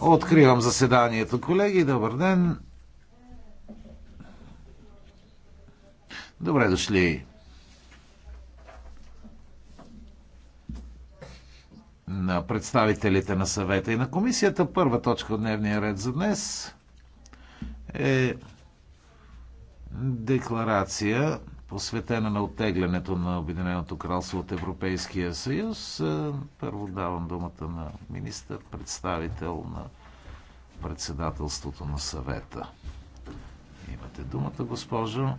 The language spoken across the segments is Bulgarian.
Откривам заседанието, колеги. Добър ден. Добре дошли. на представителите на съвета и на комисията. Първа точка от дневния ред за днес е декларация посветена на оттеглянето на Обединеното кралство от Европейския съюз. Е, първо давам думата на министър, представител на председателството на съвета. Имате думата, госпожо.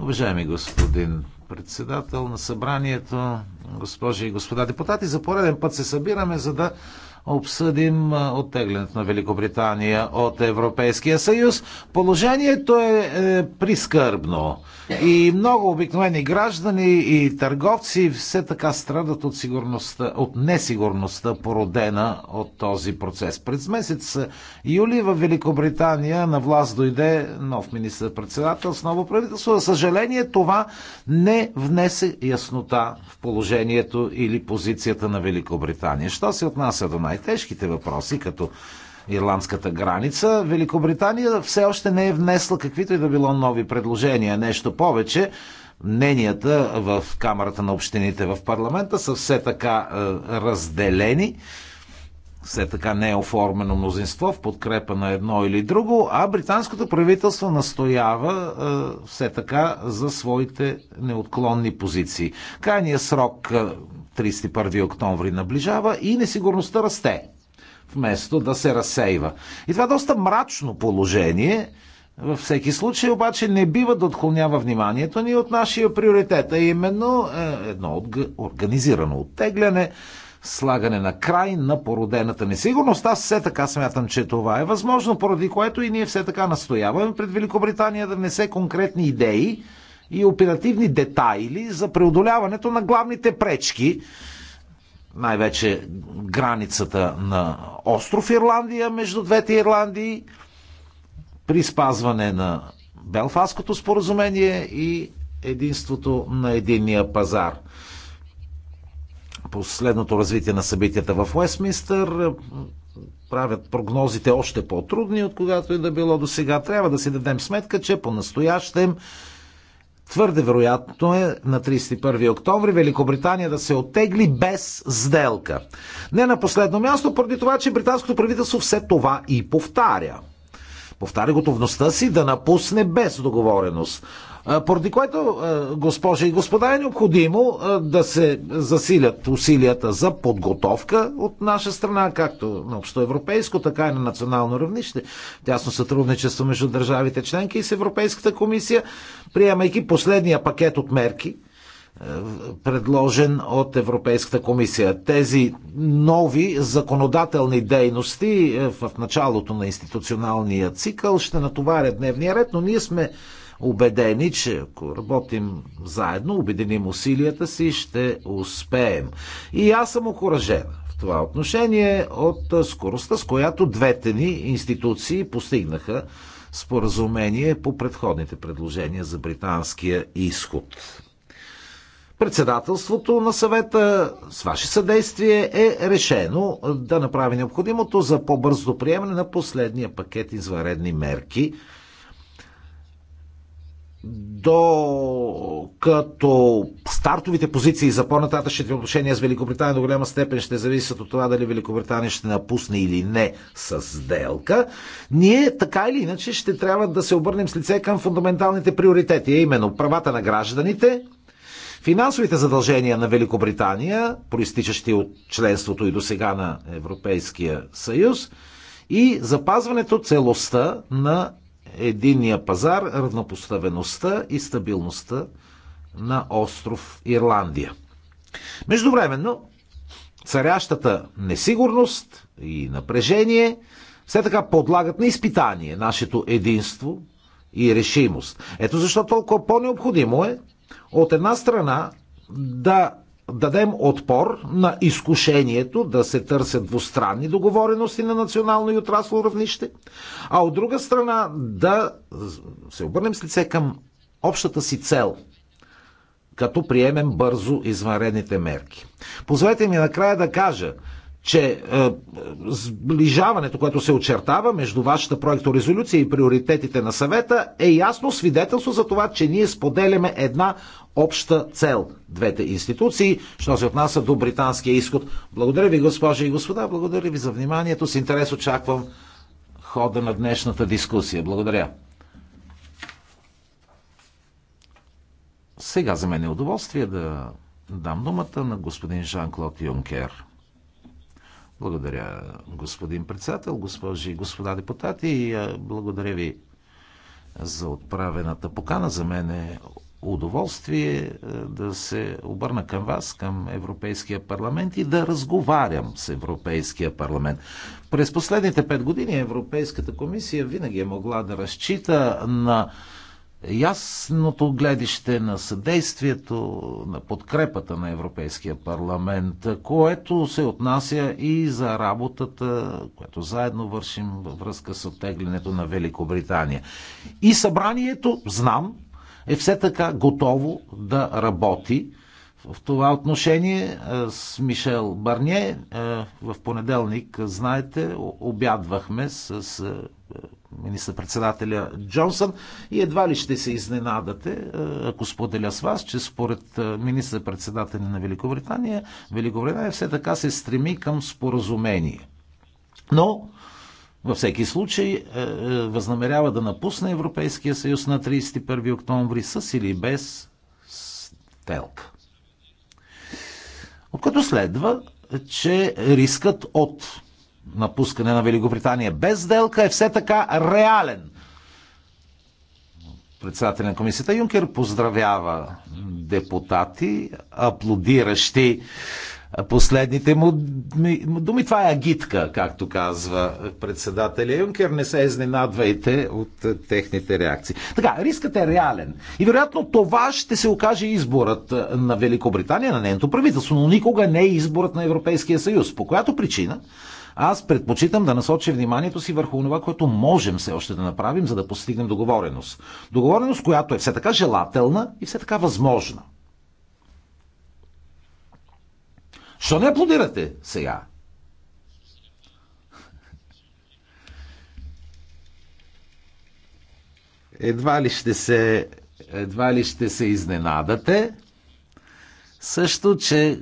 Уважаеми господин председател на събранието, госпожи и господа депутати, за пореден път се събираме, за да обсъдим оттеглянето на Великобритания от Европейския съюз. Положението е, е прискърбно и много обикновени граждани и търговци все така страдат от, сигурността, от несигурността, породена от този процес. През месец юли в Великобритания на власт дойде нов министър-председател с ново правителство. За съжаление, това не внесе яснота в положението или позицията на Великобритания. Що се отнася до най най-тежките въпроси, като ирландската граница, Великобритания все още не е внесла каквито и да било нови предложения. Нещо повече, мненията в Камерата на общините в парламента са все така е, разделени. Все така не е оформено мнозинство в подкрепа на едно или друго, а британското правителство настоява е, все така за своите неотклонни позиции. Крайният срок е, 31 октомври наближава и несигурността расте, вместо да се разсейва. И това е доста мрачно положение. Във всеки случай обаче не бива да отклонява вниманието ни от нашия приоритет, а именно е, едно организирано оттегляне, слагане на край на породената несигурност. Аз все така смятам, че това е възможно, поради което и ние все така настояваме пред Великобритания да внесе конкретни идеи, и оперативни детайли за преодоляването на главните пречки, най-вече границата на остров Ирландия между двете Ирландии, при спазване на Белфаското споразумение и единството на единния пазар. Последното развитие на събитията в Уестминстър правят прогнозите още по-трудни, от когато и да било до сега. Трябва да си дадем сметка, че по-настоящем Твърде вероятно е на 31 октомври Великобритания да се оттегли без сделка. Не на последно място, поради това, че британското правителство все това и повтаря. Повтаря готовността си да напусне без договореност. Поради което, госпожи и господа, е необходимо да се засилят усилията за подготовка от наша страна, както на общоевропейско, така и на национално равнище. Тясно сътрудничество между държавите членки и с Европейската комисия, приемайки последния пакет от мерки, предложен от Европейската комисия. Тези нови законодателни дейности в началото на институционалния цикъл ще натоварят дневния ред, но ние сме убедени, че ако работим заедно, обединим усилията си, ще успеем. И аз съм окоръжена в това отношение от скоростта, с която двете ни институции постигнаха споразумение по предходните предложения за британския изход. Председателството на съвета с ваше съдействие е решено да направи необходимото за по-бързо приемане на последния пакет извънредни мерки – докато стартовите позиции за по-нататъчните отношения с Великобритания до голяма степен ще зависят от това дали Великобритания ще напусне или не с сделка, ние така или иначе ще трябва да се обърнем с лице към фундаменталните приоритети, а именно правата на гражданите, финансовите задължения на Великобритания, проистичащи от членството и до сега на Европейския съюз, и запазването целостта на единния пазар, равнопоставеността и стабилността на остров Ирландия. Междувременно, царящата несигурност и напрежение все така подлагат на изпитание нашето единство и решимост. Ето защо толкова по-необходимо е от една страна да дадем отпор на изкушението да се търсят двустранни договорености на национално и отрасло равнище, а от друга страна да се обърнем с лице към общата си цел, като приемем бързо извънредните мерки. Позволете ми накрая да кажа, че е, сближаването, което се очертава между вашата проекторезолюция и приоритетите на съвета, е ясно свидетелство за това, че ние споделяме една обща цел двете институции, що се отнася до британския изход. Благодаря ви, госпожи и господа, благодаря ви за вниманието. С интерес очаквам хода на днешната дискусия. Благодаря. Сега за мен е удоволствие да дам думата на господин Жан-Клод Юнкер. Благодаря, господин председател, госпожи и господа депутати. Благодаря ви за отправената покана. За мен е удоволствие е, да се обърна към вас, към Европейския парламент и да разговарям с Европейския парламент. През последните пет години Европейската комисия винаги е могла да разчита на ясното гледище на съдействието, на подкрепата на Европейския парламент, което се отнася и за работата, която заедно вършим във връзка с оттеглянето на Великобритания. И събранието, знам, е все така готово да работи в това отношение е, с Мишел Барние е, в понеделник, е, знаете, обядвахме с министър-председателя Джонсън и едва ли ще се изненадате, ако споделя с вас, че според министър-председателя на Великобритания, Великобритания все така се стреми към споразумение. Но във всеки случай възнамерява да напусне Европейския съюз на 31 октомври с или без телка. От като следва, че рискът от напускане на Великобритания без сделка е все така реален. Председателя на комисията Юнкер поздравява депутати, аплодиращи последните му думи. Това е агитка, както казва председателя Юнкер. Не се изненадвайте от е, техните реакции. Така, рискът е реален. И вероятно това ще се окаже изборът е, на Великобритания, на нейното правителство, но никога не е изборът на Европейския съюз. По която причина? Аз предпочитам да насоча вниманието си върху това, което можем все още да направим, за да постигнем договореност. Договореност, която е все така желателна и все така възможна. Що не аплодирате сега? Едва ли ще се, едва ли ще се изненадате, също, че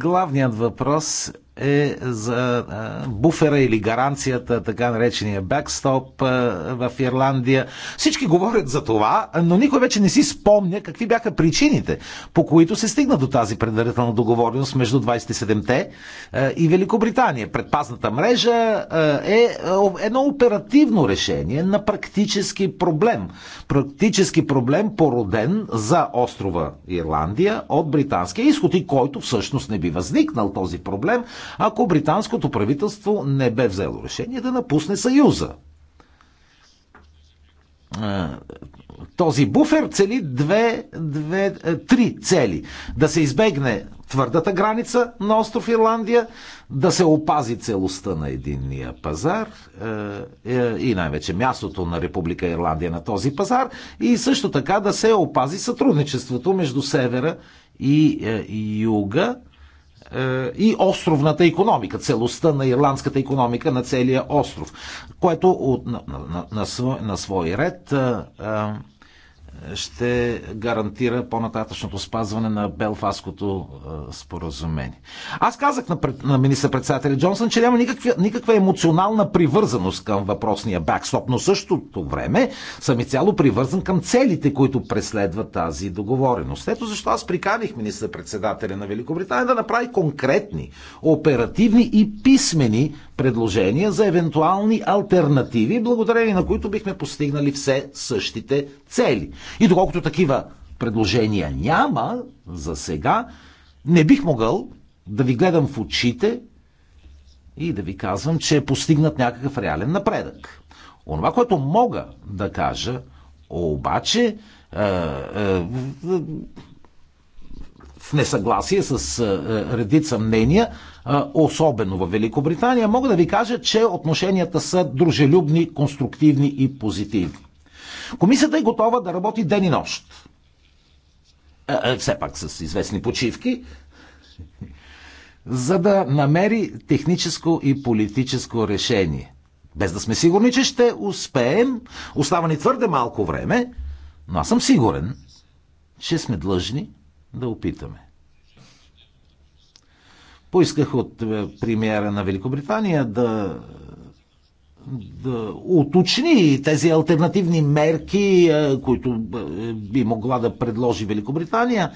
главният въпрос е за буфера или гаранцията, така наречения бекстоп в Ирландия. Всички говорят за това, но никой вече не си спомня какви бяха причините, по които се стигна до тази предварителна договореност между 27-те и Великобритания. Предпазната мрежа е, е едно оперативно решение на практически проблем. Практически проблем породен за острова Ирландия от британския изход и който всъщност не би възникнал този проблем, ако британското правителство не бе взело решение да напусне Съюза. Този буфер цели две, две, е, три цели. Да се избегне твърдата граница на остров Ирландия, да се опази целостта на единния пазар е, е, и най-вече мястото на Република Ирландия на този пазар и също така да се опази сътрудничеството между севера и юга е, и островната економика, целостта на ирландската економика на целия остров, което от, на, на, на, на свой ред е, е, ще гарантира по-нататъчното спазване на Белфаското е, споразумение. Аз казах на, на министър-председателя Джонсън, че няма никаква, никаква емоционална привързаност към въпросния бакстоп, но същото време съм и цяло привързан към целите, които преследва тази договореност. Ето защо аз приканих министър-председателя на Великобритания да направи конкретни, оперативни и писмени предложения за евентуални альтернативи, благодарение на които бихме постигнали все същите цели. И доколкото такива предложения няма за сега, не бих могъл да ви гледам в очите и да ви казвам, че е постигнат някакъв реален напредък. Онова, което мога да кажа, обаче, е, е, в несъгласие с е, е редица мнения, особено в Великобритания, мога да ви кажа, че отношенията са дружелюбни, конструктивни и позитивни. Комисията е готова да работи ден и нощ. Е, е, все пак с известни почивки, за да намери техническо и политическо решение. Без да сме сигурни, че ще успеем, остава ни твърде малко време, но аз съм сигурен, че сме длъжни да опитаме. Поисках от е, премиера на Великобритания да да уточни тези альтернативни мерки, е, които е, би могла да предложи Великобритания.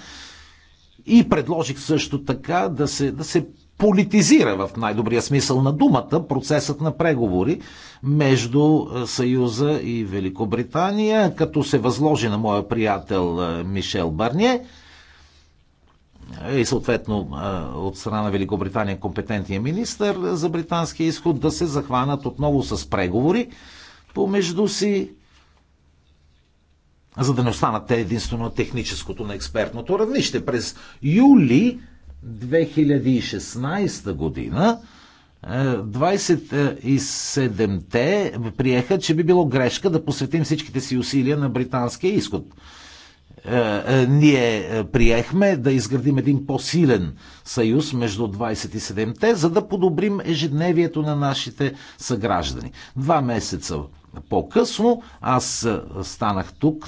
И предложих също така да се, да се политизира в най-добрия смисъл на думата процесът на преговори между Съюза и Великобритания, като се възложи на моя приятел Мишел Барние – и съответно от страна на Великобритания компетентния министр за британския изход да се захванат отново с преговори помежду си, за да не останат те единствено техническото на експертното равнище. През юли 2016 година 27-те е, приеха, че би било грешка да посветим всичките си усилия на британския изход. Е, е, ние е, приехме да изградим един по-силен съюз между 27-те, за да подобрим ежедневието на нашите съграждани. Два месеца по-късно аз станах тук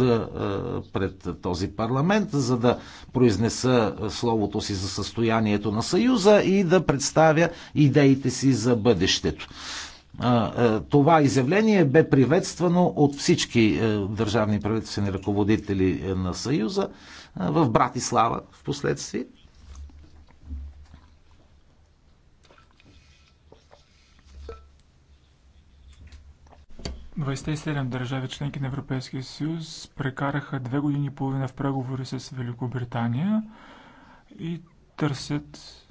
пред този парламент, за да произнеса словото си за състоянието на Съюза и да представя идеите си за бъдещето. Е, това изявление бе приветствано от всички е, държавни правителствени ръководители е, на Съюза в Братислава в последствие. седем държави членки на Европейския съюз прекараха две години и половина в преговори с Великобритания и търсят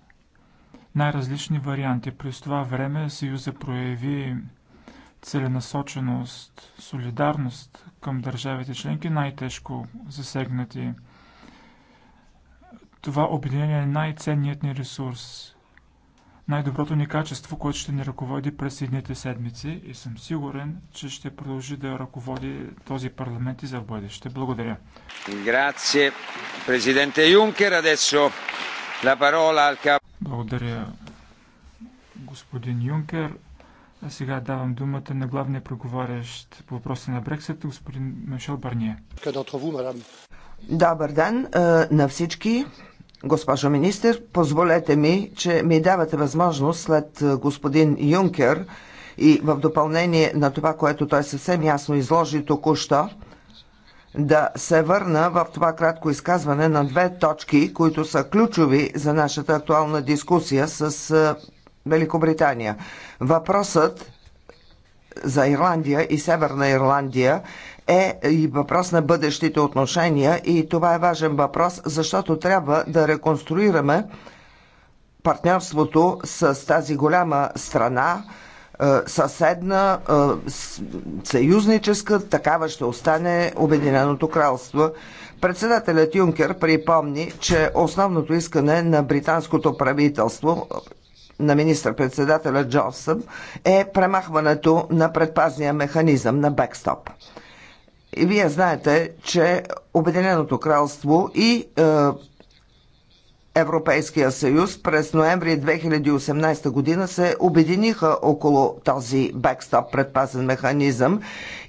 най-различни варианти. През това време Съюза прояви целенасоченост, солидарност към държавите членки, най-тежко засегнати. Това обединение е най-ценният ни ресурс, най-доброто ни качество, което ще ни ръководи през едните седмици и съм сигурен, че ще продължи да ръководи този парламент и за бъдеще. Благодаря. Грация, президенте Юнкер. Адесо. Благодаря, господин Юнкер. А сега давам думата на главния преговарящ по въпроса на Брексит, господин Мишел Барние. Добър ден на всички. Госпожо министр, позволете ми, че ми давате възможност след господин Юнкер и в допълнение на това, което той съвсем ясно изложи току-що, да се върна в това кратко изказване на две точки, които са ключови за нашата актуална дискусия с Великобритания. Въпросът за Ирландия и Северна Ирландия е и въпрос на бъдещите отношения и това е важен въпрос, защото трябва да реконструираме партньорството с тази голяма страна, е, съседна, е, съюзническа, такава ще остане Обединеното кралство. Председателят Юнкер припомни, че основното искане на британското правителство на министър-председателя Джонсън е премахването на предпазния механизъм на бекстоп. И вие знаете, че Обединеното кралство и е, Европейския съюз през ноември 2018 година се обединиха около този бекстоп предпазен механизъм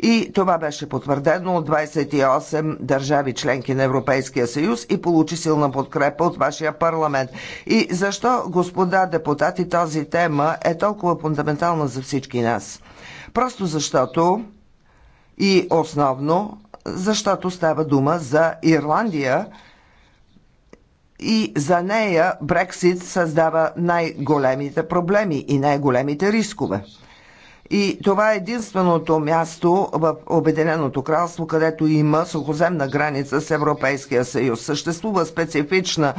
и това беше потвърдено от 28 държави членки на Европейския съюз и получи силна подкрепа от вашия парламент. И защо, господа депутати, тази тема е толкова фундаментална за всички нас? Просто защото и основно, защото става дума за Ирландия – и за нея Брексит създава най-големите проблеми и най-големите рискове. И това е единственото място в Обединеното кралство, където има сухоземна граница с Европейския съюз. Съществува специфична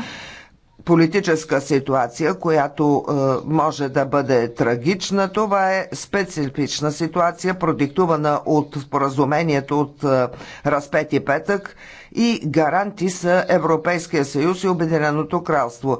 политическа ситуация, която е, може да бъде трагична. Това е специфична ситуация, продиктувана от споразумението от е, Разпети петък и гаранти са Европейския съюз и Обединеното кралство.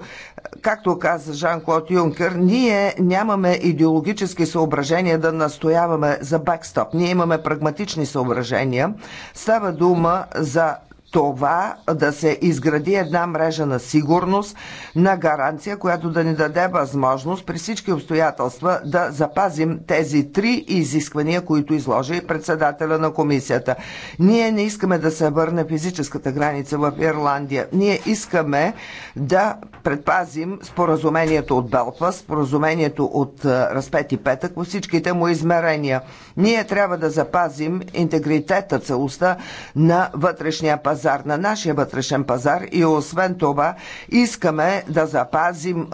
Както каза Жан-Клод Юнкер, ние нямаме идеологически съображения да настояваме за бакстоп. Ние имаме прагматични съображения. Става дума за това да се изгради една мрежа на сигурност, на гаранция, която да ни даде възможност при всички обстоятелства да запазим тези три изисквания, които изложи и председателя на комисията. Ние не искаме да се върне физическата граница в Ирландия. Ние искаме да предпазим споразумението от Белфа, споразумението от Разпети петък във всичките му измерения. Ние трябва да запазим интегритета, целостта на вътрешния пазар пазар, на нашия вътрешен пазар и освен това искаме да запазим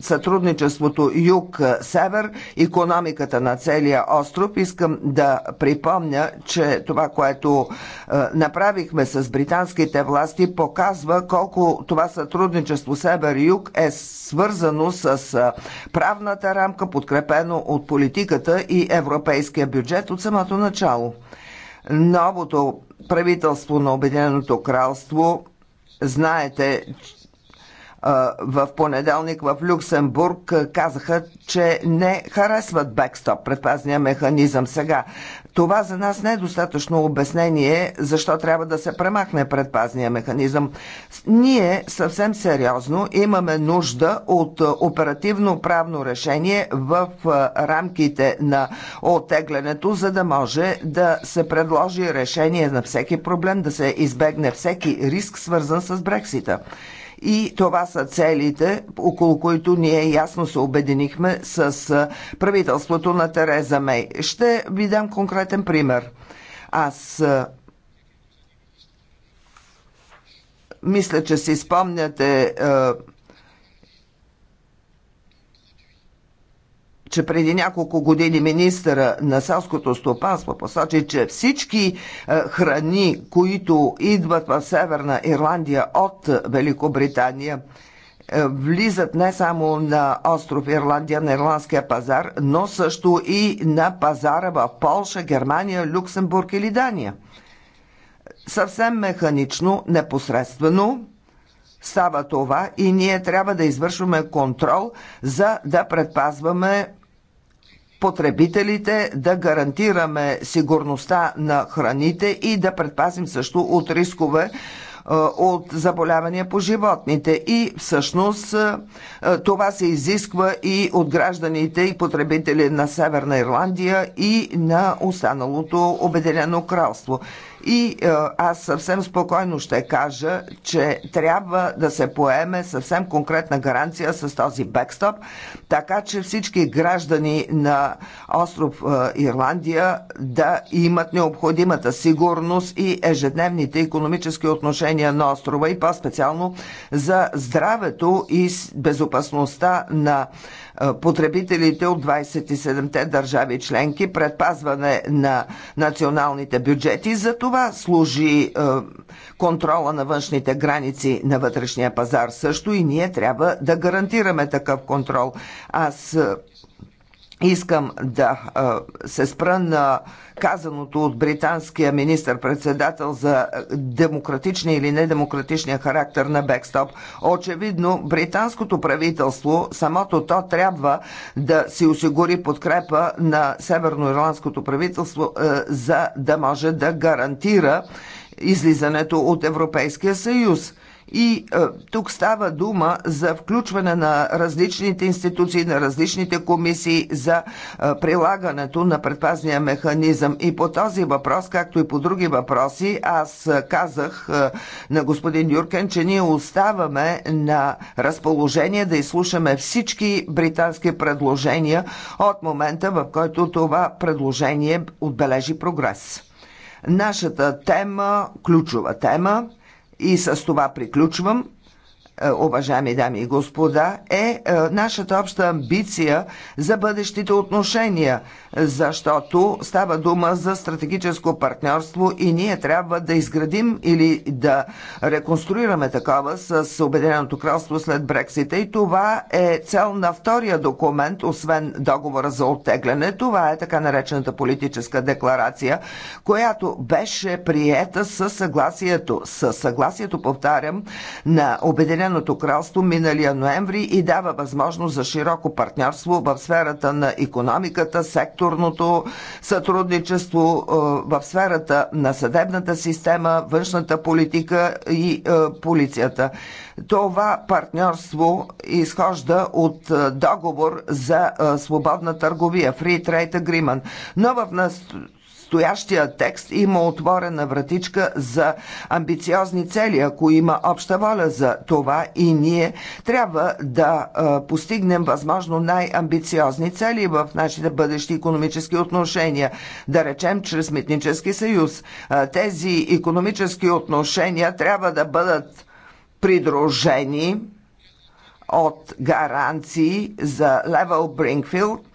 сътрудничеството юг-север, економиката на целия остров. Искам да припомня, че това, което направихме с британските власти, показва колко това сътрудничество север-юг е свързано с правната рамка, подкрепено от политиката и европейския бюджет от самото начало новото правителство на Обединеното кралство, знаете, в понеделник в Люксембург казаха, че не харесват бекстоп, предпазния механизъм. Сега това за нас не е достатъчно обяснение, защо трябва да се премахне предпазния механизъм. Ние съвсем сериозно имаме нужда от е, оперативно правно решение в е, рамките на оттеглянето, за да може да се предложи решение на всеки проблем, да се избегне всеки риск, свързан с Брексита. И това са целите, около които ние ясно се обединихме с правителството на Тереза Мей. Ще ви дам конкретен пример. Аз мисля, че си спомняте че преди няколко години министъра на селското стопанство посочи, че всички е, храни, които идват в Северна Ирландия от Великобритания, е, влизат не само на остров Ирландия, на ирландския пазар, но също и на пазара в Полша, Германия, Люксембург или Дания. Съвсем механично, непосредствено, става това и ние трябва да извършваме контрол, за да предпазваме потребителите, да гарантираме сигурността на храните и да предпазим също от рискове е, от заболявания по животните. И всъщност е, е, това се изисква и от гражданите и потребители на Северна Ирландия и на останалото Обединено кралство. И е, аз съвсем спокойно ще кажа, че трябва да се поеме съвсем конкретна гаранция с този бекстоп, така че всички граждани на остров е, Ирландия да имат необходимата сигурност и ежедневните економически отношения на острова и по-специално за здравето и безопасността на потребителите от 27-те държави членки, предпазване на националните бюджети. За това служи контрола на външните граници на вътрешния пазар също и ние трябва да гарантираме такъв контрол. Аз Искам да се спра на казаното от британския министр-председател за демократичния или недемократичния характер на бекстоп. Очевидно, британското правителство, самото то трябва да си осигури подкрепа на северно ирландското правителство, за да може да гарантира излизането от Европейския съюз. И е, тук става дума за включване на различните институции, на различните комисии за е, прилагането на предпазния механизъм. И по този въпрос, както и по други въпроси, аз е, казах е, на господин Юркен, че ние оставаме на разположение да изслушаме всички британски предложения от момента, в който това предложение отбележи прогрес. Нашата тема, ключова тема, и с това приключвам. Е, уважаеми дами и господа, е, е нашата обща амбиция за бъдещите отношения, защото става дума за стратегическо партньорство и ние трябва да изградим или да реконструираме такова с Обединеното кралство след Брексита. И това е цел на втория документ, освен договора за оттегляне. Това е така наречената политическа декларация, която беше приета със съгласието, със съгласието, повтарям, на Обединеното Обединеното кралство миналия ноември и дава възможност за широко партньорство в сферата на економиката, секторното сътрудничество, е, в сферата на съдебната система, външната политика и е, полицията. Това партньорство изхожда от е, договор за свободна търговия Free Trade Agreement, но в нас настоящия текст има отворена вратичка за амбициозни цели, ако има обща воля за това и ние трябва да постигнем възможно най-амбициозни цели в нашите бъдещи економически отношения, да речем чрез Митнически съюз. Тези економически отношения трябва да бъдат придружени от гаранции за Левел Брингфилд.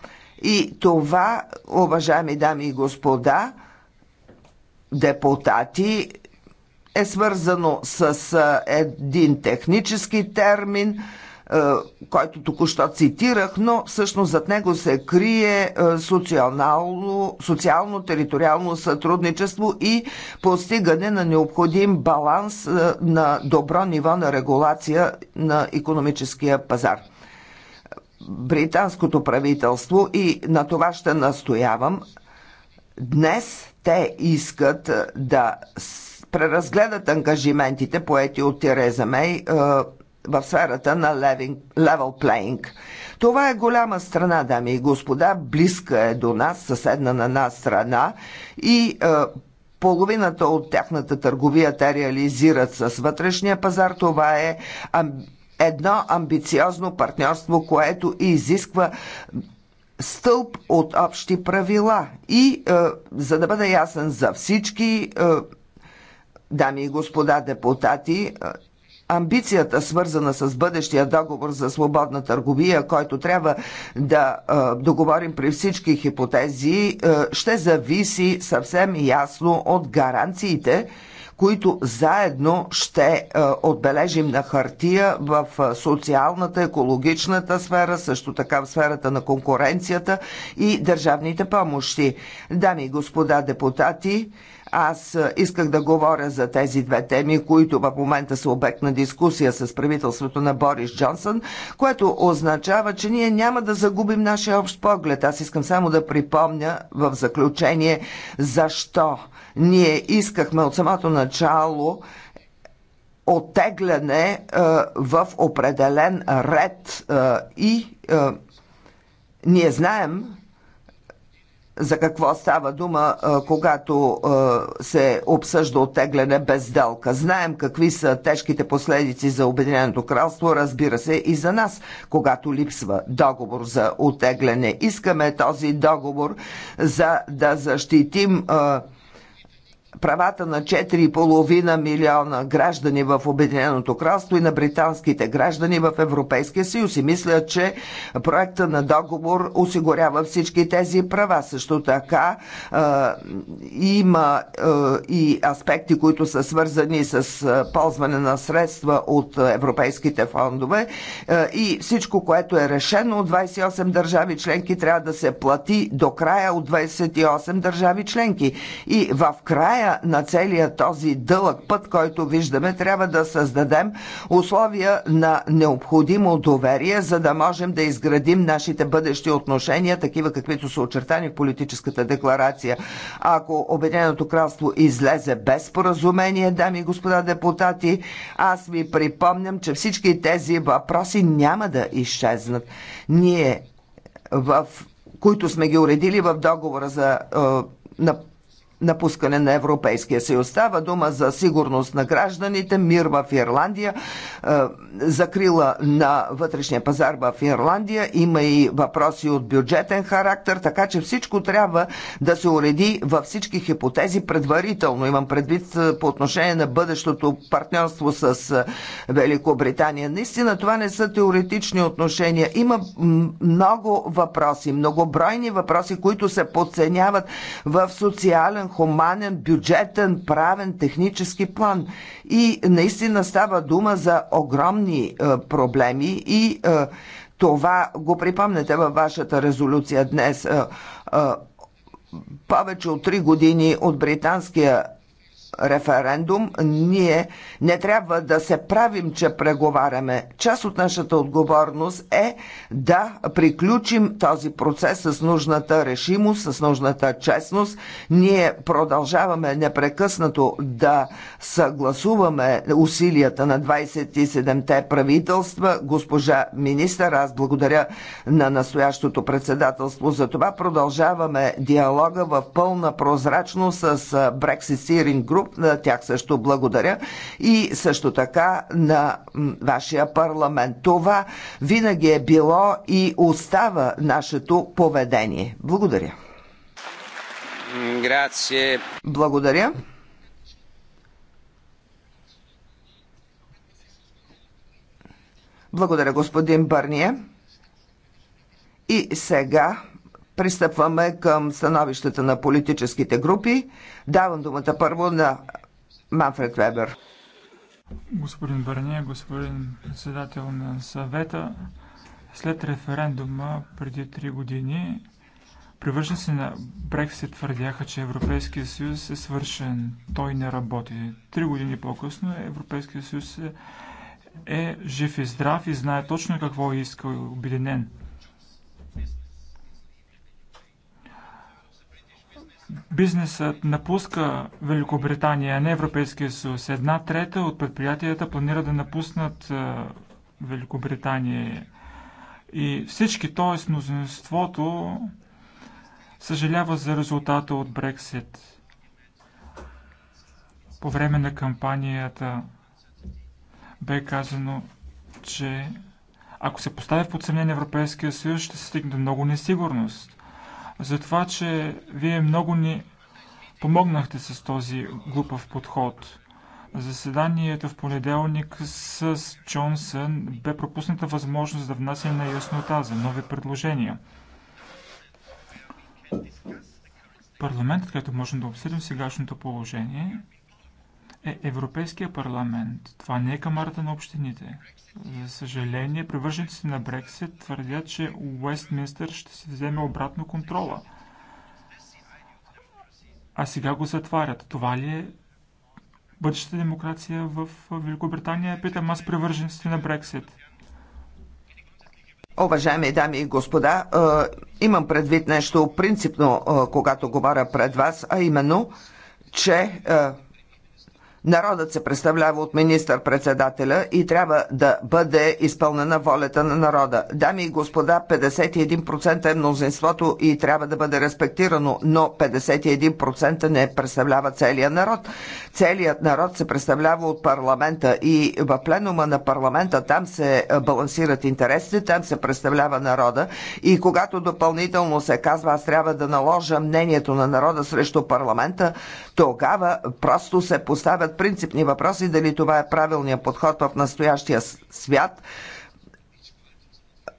И това, уважаеми дами и господа, депутати, е свързано с един технически термин, който току-що цитирах, но всъщност зад него се крие социално-териториално сътрудничество и постигане на необходим баланс на добро ниво на регулация на економическия пазар британското правителство и на това ще настоявам. Днес те искат е, да преразгледат ангажиментите, поети от Тереза Мей е, в сферата на level playing. Това е голяма страна, дами и господа, близка е до нас, съседна на нас страна и е, половината от тяхната търговия те реализират с вътрешния пазар. Това е едно амбициозно партньорство, което изисква стълб от общи правила. И е, за да бъда ясен за всички, е, дами и господа депутати, е, амбицията, свързана с бъдещия договор за свободна търговия, който трябва да е, договорим при всички хипотези, е, ще зависи съвсем ясно от гаранциите, които заедно ще е, отбележим на хартия в е, социалната, екологичната сфера, също така в сферата на конкуренцията и държавните помощи. Дами и господа депутати, аз исках да говоря за тези две теми, които в момента са обект на дискусия с правителството на Борис Джонсън, което означава, че ние няма да загубим нашия общ поглед. Аз искам само да припомня в заключение защо ние искахме от самото начало оттегляне е, в определен ред е, и е, ние знаем, за какво става дума, когато се обсъжда оттегляне без делка. Знаем какви са тежките последици за Обединеното кралство, разбира се и за нас, когато липсва договор за оттегляне. Искаме този договор за да защитим правата на 4,5 милиона граждани в Обединеното кралство и на британските граждани в Европейския съюз. И мисля, че проекта на договор осигурява всички тези права. Също така е, има е, и аспекти, които са свързани с е, ползване на средства от европейските фондове е, и всичко, което е решено от 28 държави членки, трябва да се плати до края от 28 държави членки. И в края края на целия този дълъг път, който виждаме, трябва да създадем условия на необходимо доверие, за да можем да изградим нашите бъдещи отношения, такива каквито са очертани в политическата декларация. Ако Обединеното кралство излезе без поразумение, дами и господа депутати, аз ви припомням, че всички тези въпроси няма да изчезнат. Ние в които сме ги уредили в договора за е, на напускане на Европейския съюз. Става дума за сигурност на гражданите, мир в Ирландия, е, закрила на вътрешния пазар в Ирландия, има и въпроси от бюджетен характер, така че всичко трябва да се уреди във всички хипотези предварително. Имам предвид е, по отношение на бъдещото партньорство с е, Великобритания. Наистина това не са теоретични отношения. Има много въпроси, многобройни въпроси, които се подценяват в социален хуманен, бюджетен, правен, технически план. И наистина става дума за огромни е, проблеми и е, това го припомнете във вашата резолюция днес е, повече от 3 години от британския референдум, ние не трябва да се правим, че преговаряме. Част от нашата отговорност е да приключим този процес с нужната решимост, с нужната честност. Ние продължаваме непрекъснато да съгласуваме усилията на 27-те правителства. Госпожа министър, аз благодаря на настоящото председателство за това. Продължаваме диалога в пълна прозрачност с Brexit Steering Group груп. На е, тях също благодаря. И също така на вашия парламент. Това винаги е било и остава нашето поведение. Благодаря. Грация. Благодаря. Благодаря, господин Бърния. И сега Пристъпваме към становищата на политическите групи. Давам думата първо на Манфред Вебер. Господин Бърне, господин председател на съвета, след референдума преди три години, се на Брексит твърдяха, че Европейския съюз е свършен. Той не работи. Три години по-късно Европейския съюз е, е жив и здрав и знае точно какво иска обединен. Бизнесът напуска Великобритания, а не Европейския съюз. Една трета от предприятията планира да напуснат Великобритания. И всички, т.е. мнозинството, съжалява за резултата от Брексит. По време на кампанията бе казано, че ако се постави под съмнение Европейския съюз, ще се стигне до много несигурност за това, че вие много ни помогнахте с този глупав подход. Заседанието в понеделник с Джонсън бе пропусната възможност да внасяме на яснота за нови предложения. Парламентът, където можем да обсъдим сегашното положение, е Европейския парламент. Това не е камарата на общините. За съжаление, привържениците на Брексит твърдят, че Уестминстър ще си вземе обратно контрола. А сега го затварят. Това ли е бъдещата демокрация в Великобритания? Питам аз привържениците на Брексит. Уважаеми дами и господа, е, имам предвид нещо принципно, е, когато говоря пред вас, а именно, че е, Народът се представлява от министър-председателя и трябва да бъде изпълнена волята на народа. Дами и господа, 51% е мнозинството и трябва да бъде респектирано, но 51% не представлява целия народ. Целият народ се представлява от парламента и в пленума на парламента там се балансират интересите, там се представлява народа и когато допълнително се казва аз трябва да наложа мнението на народа срещу парламента, тогава просто се поставят принципни въпроси дали това е правилният подход в настоящия свят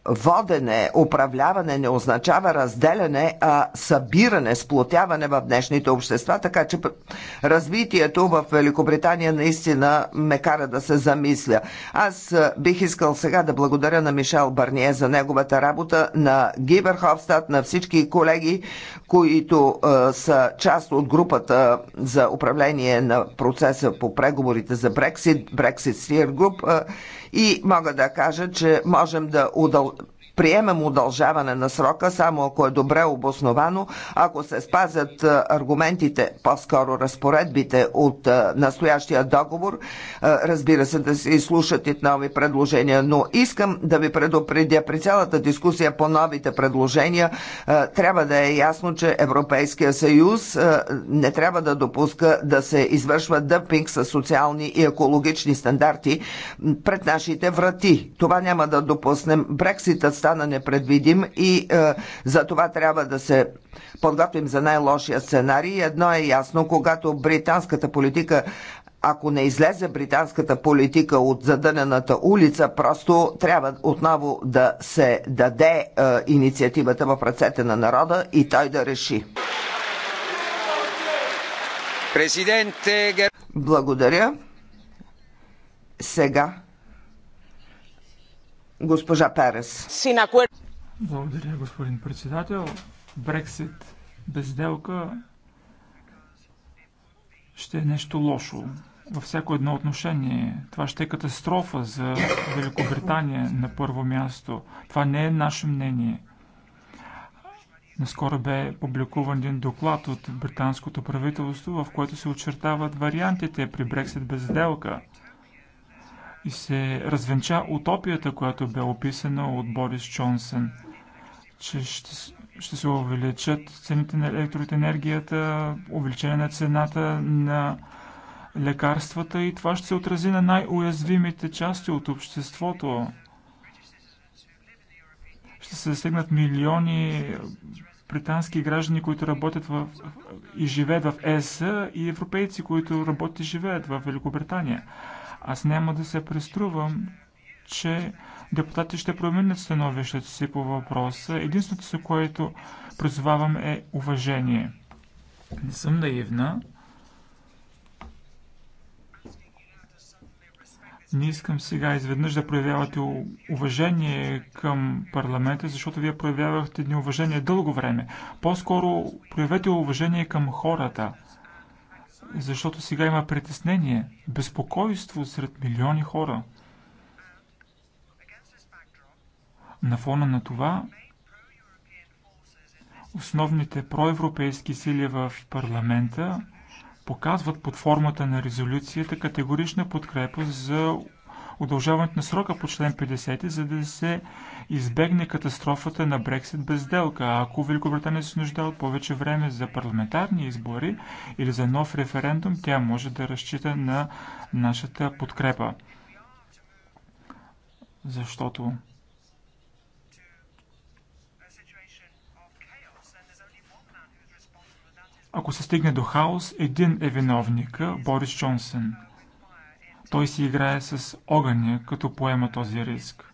водене, управляване не означава разделяне, а събиране, сплотяване в днешните общества, така че развитието в Великобритания наистина ме кара да се замисля. Аз бих искал сега да благодаря на Мишел Барние за неговата работа, на Гибер на всички колеги, които е, са част от групата за управление на процеса по преговорите за Брексит, Brexit Steer Group е, и мога да кажа, че можем да удал приемем удължаване на срока, само ако е добре обосновано, ако се спазят е, аргументите, по-скоро разпоредбите от е, настоящия договор, е, разбира се да се изслушат и нови предложения, но искам да ви предупредя при цялата дискусия по новите предложения, трябва да е ясно, че Европейския съюз не трябва да допуска да се извършва дъпинг с социални и екологични стандарти пред нашите врати. Това няма да допуснем. Брекситът става стана непредвидим и е, за това трябва да се подготвим за най-лошия сценарий. Едно е ясно, когато британската политика ако не излезе британската политика от задънената улица, просто трябва отново да се даде е, инициативата в ръцете на народа и той да реши. Президенте... Благодаря. Сега Госпожа Перес. Благодаря, господин председател. Брексит безделка ще е нещо лошо. Във всяко едно отношение. Това ще е катастрофа за Великобритания на първо място. Това не е наше мнение. Наскоро бе публикуван един доклад от британското правителство, в който се очертават вариантите при Брексит без сделка – и се развенча утопията, която бе описана от Борис Джонсън, че ще, ще се увеличат цените на електроенергията, увеличение на цената на лекарствата и това ще се отрази на най-уязвимите части от обществото. Ще се засегнат милиони британски граждани, които работят в, и живеят в ЕС и европейци, които работят и живеят в Великобритания. Аз няма да се преструвам, че депутатите ще променят становището си по въпроса. Единственото, се, което призовавам е уважение. Не съм наивна. Не искам сега изведнъж да проявявате уважение към парламента, защото вие проявявахте неуважение дълго време. По-скоро проявете уважение към хората защото сега има притеснение, безпокойство сред милиони хора. На фона на това, основните проевропейски сили в парламента показват под формата на резолюцията категорична подкрепа за удължаването на срока по член 50, за да се избегне катастрофата на Брексит без сделка. А ако Великобритания се нуждае от повече време за парламентарни избори или за нов референдум, тя може да разчита на нашата подкрепа. Защото Ако се стигне до хаос, един е виновник Борис Джонсън. Той си играе с огъня, като поема този риск.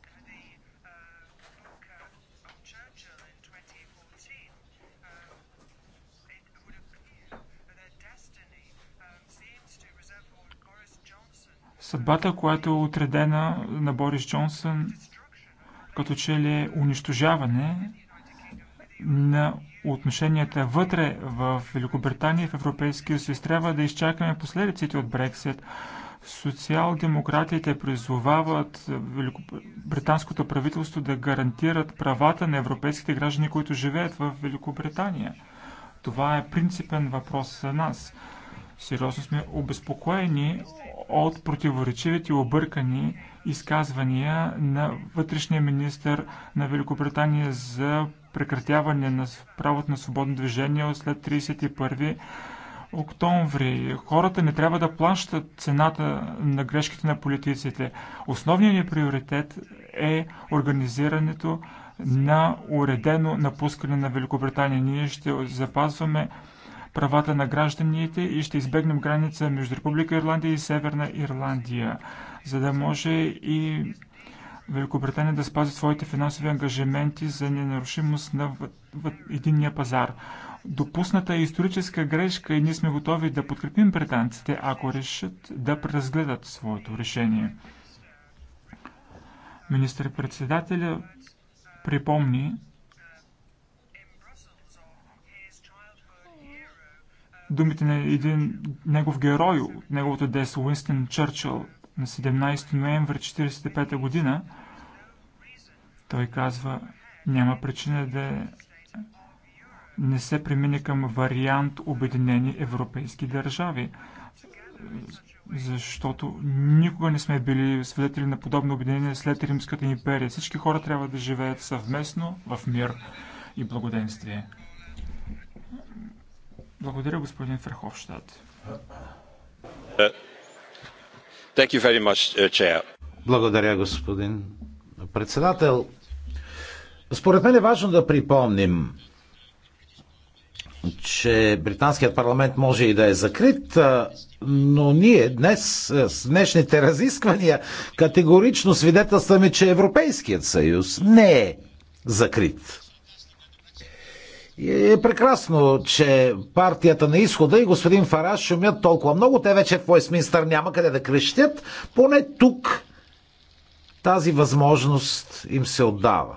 Съдбата, която е отредена на Борис Джонсън, като че ли е унищожаване на отношенията вътре в Великобритания и в Европейския съюз. Трябва да изчакаме последиците от Брексит. Социал-демократите призовават британското правителство да гарантират правата на европейските граждани, които живеят в Великобритания. Това е принципен въпрос за нас. Сериозно сме обезпокоени от противоречивите и объркани изказвания на вътрешния министр на Великобритания за прекратяване на правото на свободно движение след 31 октомври. Хората не трябва да плащат цената на грешките на политиците. Основният ни приоритет е организирането на уредено напускане на Великобритания. Ние ще запазваме правата на гражданите и ще избегнем граница между Република Ирландия и Северна Ирландия, за да може и Великобритания да спази своите финансови ангажименти за ненарушимост на единния пазар. Допусната е историческа грешка и ние сме готови да подкрепим британците, ако решат да преразгледат своето решение. Министър-председателя припомни, думите на един негов герой от неговото детство, Уинстън Чърчил, на 17 ноември 1945 година. Той казва, няма причина да не се премине към вариант Обединени европейски държави, защото никога не сме били свидетели на подобно обединение след Римската империя. Всички хора трябва да живеят съвместно в мир и благоденствие. Благодаря, господин Ферховщад. Uh, Благодаря, господин председател. Според мен е важно да припомним, че британският парламент може и да е закрит, но ние днес, с днешните разисквания, категорично свидетелстваме, че Европейският съюз не е закрит е прекрасно, че партията на изхода и господин Фараш шумят толкова много. Те вече в Уестминстър няма къде да крещят. Поне тук тази възможност им се отдава.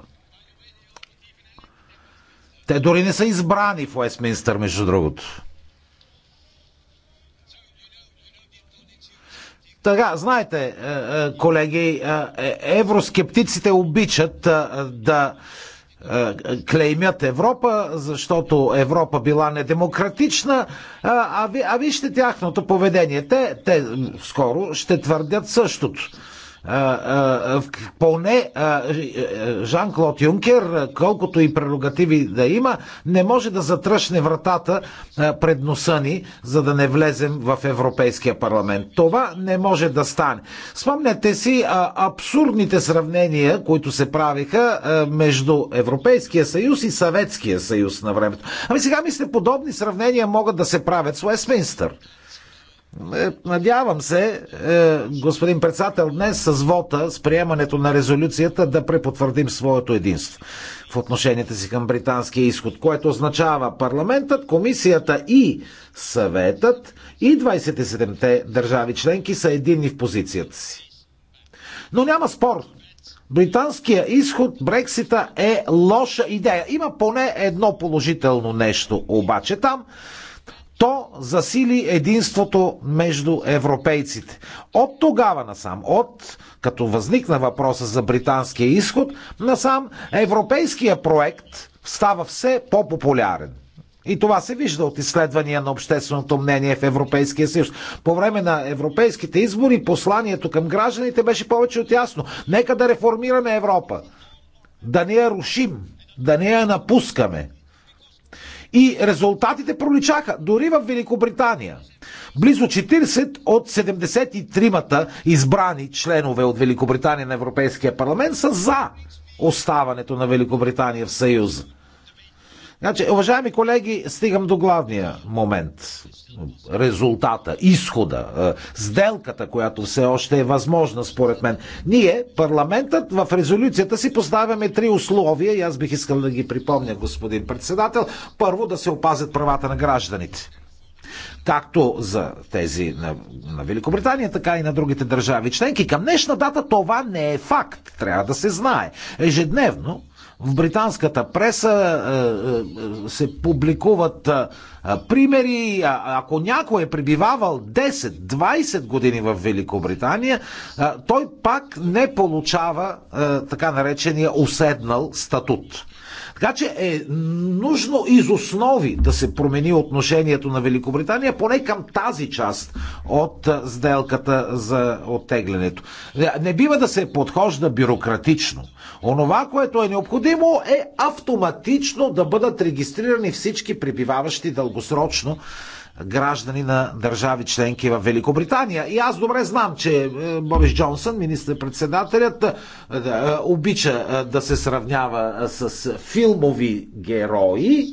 Те дори не са избрани в Уестминстър, между другото. Така, знаете, е, е, колеги, е, евроскептиците обичат да е, клеймят Европа, защото Европа била недемократична, е, а, а, вижте тяхното поведение. Те, те скоро ще твърдят същото. Поне е, Жан-Клод Юнкер, колкото и прерогативи да има, не може да затръшне вратата пред носа ни, за да не влезем в Европейския парламент. Това не може да стане. Спомняте си абсурдните сравнения, които се правиха между Европейския съюз и Съветския съюз на времето. Ами сега мисля, подобни сравнения могат да се правят с Уестминстър. Е, надявам се, е, господин председател, днес с вота, с приемането на резолюцията, да препотвърдим своето единство в отношенията си към британския изход, което означава парламентът, комисията и съветът и 27-те държави членки са единни в позицията си. Но няма спор. Британския изход, Брексита е лоша идея. Има поне едно положително нещо, обаче там то засили единството между европейците. От тогава насам, от като възникна въпроса за британския изход, насам европейския проект става все по-популярен. И това се вижда от изследвания на общественото мнение в Европейския съюз. По време на европейските избори посланието към гражданите беше повече от ясно. Нека да реформираме Европа. Да не я рушим, да не я напускаме. И резултатите проличаха дори в Великобритания. Близо 40 от 73-мата избрани членове от Великобритания на Европейския парламент са за оставането на Великобритания в Съюза. Значи, уважаеми колеги, стигам до главния момент. Резултата, изхода, е, сделката, която все още е възможна, според мен. Ние, парламентът, в резолюцията си поставяме три условия и аз бих искал да ги припомня, господин председател. Първо, да се опазят правата на гражданите както за тези на, на Великобритания, така и на другите държави членки. Към днешна дата това не е факт. Трябва да се знае. Ежедневно в британската преса е, е, се публикуват е, примери. Ако някой е пребивавал 10-20 години в Великобритания, той пак не получава така наречения уседнал статут. Така че е нужно из основи да се промени отношението на Великобритания, поне към тази част от сделката за оттеглянето. Не бива да се подхожда бюрократично. Онова, което е необходимо е автоматично да бъдат регистрирани всички пребиваващи дългосрочно граждани на държави членки в Великобритания. И аз добре знам, че е, Борис Джонсън, министър-председателят, е, е, обича да се сравнява с филмови герои.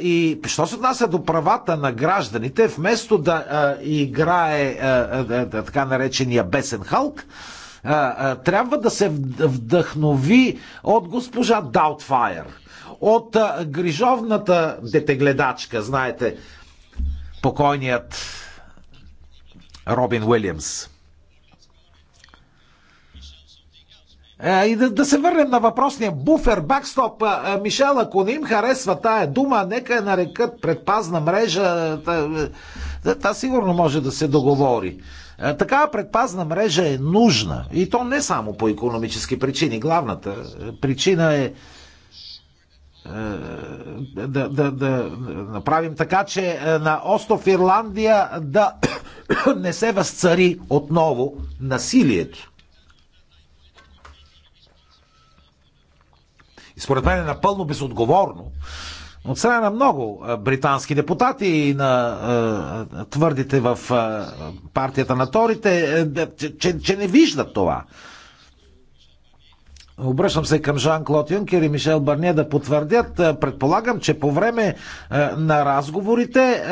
И що се отнася до правата на гражданите, вместо да играе така наречения бесен Халк, трябва да се вдъхнови от госпожа Даутфайер – от грижовната детегледачка, знаете, покойният Робин Уилямс. Е, и да, да се върнем на въпросния буфер, бакстоп. Мишел, ако не им харесва тая дума, нека я нарекат предпазна мрежа. Та, та, та сигурно може да се договори. Е, такава предпазна мрежа е нужна. И то не само по економически причини. Главната причина е е, да, да, да направим така, че е, на остров Ирландия да не се възцари отново насилието. И според мен е напълно безотговорно от страна на много е, британски депутати и на твърдите в партията на Торите, че, че не виждат това. Обръщам се към Жан-Клод Юнкер и Мишел Барния да потвърдят. Предполагам, че по време на разговорите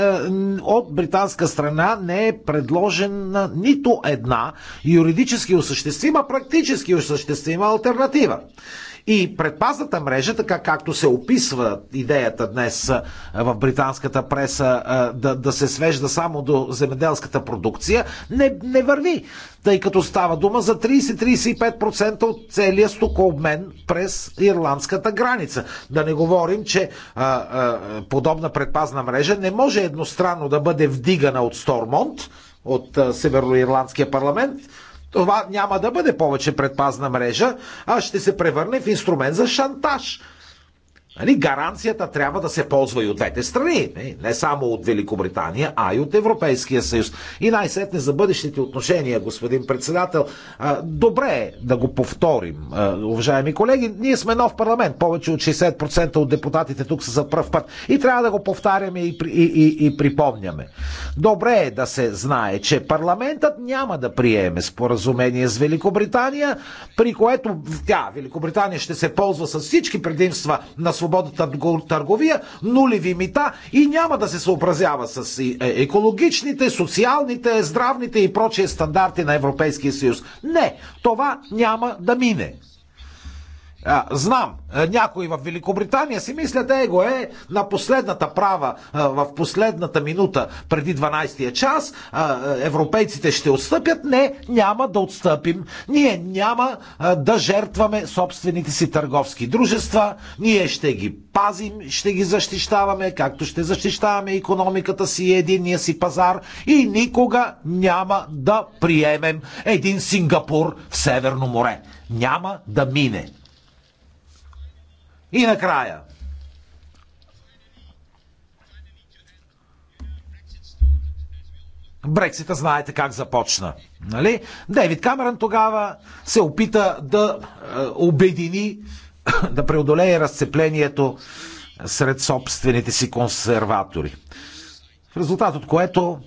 от британска страна не е предложена нито една юридически осъществима, практически осъществима альтернатива. И предпазната мрежа, така както се описва идеята днес в британската преса да, да се свежда само до земеделската продукция, не, не върви, тъй като става дума за 30-35% от целия стокообмен през ирландската граница. Да не говорим, че а, а, подобна предпазна мрежа не може едностранно да бъде вдигана от Стормонт, от Северноирландския парламент, това няма да бъде повече предпазна мрежа, а ще се превърне в инструмент за шантаж. Нали, гаранцията трябва да се ползва и от двете страни, не, не само от Великобритания, а и от Европейския съюз. И най-сетне за бъдещите отношения, господин председател, добре е да го повторим, уважаеми колеги. Ние сме нов парламент, повече от 60% от депутатите тук са за пръв път и трябва да го повтаряме и, и, и, и припомняме. Добре е да се знае, че парламентът няма да приеме споразумение с Великобритания, при което тя, Великобритания, ще се ползва с всички предимства на свободната търговия, нулеви мита и няма да се съобразява с е, е, екологичните, социалните, здравните и прочие стандарти на Европейския съюз. Не, това няма да мине. А, знам, някои в Великобритания си мислят, его е на последната права, в последната минута преди 12-я час, европейците ще отстъпят. Не, няма да отстъпим. Ние няма да жертваме собствените си търговски дружества. Ние ще ги пазим, ще ги защищаваме, както ще защищаваме економиката си и единния си пазар. И никога няма да приемем един Сингапур в Северно море. Няма да мине. И накрая. Брексита знаете как започна. Нали? Дейвид Камерън тогава се опита да е, обедини, да преодолее разцеплението сред собствените си консерватори. В резултат от което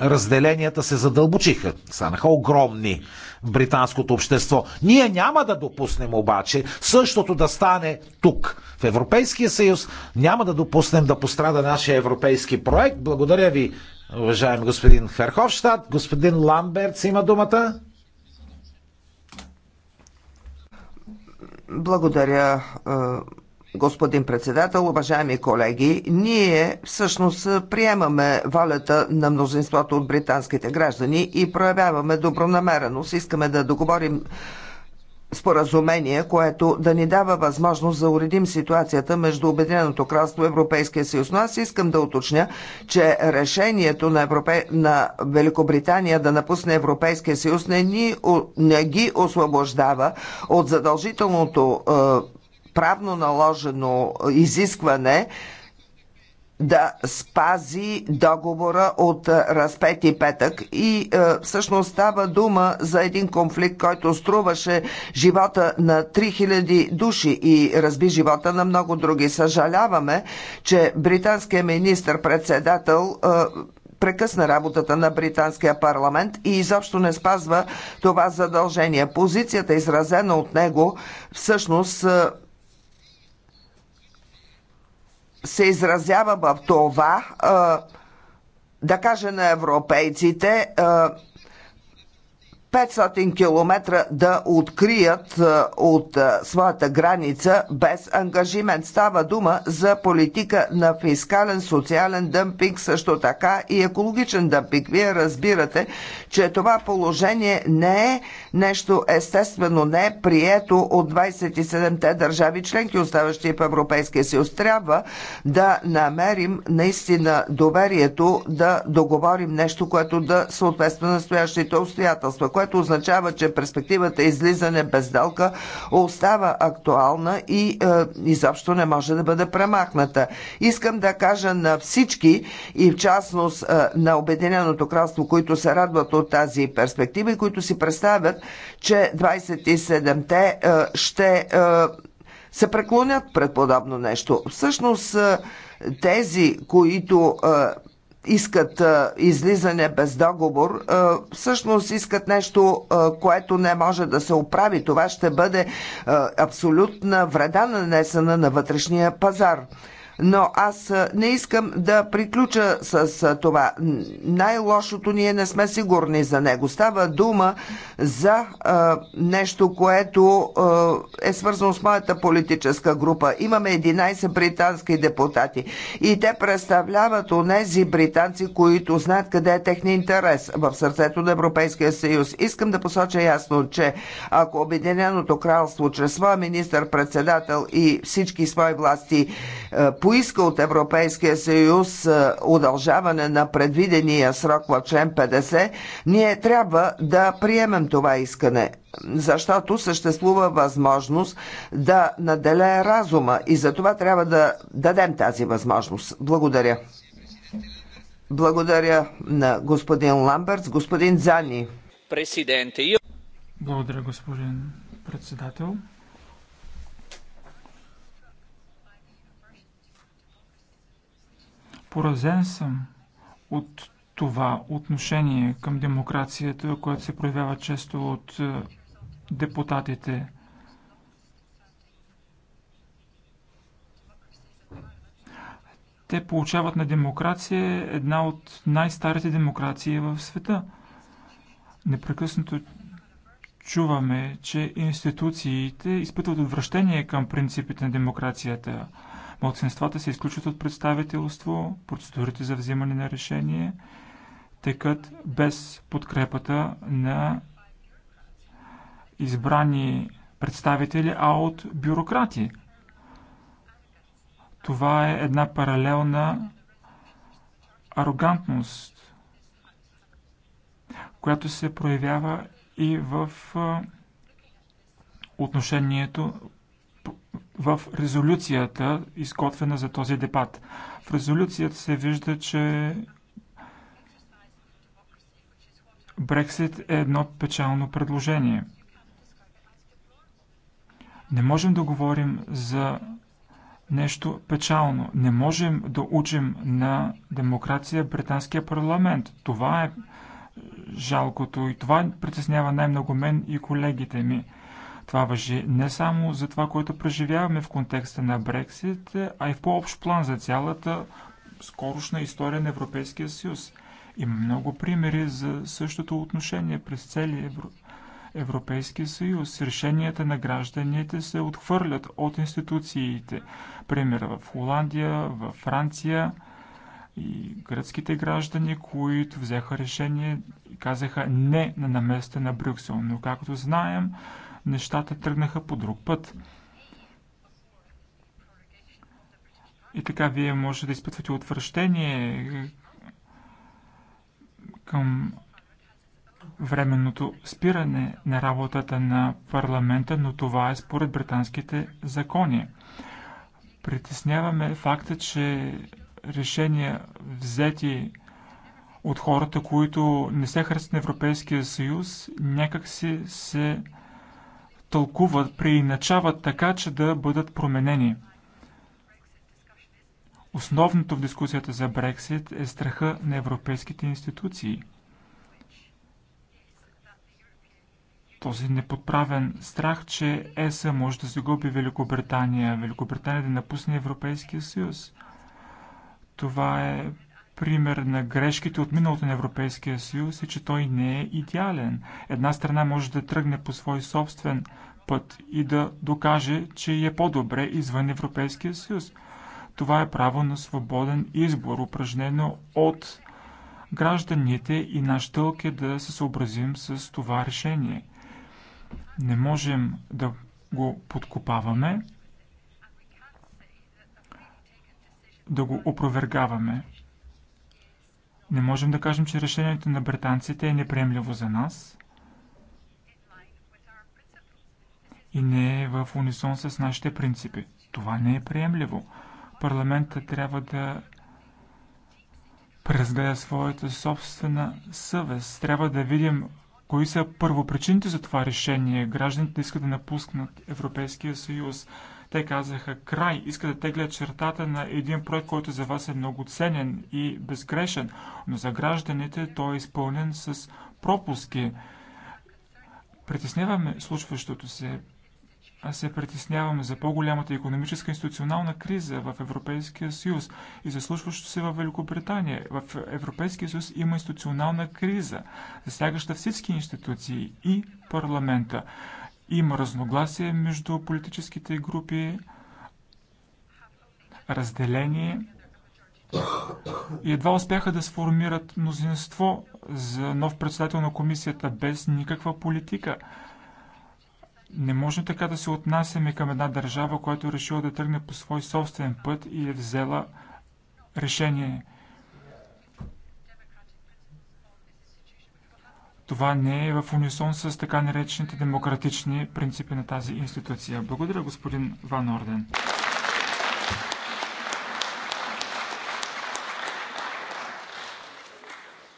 разделенията се задълбочиха, станаха огромни в британското общество. Ние няма да допуснем обаче същото да стане тук, в Европейския съюз. Няма да допуснем да пострада нашия европейски проект. Благодаря ви, уважаем господин Ферховщад. Господин Ламберц има думата. Благодаря, господин председател, уважаеми колеги, ние всъщност приемаме волята на мнозинството от британските граждани и проявяваме добронамереност. Искаме да договорим споразумение, което да ни дава възможност да уредим ситуацията между Обединеното кралство и Европейския съюз. Но аз искам да уточня, че решението на, Европе... на Великобритания да напусне Европейския съюз не, ни... не ги освобождава от задължителното е, правно наложено изискване да спази договора от разпети петък и е, всъщност става дума за един конфликт, който струваше живота на 3000 души и разби живота на много други. Съжаляваме, че британският министр-председател е, прекъсна работата на британския парламент и изобщо не спазва това задължение. Позицията, изразена от него, всъщност е, се изразява в това да каже на европейците 500 км да открият е, от е, своята граница без ангажимент. Става дума за политика на фискален, социален дъмпинг, също така и екологичен дъмпинг. Вие разбирате, че това положение не е нещо естествено, не е прието от 27-те държави членки, оставащи в Европейския съюз. Трябва да намерим наистина доверието да договорим нещо, което да съответства на настоящите обстоятелства, което означава, че перспективата излизане без сделка остава актуална и е, изобщо не може да бъде премахната. Искам да кажа на всички и в частност е, на Обединеното кралство, които се радват от тази перспектива и които си представят, че 27-те е, ще е, се преклонят пред подобно нещо. Всъщност, е, тези, които е, искат излизане без договор, всъщност искат нещо, което не може да се оправи. Това ще бъде абсолютна вреда нанесена на вътрешния пазар но аз не искам да приключа с това. Най-лошото ние не сме сигурни за него. Става дума за а, нещо, което а, е свързано с моята политическа група. Имаме 11 британски депутати и те представляват онези британци, които знаят къде е техния интерес в сърцето на Европейския съюз. Искам да посоча ясно, че ако Обединеното кралство чрез своя министър-председател и всички свои власти поиска от Европейския съюз е, удължаване на предвидения срок в член 50, ние трябва да приемем това искане защото съществува възможност да наделее разума и за това трябва да дадем тази възможност. Благодаря. Благодаря на господин Ламбертс, господин Зани. Президенте. Благодаря, господин председател. Поразен съм от това отношение към демокрацията, което се проявява често от е, депутатите. Те получават на демокрация една от най-старите демокрации в света. Непрекъснато чуваме, че институциите изпитват отвращение към принципите на демокрацията – Младсенствата се изключват от представителство, процедурите за взимане на решение текат без подкрепата на избрани представители, а от бюрократи. Това е една паралелна арогантност, която се проявява и в отношението в резолюцията, изготвена за този дебат. В резолюцията се вижда, че Брексит е едно печално предложение. Не можем да говорим за нещо печално. Не можем да учим на демокрация британския парламент. Това е жалкото и това притеснява най-много мен и колегите ми. Това въжи не само за това, което преживяваме в контекста на Брексит, а и в по-общ план за цялата скорошна история на Европейския съюз. Има много примери за същото отношение през целия Евро... Европейския съюз. Решенията на гражданите се отхвърлят от институциите. Пример в Холандия, в Франция и гръцките граждани, които взеха решение и казаха не на наместа на Брюксел. Но както знаем, нещата тръгнаха по друг път. И така вие може да изпитвате отвращение към временното спиране на работата на парламента, но това е според британските закони. Притесняваме факта, че решения взети от хората, които не се харесват на Европейския съюз, някакси се тълкуват, преиначават така, че да бъдат променени. Основното в дискусията за Брексит е страха на европейските институции. Този неподправен страх, че ЕСА може да загуби Великобритания, Великобритания да напусне Европейския съюз. Това е пример на грешките от миналото на Европейския съюз е, че той не е идеален. Една страна може да тръгне по свой собствен път и да докаже, че е по-добре извън Европейския съюз. Това е право на свободен избор, упражнено от гражданите и наш дълг е да се съобразим с това решение. Не можем да го подкопаваме, да го опровергаваме. Не можем да кажем, че решението на британците е неприемливо за нас и не е в унисон с нашите принципи. Това не е приемливо. Парламентът трябва да преразгледа своята собствена съвест. Трябва да видим кои са първопричините за това решение. Гражданите искат да напуснат Европейския съюз. Те казаха край, искат да теглят чертата на един проект, който за вас е много ценен и безгрешен, но за гражданите той е изпълнен с пропуски. Притесняваме случващото се. Аз се притеснявам за по-голямата економическа институционална криза в Европейския съюз и за случващото се в Великобритания. В Европейския съюз има институционална криза, засягаща всички институции и парламента. Има разногласие между политическите групи, разделение и едва успяха да сформират мнозинство за нов председател на комисията без никаква политика. Не може така да се отнасяме към една държава, която е решила да тръгне по свой собствен път и е взела решение. това не е в унисон с така наречените демократични принципи на тази институция. Благодаря, господин Ван Орден.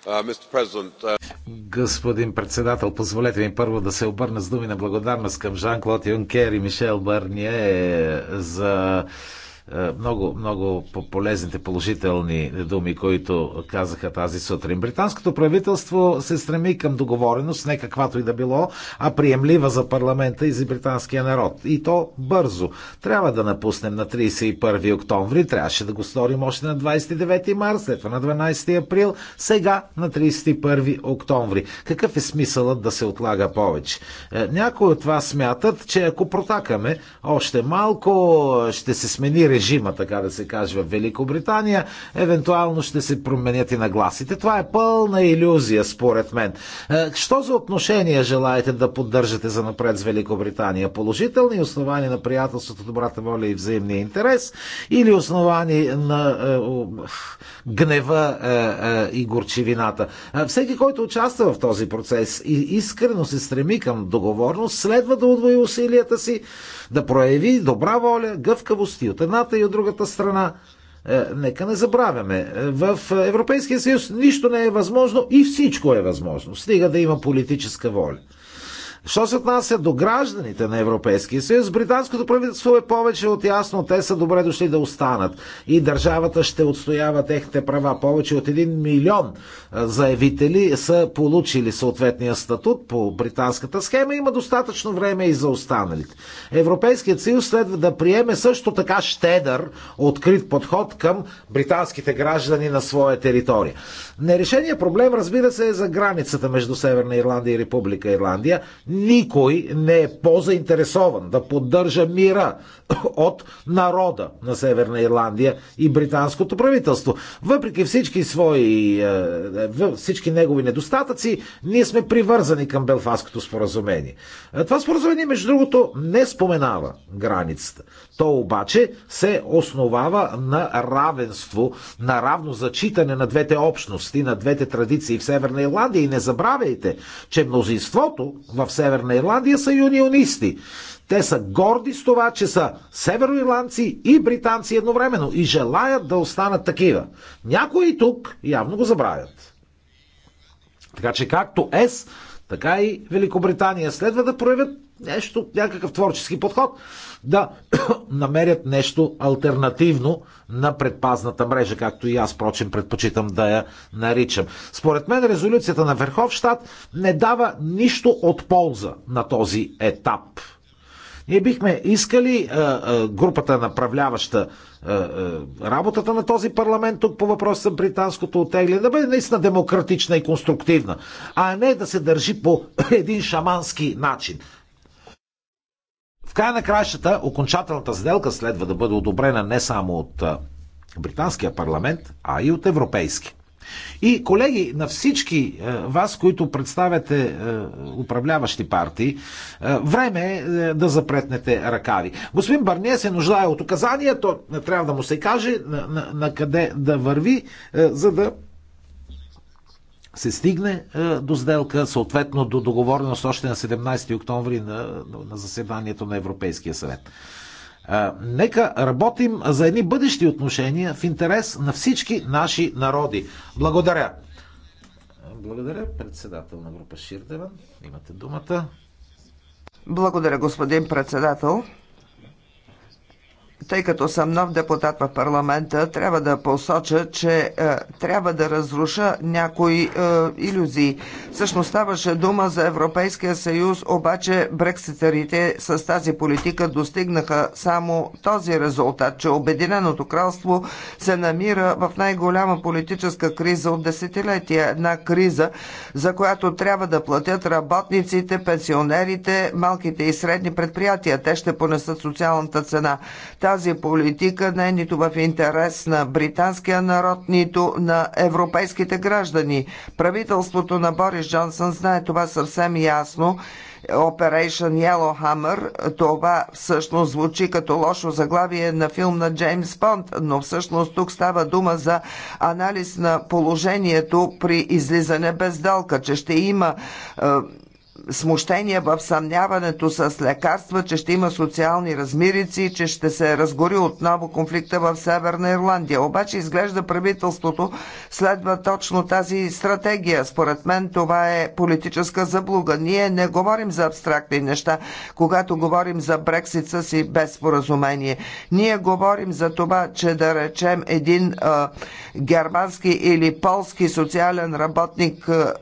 Uh, uh, господин председател, позволете ми първо да се обърна с думи на благодарност към Жан-Клод Юнкер и Мишел Барние за е, много, много полезните положителни думи, които казаха тази сутрин. Британското правителство се стреми към договореност, не каквато и да било, а приемлива за парламента и за британския народ. И то бързо. Трябва да напуснем на 31 октомври, трябваше да го сторим още на 29 марта, след това на 12 април, сега на 31 октомври. Какъв е смисълът да се отлага повече? Е, някои от вас смятат, че ако протакаме още малко, е, ще се смени режима, така да се каже, в Великобритания, евентуално ще се променят и нагласите. Това е пълна иллюзия, според мен. Е, що за отношения желаете да поддържате за напред с Великобритания? Положителни основания на приятелството, добрата воля и взаимния интерес или основани на е, гнева е, и горчивината? Всеки, който участва в този процес и искрено се стреми към договорност, следва да удвои усилията си да прояви добра воля, гъвкавост и от едната и от другата страна. Е, нека не забравяме, е, в Европейския съюз нищо не е възможно и всичко е възможно, стига да има политическа воля. Що се отнася до гражданите на Европейския съюз, британското правителство е повече от ясно. Те са добре дошли да останат. И държавата ще отстоява техните права. Повече от 1 милион заявители са получили съответния статут по британската схема. Има достатъчно време и за останалите. Европейският съюз следва да приеме също така щедър, открит подход към британските граждани на своя територия. Нерешения проблем, разбира се, е за границата между Северна Ирландия и Република Ирландия никой не е по-заинтересован да поддържа мира от народа на Северна Ирландия и британското правителство. Въпреки всички свои, е, е, всички негови недостатъци, ние сме привързани към Белфаското споразумение. Е, това споразумение, между другото, не споменава границата. То обаче се основава на равенство, на равно зачитане на двете общности, на двете традиции в Северна Ирландия. И не забравяйте, че мнозинството в Северна Ирландия са юнионисти. Те са горди с това, че са североирландци и британци едновременно и желаят да останат такива. Някои тук явно го забравят. Така че както ЕС, така и Великобритания следва да проявят нещо, някакъв творчески подход, да намерят нещо альтернативно на предпазната мрежа, както и аз, прочим, предпочитам да я наричам. Според мен резолюцията на Верховщад не дава нищо от полза на този етап. Ние бихме искали а, а, групата направляваща а, а, работата на този парламент тук по въпроса на британското отегляне да бъде наистина демократична и конструктивна, а не да се държи по един шамански начин края на кращата, окончателната сделка следва да бъде одобрена не само от британския парламент, а и от европейски. И колеги, на всички вас, които представяте управляващи партии, време е да запретнете ръкави. Господин Барния се нуждае от указания, то трябва да му се каже на, на, на къде да върви, за да се стигне е, до сделка, съответно до договореност още на 17 октомври на, на заседанието на Европейския съвет. Е, нека работим за едни бъдещи отношения в интерес на всички наши народи. Благодаря. Благодаря, председател на група Ширдева. Имате думата. Благодаря, господин председател тъй като съм нов депутат в парламента, трябва да посоча, че е, трябва да разруша някои е, иллюзии. Всъщност ставаше дума за Европейския съюз, обаче брекситарите с тази политика достигнаха само този резултат, че Обединеното кралство се намира в най-голяма политическа криза от десетилетия. Една криза, за която трябва да платят работниците, пенсионерите, малките и средни предприятия. Те ще понесат социалната цена тази политика не е нито в интерес на британския народ, нито на европейските граждани. Правителството на Борис Джонсън знае това съвсем ясно. Operation Yellowhammer. Това всъщност звучи като лошо заглавие на филм на Джеймс Бонд, но всъщност тук става дума за анализ на положението при излизане без делка, че ще има е, смущение в съмняването с лекарства, че ще има социални размирици, че ще се разгори отново конфликта в Северна Ирландия. Обаче изглежда правителството следва точно тази стратегия. Според мен това е политическа заблуга. Ние не говорим за абстрактни неща, когато говорим за Брексит с и без споразумение. Ние говорим за това, че да речем един а, германски или полски социален работник а,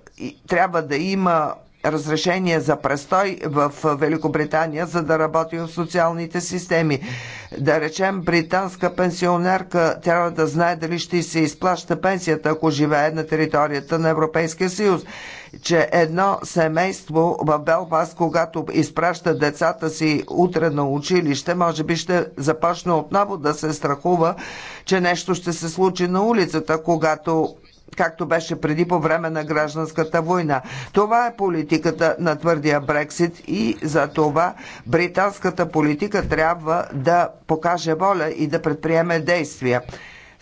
трябва да има разрешение за престой в Великобритания, за да работи в социалните системи. Да речем, британска пенсионерка трябва да знае дали ще се изплаща пенсията, ако живее на територията на Европейския съюз че едно семейство в Белфас, когато изпраща децата си утре на училище, може би ще започне отново да се страхува, че нещо ще се случи на улицата, когато както беше преди по време на гражданската война. Това е политиката на твърдия Брексит и за това британската политика трябва да покаже воля и да предприеме действия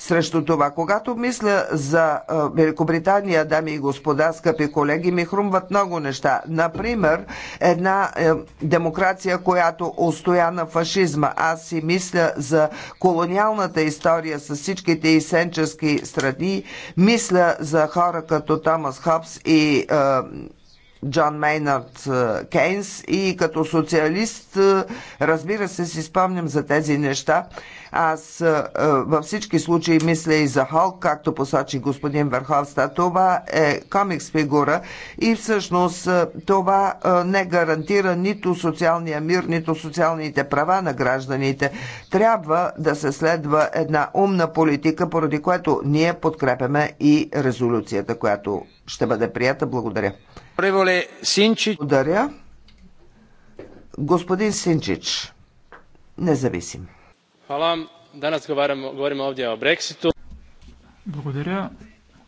срещу това. Когато мисля за Великобритания, дами и господа, скъпи колеги, ми хрумват много неща. Например, една е, демокрация, която устоя на фашизма. Аз си мисля за колониалната история с всичките изсенчески страни. Мисля за хора като Томас Хобс и Джон Мейнард е, Кейнс и като социалист, е, разбира се, си спомням за тези неща. Аз е, във всички случаи мисля и за Холк, както посочи господин Верховста. Това е комикс фигура и всъщност това не гарантира нито социалния мир, нито социалните права на гражданите. Трябва да се следва една умна политика, поради което ние подкрепяме и резолюцията, която ще бъде прията. Благодаря. Благодаря. Господин Синчич, независим. говорим овде о Брекситу. Благодаря.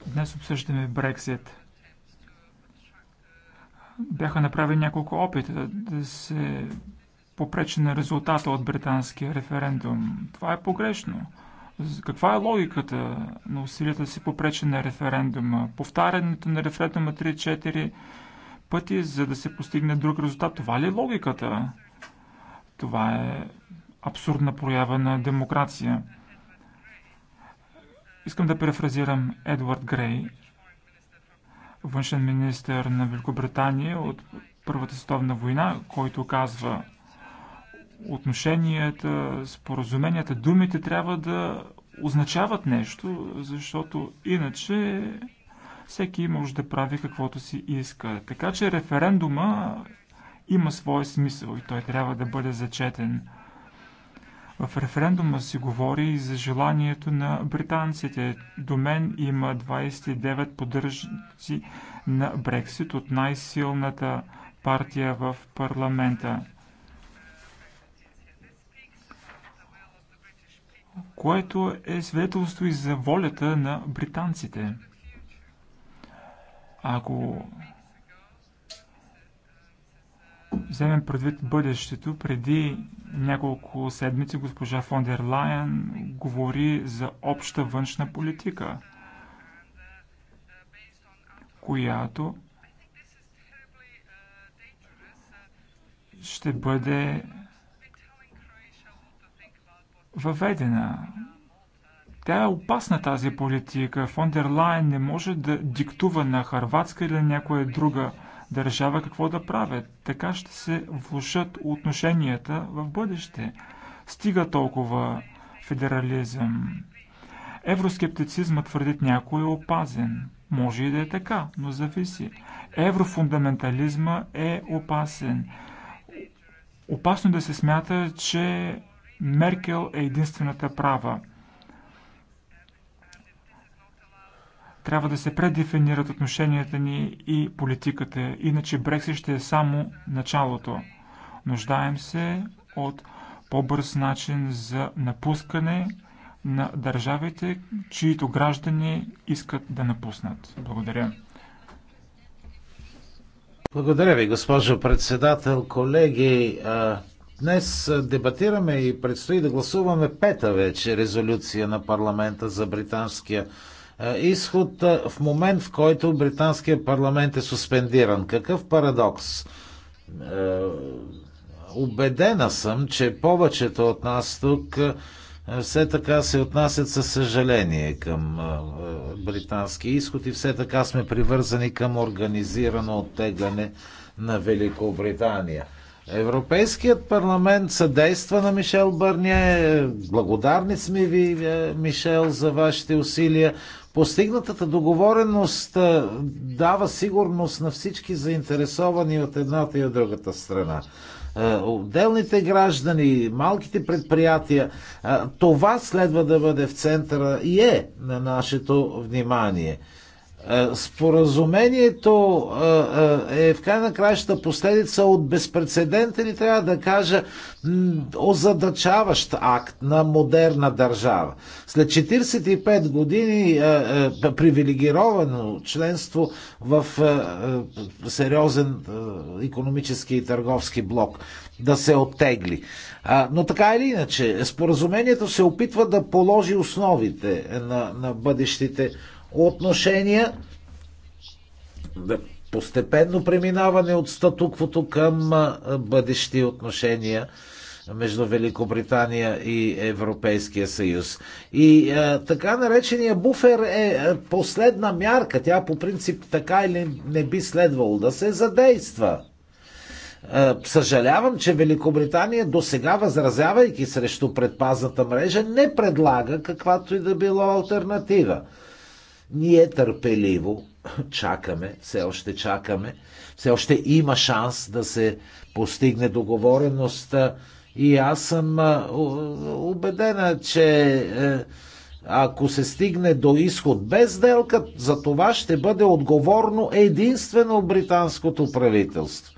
Днес обсъждаме Брексит. Бяха направени няколко опита да се попречи на резултата от британския референдум. Това е погрешно. Каква е логиката на усилията си попречи на референдума? Повтарянето на референдума 3-4 пъти, за да се постигне друг резултат. Това ли е логиката? Това е абсурдна проява на демокрация. Искам да префразирам Едвард Грей, външен министр на Великобритания от Първата световна война, който казва отношенията, споразуменията, думите трябва да означават нещо, защото иначе всеки може да прави каквото си иска. Така че референдума има своя смисъл и той трябва да бъде зачетен. В референдума се говори и за желанието на британците. До мен има 29 поддръжници на Брексит от най-силната партия в парламента. което е свидетелство и за волята на британците. Ако вземем предвид бъдещето, преди няколко седмици госпожа фон дер Лайен говори за обща външна политика, която ще бъде въведена. Тя е опасна тази политика. Фондер Лайн не може да диктува на Харватска или някоя друга държава какво да правят. Така ще се влушат отношенията в бъдеще. Стига толкова федерализъм. Евроскептицизма, твърдят някой, е опазен. Може и да е така, но зависи. Еврофундаментализма е опасен. Опасно да се смята, че Меркел е единствената права. Трябва да се предефинират отношенията ни и политиката, иначе Брексит ще е само началото. Нуждаем се от по-бърз начин за напускане на държавите, чието граждани искат да напуснат. Благодаря. Благодаря ви, госпожо председател. Колеги, Днес дебатираме и предстои да гласуваме пета вече резолюция на парламента за британския изход в момент, в който британския парламент е суспендиран. Какъв парадокс? Убедена съм, че повечето от нас тук все така се отнасят със съжаление към британски изход и все така сме привързани към организирано оттегляне на Великобритания. Европейският парламент съдейства на Мишел Бърние. Благодарни сме ви, е, Мишел, за вашите усилия. Постигнатата договореност е, дава сигурност на всички заинтересовани от едната и от другата страна. Е, отделните граждани, малките предприятия, това следва да бъде в центъра и е на нашето внимание. Е, споразумението е, е, е в край на краща последица от безпредседентен и трябва да кажа озадачаващ акт на модерна държава. След 45 години привилегировано членство в сериозен економически и търговски блок да се оттегли. Но така или иначе, споразумението се опитва да положи основите на, на бъдещите отношения. Постепенно преминаване от статуквото към бъдещи отношения между Великобритания и Европейския съюз. И а, е, така наречения буфер е последна мярка. Тя по принцип така или не би следвало да се задейства. съжалявам, че Великобритания до сега, възразявайки срещу предпазната мрежа, не предлага каквато и да било альтернатива. Ние търпеливо чакаме, все още чакаме, все още има шанс да се постигне договореност и аз съм убедена, че е, ако се стигне до изход без сделка, за това ще бъде отговорно единствено британското правителство.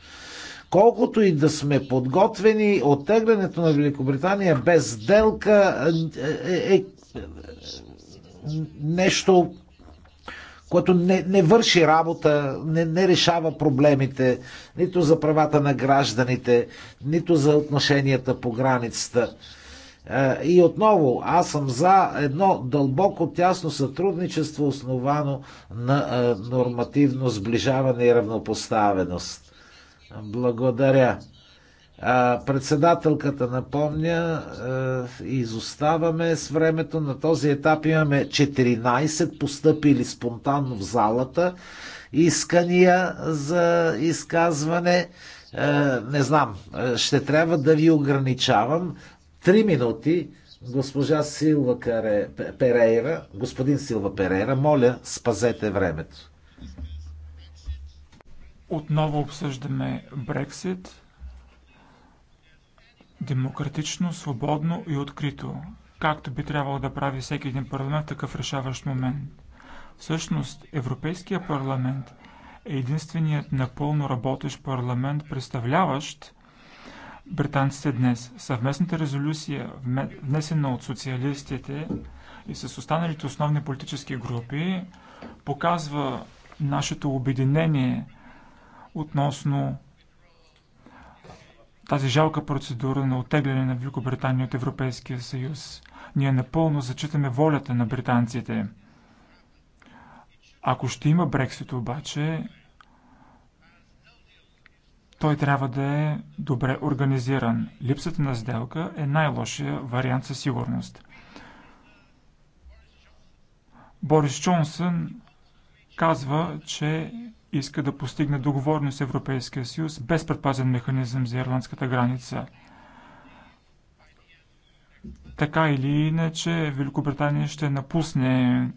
Колкото и да сме подготвени, оттеглянето на Великобритания без сделка е, е, е, е нещо което не, не върши работа, не, не решава проблемите, нито за правата на гражданите, нито за отношенията по границата. Е, и отново, аз съм за едно дълбоко тясно сътрудничество, основано на е, нормативно сближаване и равнопоставеност. Благодаря. А, председателката напомня, а, изоставаме с времето. На този етап имаме 14 постъпили спонтанно в залата искания за изказване. А, не знам, ще трябва да ви ограничавам. Три минути госпожа Силва Каре... Перейра, господин Силва Перейра, моля, спазете времето. Отново обсъждаме Брексит демократично, свободно и открито, както би трябвало да прави всеки един парламент в такъв решаващ момент. Всъщност, Европейския парламент е единственият напълно работещ парламент, представляващ британците днес. Съвместната резолюция, внесена от социалистите и с останалите основни политически групи, показва нашето обединение относно тази жалка процедура на оттегляне на Великобритания от Европейския съюз. Ние напълно зачитаме волята на британците. Ако ще има Брексит обаче, той трябва да е добре организиран. Липсата на сделка е най-лошия вариант със сигурност. Борис Джонсън казва, че иска да постигне договорност с Европейския съюз без предпазен механизъм за ирландската граница. Така или иначе, Великобритания ще напусне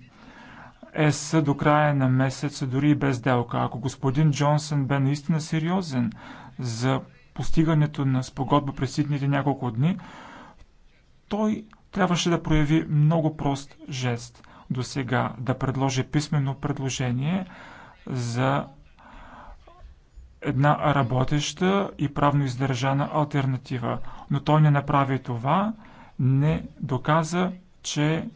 ЕС до края на месеца, дори и без делка. Ако господин Джонсън бе наистина сериозен за постигането на спогодба през ситните няколко дни, той трябваше да прояви много прост жест до сега, да предложи писмено предложение – за една работеща и правно издържана альтернатива. Но той не направи това, не доказа, че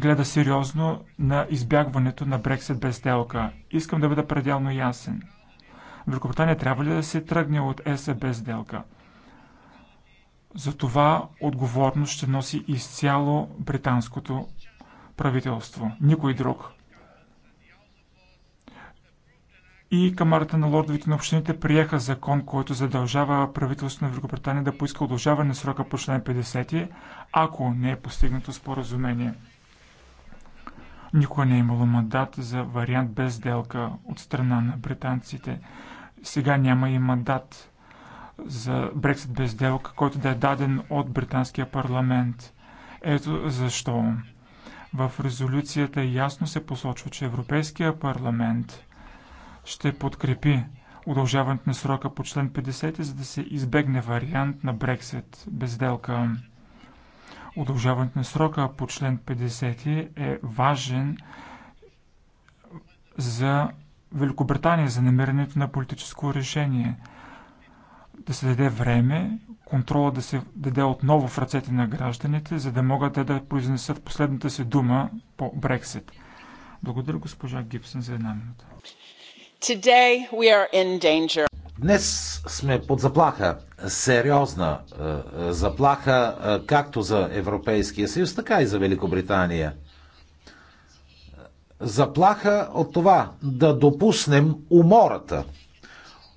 гледа сериозно на избягването на Брексит без сделка. Искам да бъда пределно ясен. Великобритания трябва ли да се тръгне от ЕСА без сделка? За това отговорност ще носи изцяло британското правителство. Никой друг. И Камарата на лордовите на общините приеха закон, който задължава правителството на Великобритания да поиска удължаване на срока по член 50, ако не е постигнато споразумение. Никога не е имало мандат за вариант без сделка от страна на британците. Сега няма и мандат за Брексит без сделка, който да е даден от британския парламент. Ето защо. В резолюцията ясно се посочва, че Европейския парламент – ще подкрепи удължаването на срока по член 50, за да се избегне вариант на Брексит без сделка. Удължаването на срока по член 50 е важен за Великобритания, за намирането на политическо решение. Да се даде време, контрола да се даде отново в ръцете на гражданите, за да могат те да произнесат последната си дума по Брексит. Благодаря госпожа Гибсън за една минута. Today we are in danger. Днес сме под заплаха, сериозна е, е, заплаха, е, както за Европейския съюз, така и за Великобритания. Заплаха от това да допуснем умората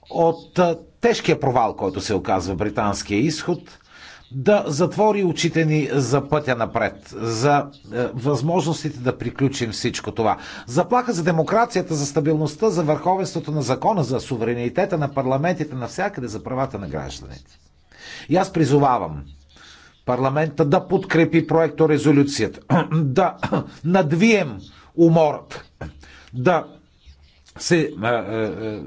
от е, тежкия провал, който се оказва британския изход, да затвори очите ни за пътя напред, за е, възможностите да приключим всичко това. Заплаха за демокрацията, за стабилността, за върховенството на закона, за суверенитета на парламентите, навсякъде за правата на гражданите. И аз призовавам парламента да подкрепи проекто резолюцията, да надвием умората, да се а, е, а,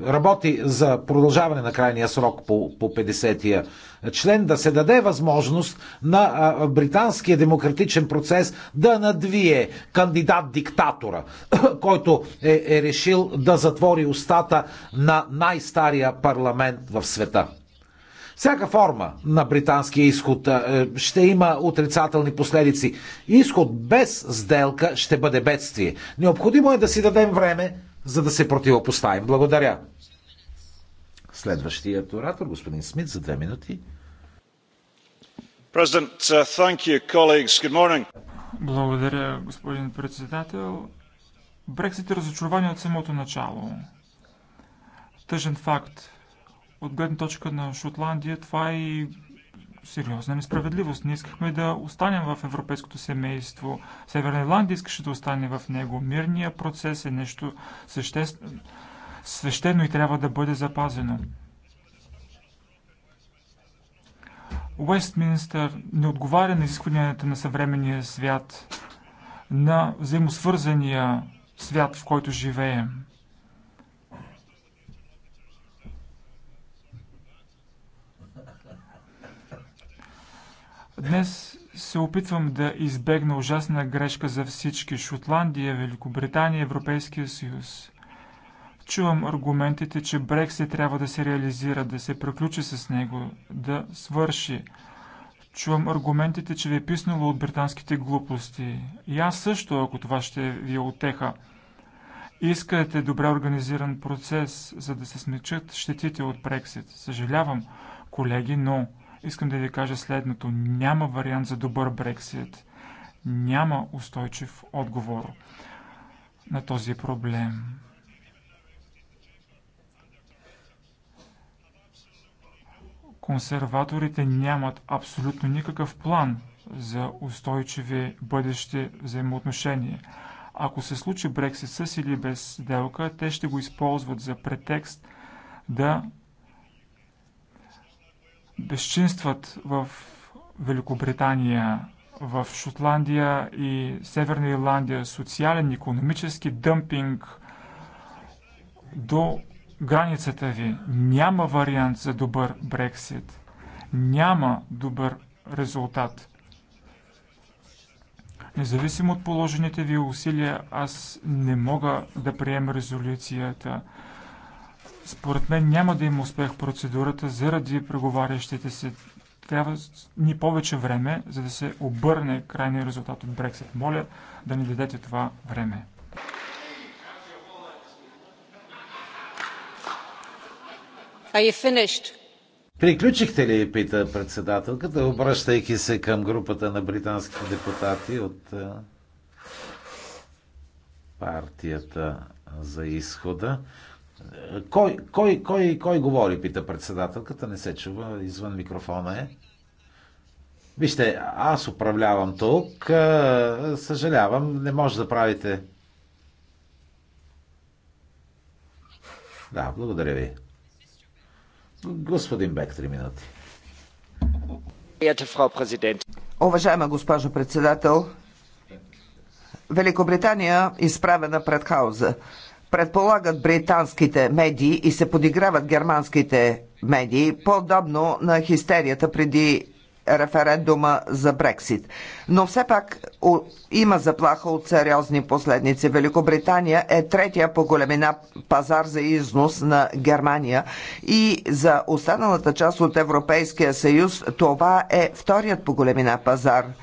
е, работи за продължаване на крайния срок по, по 50-я член, да се даде възможност на а, е, британския демократичен процес да надвие кандидат-диктатора, който е, е решил да затвори устата на най-стария парламент в света. Всяка форма на британския изход ще има отрицателни последици. Изход без сделка ще бъде бедствие. Необходимо е да си дадем време за да се противопоставим. Благодаря. Следващият оратор, господин Смит, за две минути. Uh, Благодаря, господин председател. Брексит е разочарование от самото начало. Тъжен факт. От гледна точка на Шотландия, това е и сериозна несправедливост. Ние искахме да останем в европейското семейство. Северна Ирландия искаше да остане в него. Мирният процес е нещо съществено, свещено и трябва да бъде запазено. Уестминстър не отговаря на изискванията на съвременния свят, на взаимосвързания свят, в който живеем. Днес се опитвам да избегна ужасна грешка за всички – Шотландия, Великобритания, Европейския съюз. Чувам аргументите, че Брексит трябва да се реализира, да се приключи с него, да свърши. Чувам аргументите, че ви е писнало от британските глупости. И аз също, ако това ще ви е отеха. Искате добре организиран процес, за да се смечат щетите от Брексит. Съжалявам, колеги, но искам да ви кажа следното. Няма вариант за добър Брексит. Няма устойчив отговор на този проблем. Консерваторите нямат абсолютно никакъв план за устойчиви бъдещи взаимоотношения. Ако се случи Брексит с или без сделка, те ще го използват за претекст да безчинстват в Великобритания, в Шотландия и Северна Ирландия, социален, економически дъмпинг до границата ви. Няма вариант за добър Брексит. Няма добър резултат. Независимо от положените ви усилия, аз не мога да приема резолюцията. Според мен няма да има успех в процедурата заради преговарящите се. Трябва ни повече време, за да се обърне крайния резултат от Брексит. Моля да ни дадете това време. Приключихте ли, пита председателката, обръщайки се към групата на британските депутати от е, партията за изхода. Кой, кой, кой, кой говори, пита председателката, не се чува, извън микрофона е. Вижте, аз управлявам тук, съжалявам, не може да правите. Да, благодаря ви. Господин Бек, три минути. Уважаема госпожо председател, Великобритания изправена пред хауза предполагат британските медии и се подиграват германските медии, подобно на хистерията преди референдума за Брексит. Но все пак о, има заплаха от сериозни последници. Великобритания е третия по големина пазар за износ на Германия и за останалата част от Европейския съюз това е вторият по големина пазар –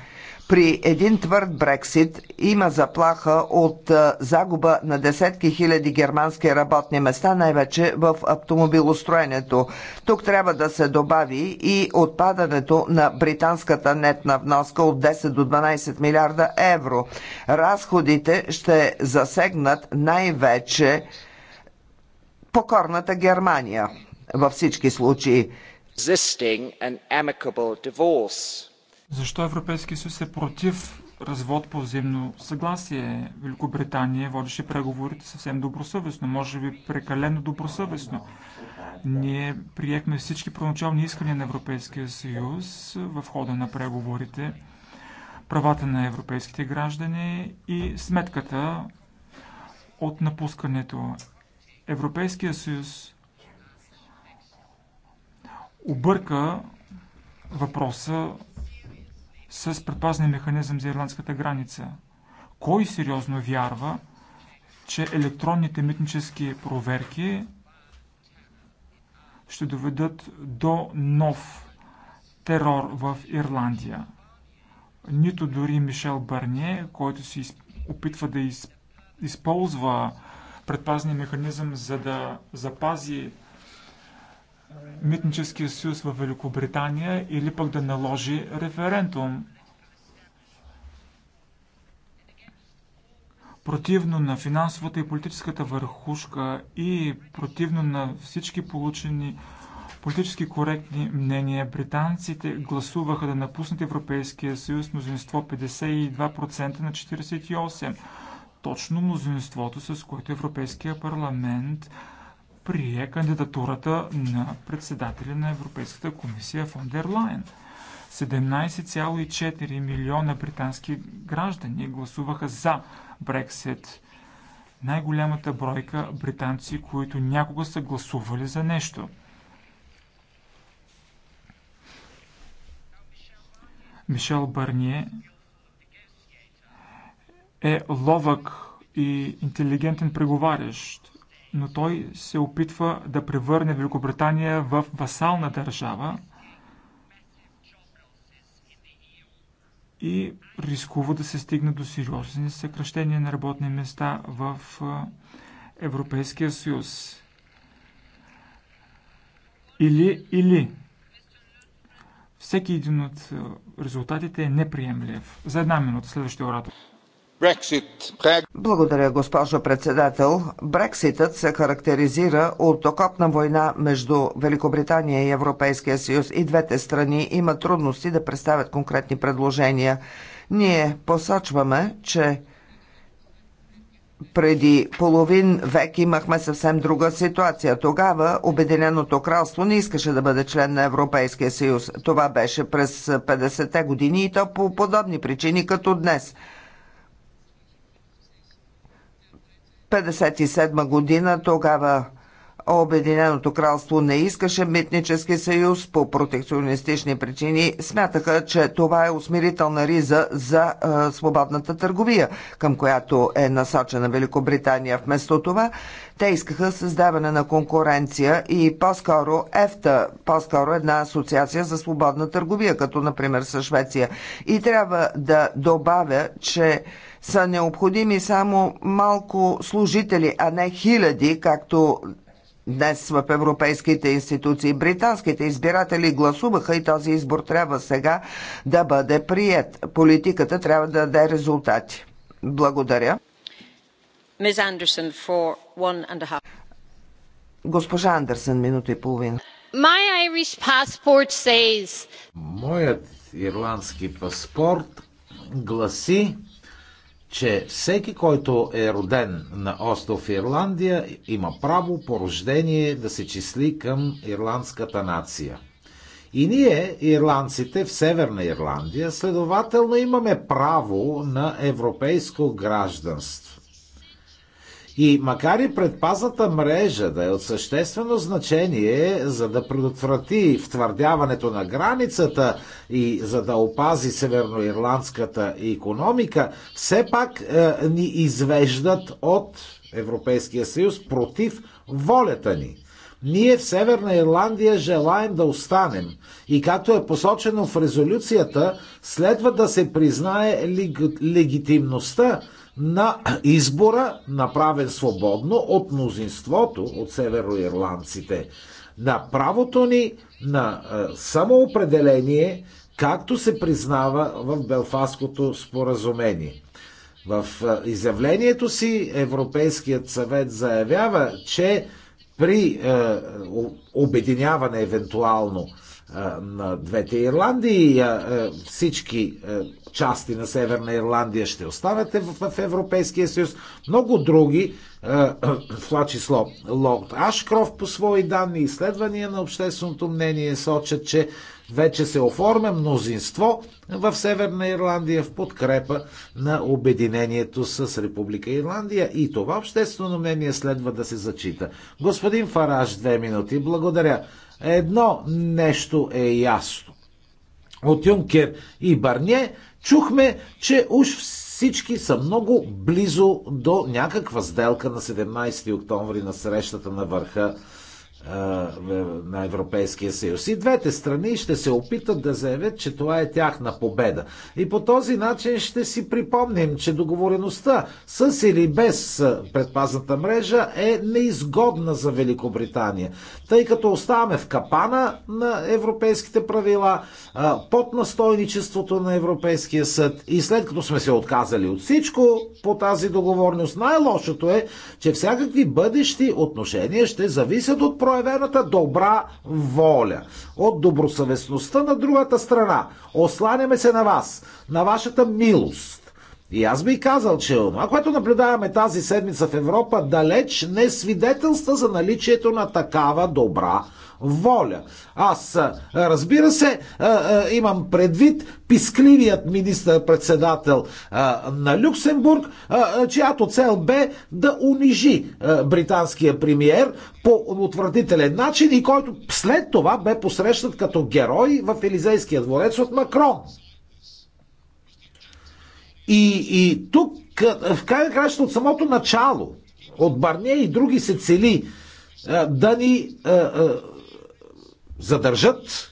при един твърд Брексит има заплаха от загуба на десетки хиляди германски работни места, най-вече в автомобилостроенето. Тук трябва да се добави и отпадането на британската нетна вноска от 10 до 12 милиарда евро. Разходите ще засегнат най-вече покорната Германия във всички случаи. Защо Европейския съюз е против развод по взаимно съгласие? Великобритания водеше преговорите съвсем добросъвестно, може би прекалено добросъвестно. Ние приехме всички проначални искания на Европейския съюз в хода на преговорите, правата на европейските граждани и сметката от напускането. Европейския съюз обърка въпроса с предпазния механизъм за ирландската граница. Кой сериозно вярва, че електронните митнически проверки ще доведат до нов терор в Ирландия? Нито дори Мишел Бърне, който се опитва да използва предпазния механизъм, за да запази митническия съюз в Великобритания или пък да наложи референдум. Противно на финансовата и политическата върхушка и противно на всички получени политически коректни мнения, британците гласуваха да напуснат Европейския съюз мнозинство 52% на 48%. Точно мнозинството, с което Европейския парламент прие кандидатурата на председателя на Европейската комисия фон дер Лайен. 17,4 милиона британски граждани гласуваха за Брексит. Най-голямата бройка британци, които някога са гласували за нещо. Мишел Барние е ловък и интелигентен преговарящ но той се опитва да превърне Великобритания в васална държава и рискува да се стигне до сериозни съкръщения на работни места в Европейския съюз. Или, или. Всеки един от резултатите е неприемлив. За една минута следващия оратор. Благодаря, госпожо председател. Брекситът се характеризира от окопна война между Великобритания и Европейския съюз. И двете страни имат трудности да представят конкретни предложения. Ние посочваме, че преди половин век имахме съвсем друга ситуация. Тогава Обединеното кралство не искаше да бъде член на Европейския съюз. Това беше през 50-те години и то по подобни причини като днес – 1957 година тогава Обединеното кралство не искаше митнически съюз по протекционистични причини. Смятаха, че това е усмирителна риза за е, свободната търговия, към която е насочена Великобритания. Вместо това, те искаха създаване на конкуренция и по-скоро ЕФТА, по-скоро една асоциация за свободна търговия, като например със Швеция. И трябва да добавя, че са необходими само малко служители, а не хиляди, както Днес в европейските институции британските избиратели гласуваха и този избор трябва сега да бъде прият. Политиката трябва да даде резултати. Благодаря. Госпожа Андерсън, минута и половина. Says... Моят ирландски паспорт гласи, че всеки, който е роден на остров Ирландия, има право по рождение да се числи към ирландската нация. И ние, ирландците в Северна Ирландия, следователно имаме право на европейско гражданство и макар и предпазната мрежа да е от съществено значение, за да предотврати втвърдяването на границата и за да опази северноирландската економика, все пак е, ни извеждат от Европейския съюз против волята ни. Ние в Северна Ирландия желаем да останем и както е посочено в резолюцията, следва да се признае лег... легитимността на избора, направен свободно от мнозинството от североирландците, на правото ни на е, самоопределение, както се признава в Белфаското споразумение. В е, изявлението си Европейският съвет заявява, че при е, обединяване евентуално на двете Ирландии. Всички части на Северна Ирландия ще останат в Европейския съюз. Много други, в това число Лорд Ашкров по свои данни, изследвания на общественото мнение сочат, че вече се оформя мнозинство в Северна Ирландия в подкрепа на обединението с Република Ирландия и това обществено мнение следва да се зачита. Господин Фараж, две минути. Благодаря. Едно нещо е ясно. От Юнкер и Барние чухме, че уж всички са много близо до някаква сделка на 17 октомври на срещата на върха на Европейския съюз. И двете страни ще се опитат да заявят, че това е тяхна победа. И по този начин ще си припомним, че договореността с или без предпазната мрежа е неизгодна за Великобритания тъй като оставаме в капана на европейските правила, под настойничеството на Европейския съд и след като сме се отказали от всичко по тази договорност, най-лошото е, че всякакви бъдещи отношения ще зависят от проявената добра воля, от добросъвестността на другата страна. Осланяме се на вас, на вашата милост и аз би казал, че това, което наблюдаваме тази седмица в Европа, далеч не свидетелства за наличието на такава добра воля. Аз, разбира се, имам предвид пискливият министър-председател на Люксембург, чиято цел бе да унижи британския премиер по отвратителен начин и който след това бе посрещнат като герой в Елизейския дворец от Макрон. И, и тук, в край на краща, от самото начало, от Барне и други се цели да ни а, а, задържат,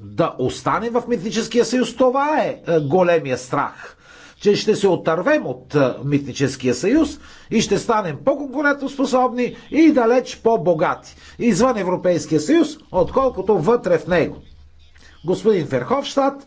да остане в Митническия съюз. Това е големия страх. Че ще се отървем от Митническия съюз и ще станем по-конкурентоспособни и далеч по-богати. Извън Европейския съюз, отколкото вътре в него. Господин Ферховщад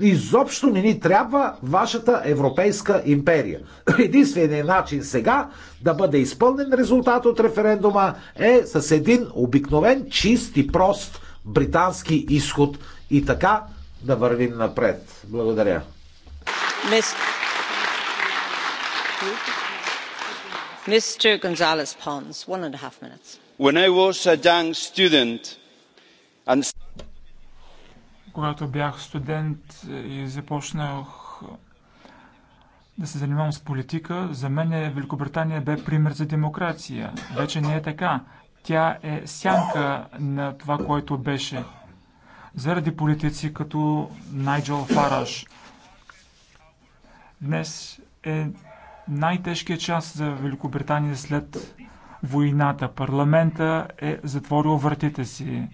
Изобщо не ни трябва вашата европейска империя. Единственият начин сега да бъде изпълнен резултат от референдума е с един обикновен, чист и прост британски изход и така да вървим напред. Благодаря. Mr. Gonzalez Pons, one and a half minutes. When I was a young student and когато бях студент е, и започнах е, да се занимавам с политика, за мен Великобритания бе пример за демокрация. Вече не е така. Тя е сянка на това, което беше. Заради политици като Найджел Фараш. Днес е най-тежкият час за Великобритания след войната. Парламента е затворил вратите си.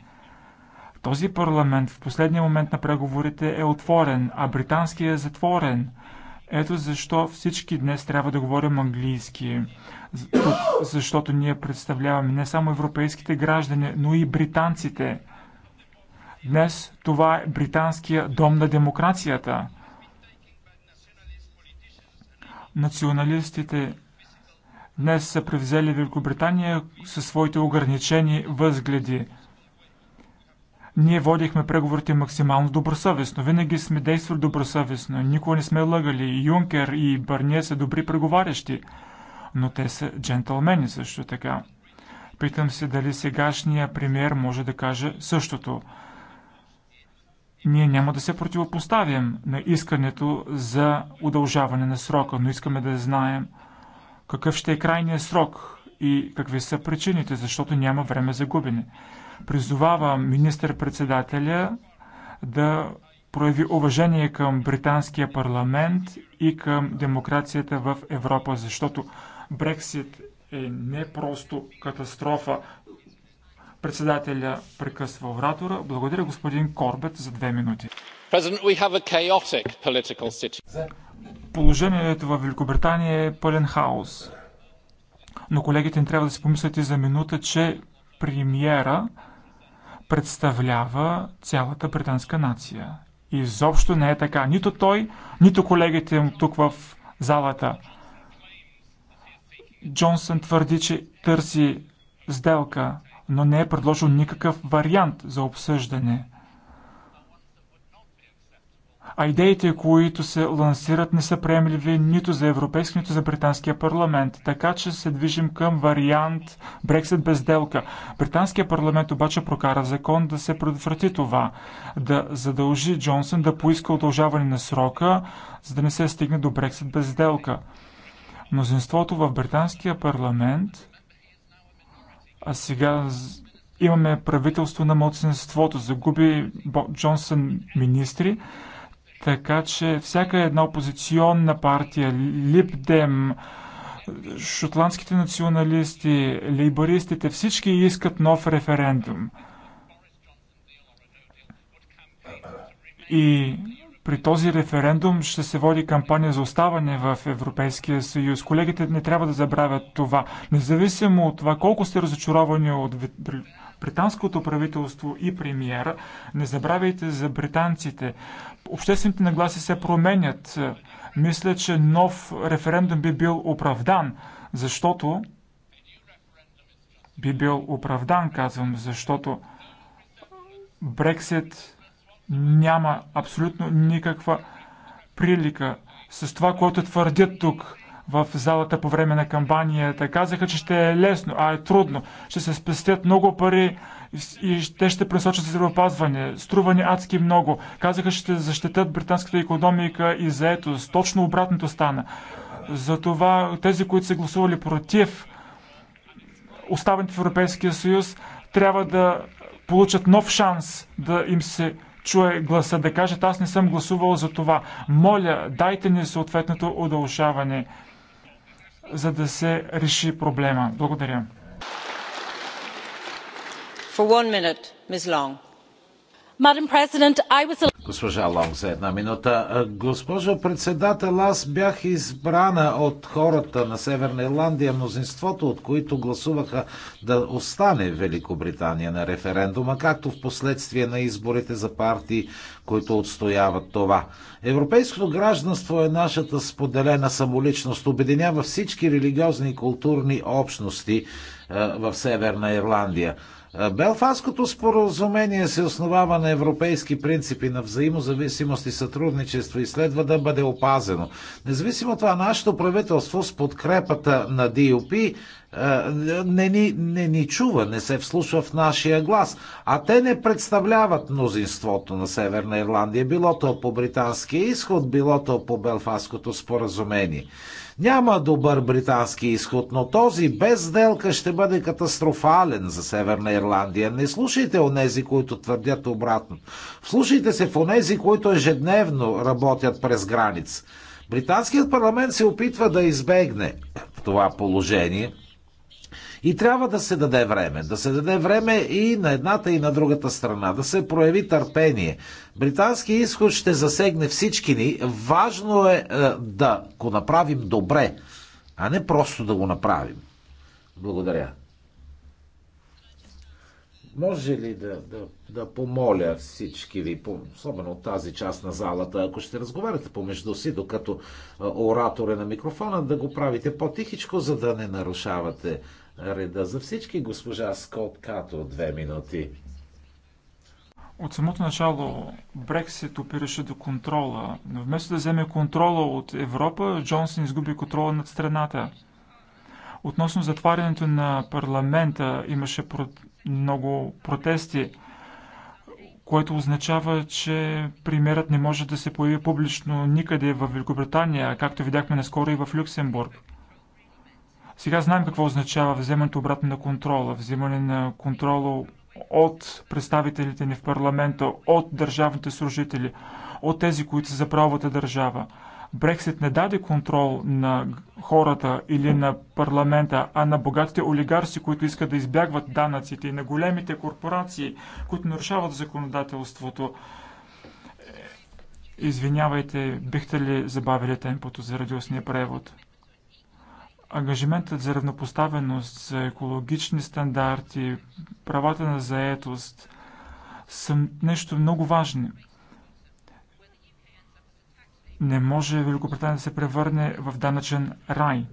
Този парламент в последния момент на преговорите е отворен, а британският е затворен. Ето защо всички днес трябва да говорим английски. Защото ние представляваме не само европейските граждани, но и британците. Днес това е британския дом на демокрацията. Националистите днес са превзели Великобритания със своите ограничени възгледи – ние водихме преговорите максимално добросъвестно. Винаги сме действали добросъвестно. Никога не сме лъгали. И Юнкер и Барния са добри преговарящи. Но те са джентълмени също така. Питам се дали сегашния премьер може да каже същото. Ние няма да се противопоставим на искането за удължаване на срока, но искаме да знаем какъв ще е крайният срок и какви са причините, защото няма време за губене. Призовава министър-председателя да прояви уважение към британския парламент и към демокрацията в Европа, защото Брексит е не просто катастрофа. Председателя прекъсва оратора. Благодаря господин Корбет за две минути. Положението в Великобритания е пълен хаос. Но колегите не трябва да си помислят и за минута, че премиера представлява цялата британска нация. изобщо не е така. Нито той, нито колегите му тук в залата. Джонсън твърди, че търси сделка, но не е предложил никакъв вариант за обсъждане а идеите, които се лансират, не са приемливи нито за Европейски, нито за Британския парламент. Така че се движим към вариант Брексит без делка. Британския парламент обаче прокара закон да се предотврати това, да задължи Джонсън да поиска удължаване на срока, за да не се стигне до Брексит без делка. Мнозинството в Британския парламент, а сега имаме правителство на младсинството, загуби Джонсън министри, така че всяка една опозиционна партия, Липдем, шотландските националисти, лейбористите, всички искат нов референдум. И при този референдум ще се води кампания за оставане в Европейския съюз. Колегите не трябва да забравят това. Независимо от това колко сте разочаровани от британското правителство и премиера, не забравяйте за британците. Обществените нагласи се променят. Мисля, че нов референдум би бил оправдан, защото би бил оправдан, казвам, защото Брексит няма абсолютно никаква прилика с това, което твърдят тук в залата по време на кампанията. Казаха, че ще е лесно, а е трудно. Ще се спестят много пари и те ще пресочат здравеопазване. Струвани адски много. Казаха, че ще защитят британската економика и заетост. Точно обратното стана. Затова тези, които са гласували против оставането в Европейския съюз, трябва да получат нов шанс да им се чуе гласа, да кажат аз не съм гласувал за това. Моля, дайте ни съответното удължаване за да се реши проблема. Благодаря. For one minute, Ms. Long. Госпожа Лонг за една минута. Госпожо председател, аз бях избрана от хората на Северна Ирландия, мнозинството от които гласуваха да остане Великобритания на референдума, както в последствие на изборите за партии, които отстояват това. Европейското гражданство е нашата споделена самоличност, обединява всички религиозни и културни общности в Северна Ирландия. Белфаското споразумение се основава на европейски принципи на взаимозависимост и сътрудничество и следва да бъде опазено. Независимо от това, нашето правителство с подкрепата на ДИОП не ни, не ни чува, не се вслушва в нашия глас. А те не представляват мнозинството на Северна Ирландия, било то по британския изход, било то по Белфаското споразумение. Няма добър британски изход, но този без сделка ще бъде катастрофален за Северна Ирландия. Не слушайте онези, които твърдят обратно. Слушайте се в онези, които ежедневно работят през граница. Британският парламент се опитва да избегне това положение и трябва да се даде време. Да се даде време и на едната и на другата страна. Да се прояви търпение. Британски изход ще засегне всички ни. Важно е, е да го направим добре, а не просто да го направим. Благодаря. Може ли да, да, да помоля всички ви, особено от тази част на залата, ако ще разговаряте помежду си, докато оратор е на микрофона, да го правите по-тихичко, за да не нарушавате реда. За всички госпожа Скот Като, две минути. От самото начало Брексит опираше до контрола, но вместо да вземе контрола от Европа, Джонсън изгуби контрола над страната. Относно затварянето на парламента имаше много протести, което означава, че примерът не може да се появи публично никъде в Великобритания, както видяхме наскоро и в Люксембург. Сега знаем какво означава вземането обратно на контрола, вземане на контрола от представителите ни в парламента, от държавните служители, от тези, които са за правовата държава. Брексит не даде контрол на хората или на парламента, а на богатите олигарси, които искат да избягват данъците и на големите корпорации, които нарушават законодателството. Извинявайте, бихте ли забавили темпото за радиосния превод? Ангажиментът за равнопоставеност, за екологични стандарти, правата на заетост са нещо много важни. Не може Великобритания да се превърне в данъчен рай,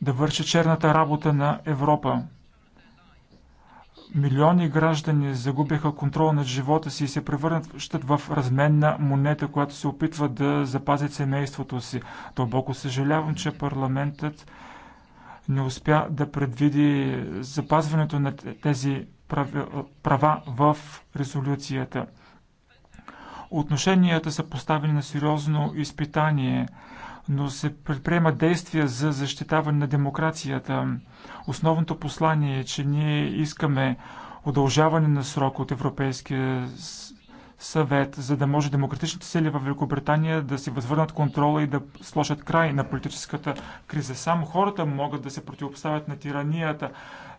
да върши черната работа на Европа. Милиони граждани загубиха контрол над живота си и се превърнат в разменна монета, която се опитва да запази семейството си. Дълбоко съжалявам, че парламентът не успя да предвиди запазването на тези права в резолюцията. Отношенията са поставени на сериозно изпитание, но се предприемат действия за защитаване на демокрацията. Основното послание е, че ние искаме удължаване на срок от Европейския съвет, за да може демократичните сили в Великобритания да си възвърнат контрола и да сложат край на политическата криза. Само хората могат да се противопоставят на тиранията,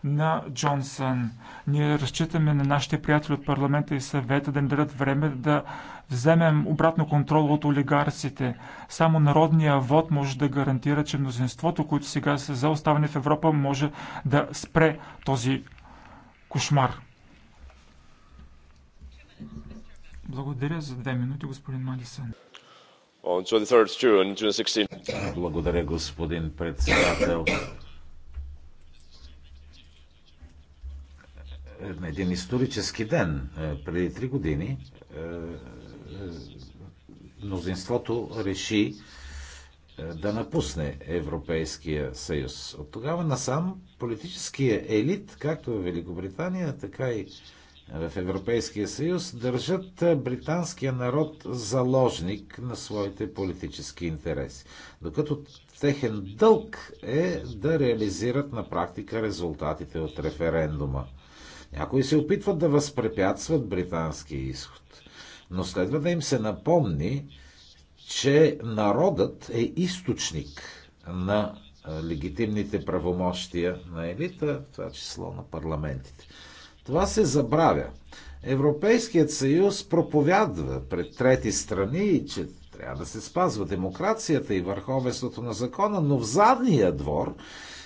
на Джонсън. Ние разчитаме на нашите приятели от парламента и съвета да ни дадат време да вземем обратно контрол от олигарсите. Само народния вод може да гарантира, че мнозинството, което сега са за оставане в Европа, може да спре този кошмар. Благодаря за две минути, господин Малисън. Благодаря, господин председател. на е, един исторически ден, е, преди три години, е, мнозинството реши да напусне Европейския съюз. От тогава насам политическия елит, както в Великобритания, така и в Европейския съюз, държат британския народ заложник на своите политически интереси. Докато техен дълг е да реализират на практика резултатите от референдума. Някои се опитват да възпрепятстват британския изход. Но следва да им се напомни, че народът е източник на легитимните правомощия на елита, в това число на парламентите. Това се забравя. Европейският съюз проповядва пред трети страни, че трябва да се спазва демокрацията и върховенството на закона, но в задния двор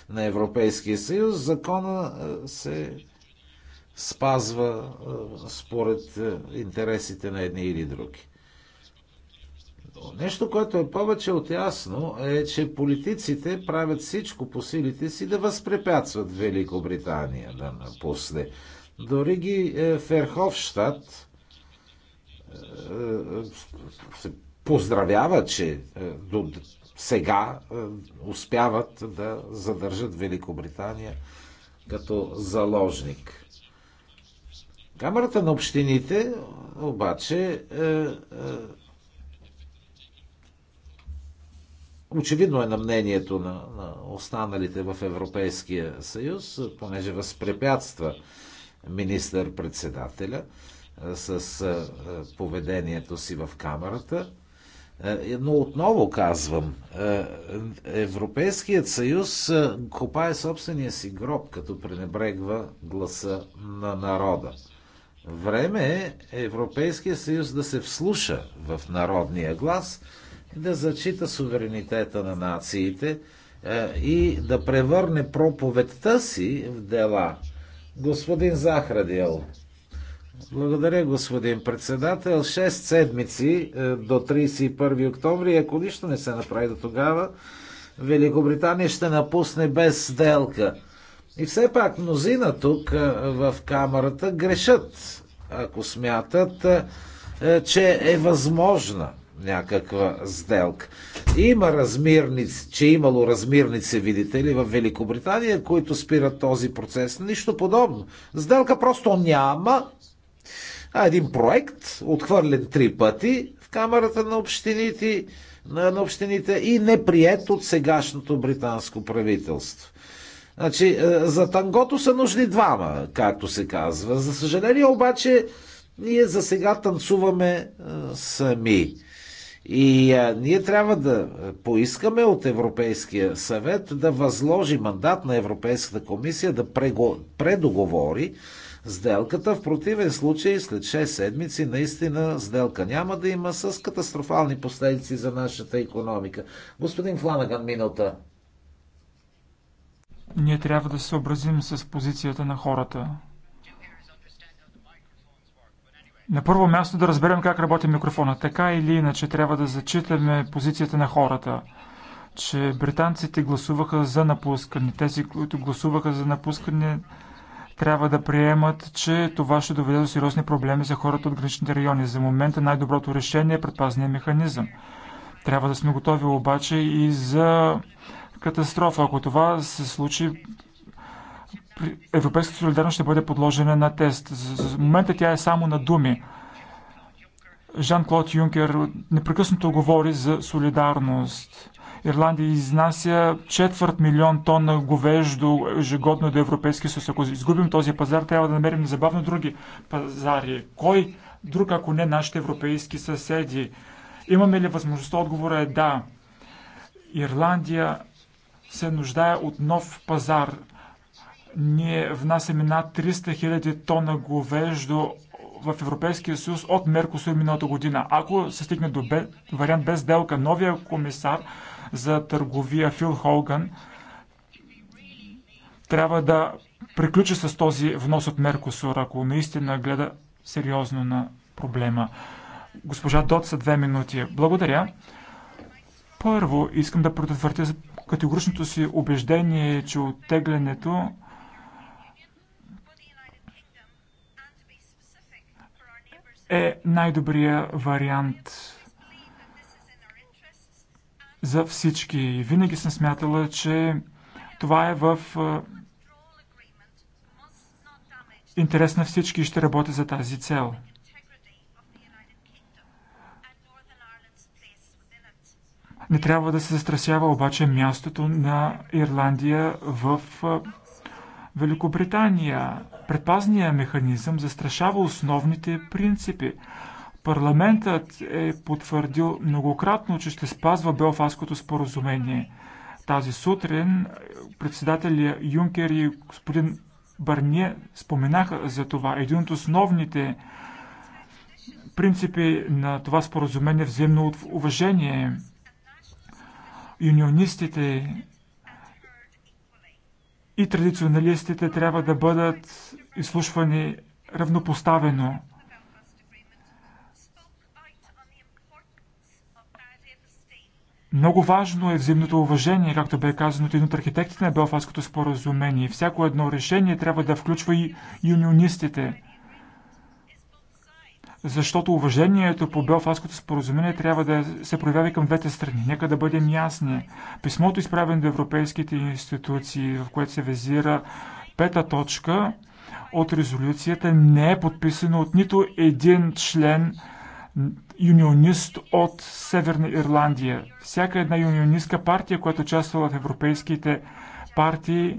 на Европейския съюз закона се спазва е, според е, интересите на едни или други. Нещо, което е повече от ясно, е, че политиците правят всичко по силите си да възпрепятстват Великобритания да напусне. Дори ги е, Ферховщад се поздравява, че до сега успяват да задържат Великобритания като заложник. Камерата на общините обаче е, е, очевидно е на мнението на, на останалите в Европейския съюз, понеже възпрепятства министър-председателя е, с е, поведението си в камерата. Е, но отново казвам, Европейският съюз копае собствения си гроб, като пренебрегва гласа на народа. Време е Европейския съюз да се вслуша в народния глас, да зачита суверенитета на нациите е, и да превърне проповедта си в дела. Господин Захрадил, благодаря, господин председател. 6 седмици е, до 31 октомври, ако нищо не се направи до тогава, Великобритания ще напусне без сделка. И все пак мнозина тук в камерата грешат, ако смятат, че е възможна някаква сделка. Има размирници, че е имало размирници, видите ли, в Великобритания, които спират този процес. Нищо подобно. Сделка просто няма, а един проект, отхвърлен три пъти в Камерата на общините, на, на общините и неприят от сегашното британско правителство. Значи, е, за тангото са нужни двама, както се казва. За съжаление обаче, ние за сега танцуваме е, сами. И а, е, ние трябва да поискаме от Европейския съвет да възложи мандат на Европейската комисия да прего, предоговори сделката. В противен случай след 6 седмици наистина сделка няма да има с катастрофални последици за нашата економика. Господин Фланаган, миналата ние трябва да се съобразим с позицията на хората. На първо място да разберем как работи микрофона. Така или иначе трябва да зачитаме позицията на хората, че британците гласуваха за напускане. Тези, които гласуваха за напускане, трябва да приемат, че това ще доведе до сериозни проблеми за хората от граничните райони. За момента най-доброто решение е предпазния механизъм. Трябва да сме готови обаче и за катастрофа. Ако това се случи, европейската солидарност ще бъде подложена на тест. За момента тя е само на думи. Жан-Клод Юнкер непрекъснато говори за солидарност. Ирландия изнася четвърт милион тона говеждо ежегодно до Европейския съюз. Ако изгубим този пазар, трябва да намерим незабавно други пазари. Кой друг, ако не нашите европейски съседи? Имаме ли възможността? Отговора е да. Ирландия се нуждае от нов пазар. Ние внасяме над 300 000 тона говеждо в Европейския съюз от Меркосур миналата година. Ако се стигне до бе, вариант без делка новия комисар за търговия Фил Холган трябва да приключи с този внос от Меркосур, ако наистина гледа сериозно на проблема. Госпожа Дот са две минути. Благодаря. Първо, искам да предотвратя категоричното си убеждение, че оттеглянето е най-добрия вариант за всички. винаги съм смятала, че това е в интерес на всички и ще работя за тази цел. Не трябва да се застрасява обаче мястото на Ирландия в Великобритания. Предпазният механизъм застрашава основните принципи. Парламентът е потвърдил многократно, че ще спазва Белфаското споразумение. Тази сутрин председателя Юнкер и господин Барния споменаха за това. Един от основните принципи на това споразумение е взаимно уважение юнионистите и традиционалистите трябва да бъдат изслушвани равнопоставено. Много важно е взаимното уважение, както бе казано от един от архитектите на Белфаското споразумение. Всяко едно решение трябва да включва и юнионистите защото уважението по Белфаското споразумение трябва да се проявява към двете страни. Нека да бъдем ясни. Писмото, изправено до европейските институции, в което се визира пета точка от резолюцията, не е подписано от нито един член юнионист от Северна Ирландия. Всяка една юнионистка партия, която участва в европейските партии,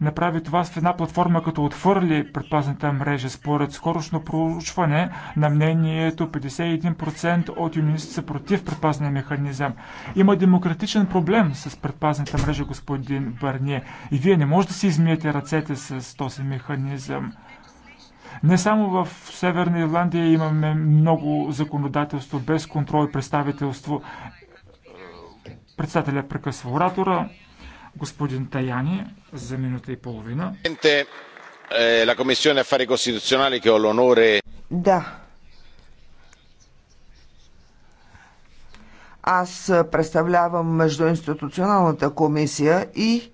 направи това с една платформа, като отвърли предпазната мрежа. Според скорошно проучване на мнението 51% от юнистите са против предпазния механизъм. Има демократичен проблем с предпазната мрежа, господин Барние. И вие не можете да си измиете ръцете с този механизъм. Не само в Северна Ирландия имаме много законодателство без контрол и представителство. Председателя прекъсва оратора, господин Таяни за минута и половина. La Commissione Affari Costituzionali che ho l'onore... Да. Аз представлявам Междуинституционалната комисия и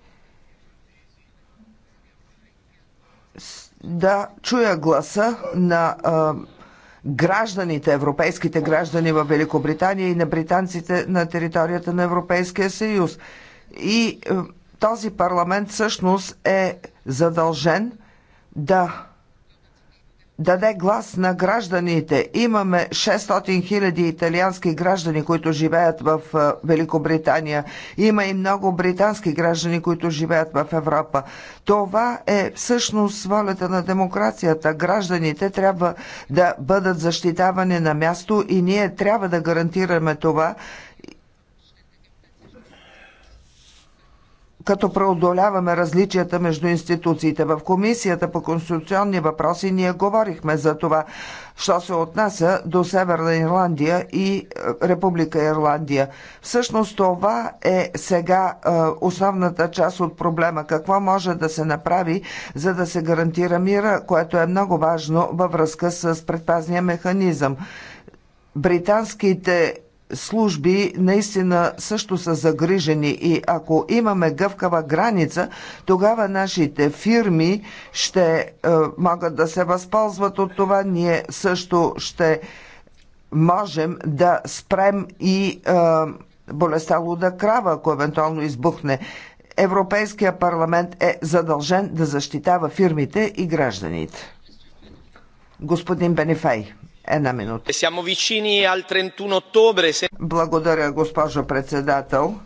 да чуя гласа на а, гражданите, европейските граждани в Великобритания и на британците на територията на Европейския съюз. И а, този парламент всъщност е задължен да даде глас на гражданите. Имаме 600 хиляди италиански граждани, които живеят в е, Великобритания. Има и много британски граждани, които живеят в Европа. Това е всъщност волята на демокрацията. Гражданите трябва да бъдат защитавани на място и ние трябва да гарантираме това, като преодоляваме различията между институциите. В Комисията по конституционни въпроси ние говорихме за това, що се отнася до Северна Ирландия и е, Република Ирландия. Всъщност това е сега е, основната част от проблема. Какво може да се направи, за да се гарантира мира, което е много важно във връзка с предпазния механизъм. Британските служби наистина също са загрижени и ако имаме гъвкава граница, тогава нашите фирми ще е, могат да се възползват от това. Ние също ще можем да спрем и е, болестта луда крава, ако евентуално избухне. Европейския парламент е задължен да защитава фирмите и гражданите. Господин Бенефей. Една минута. Благодаря, госпожо председател.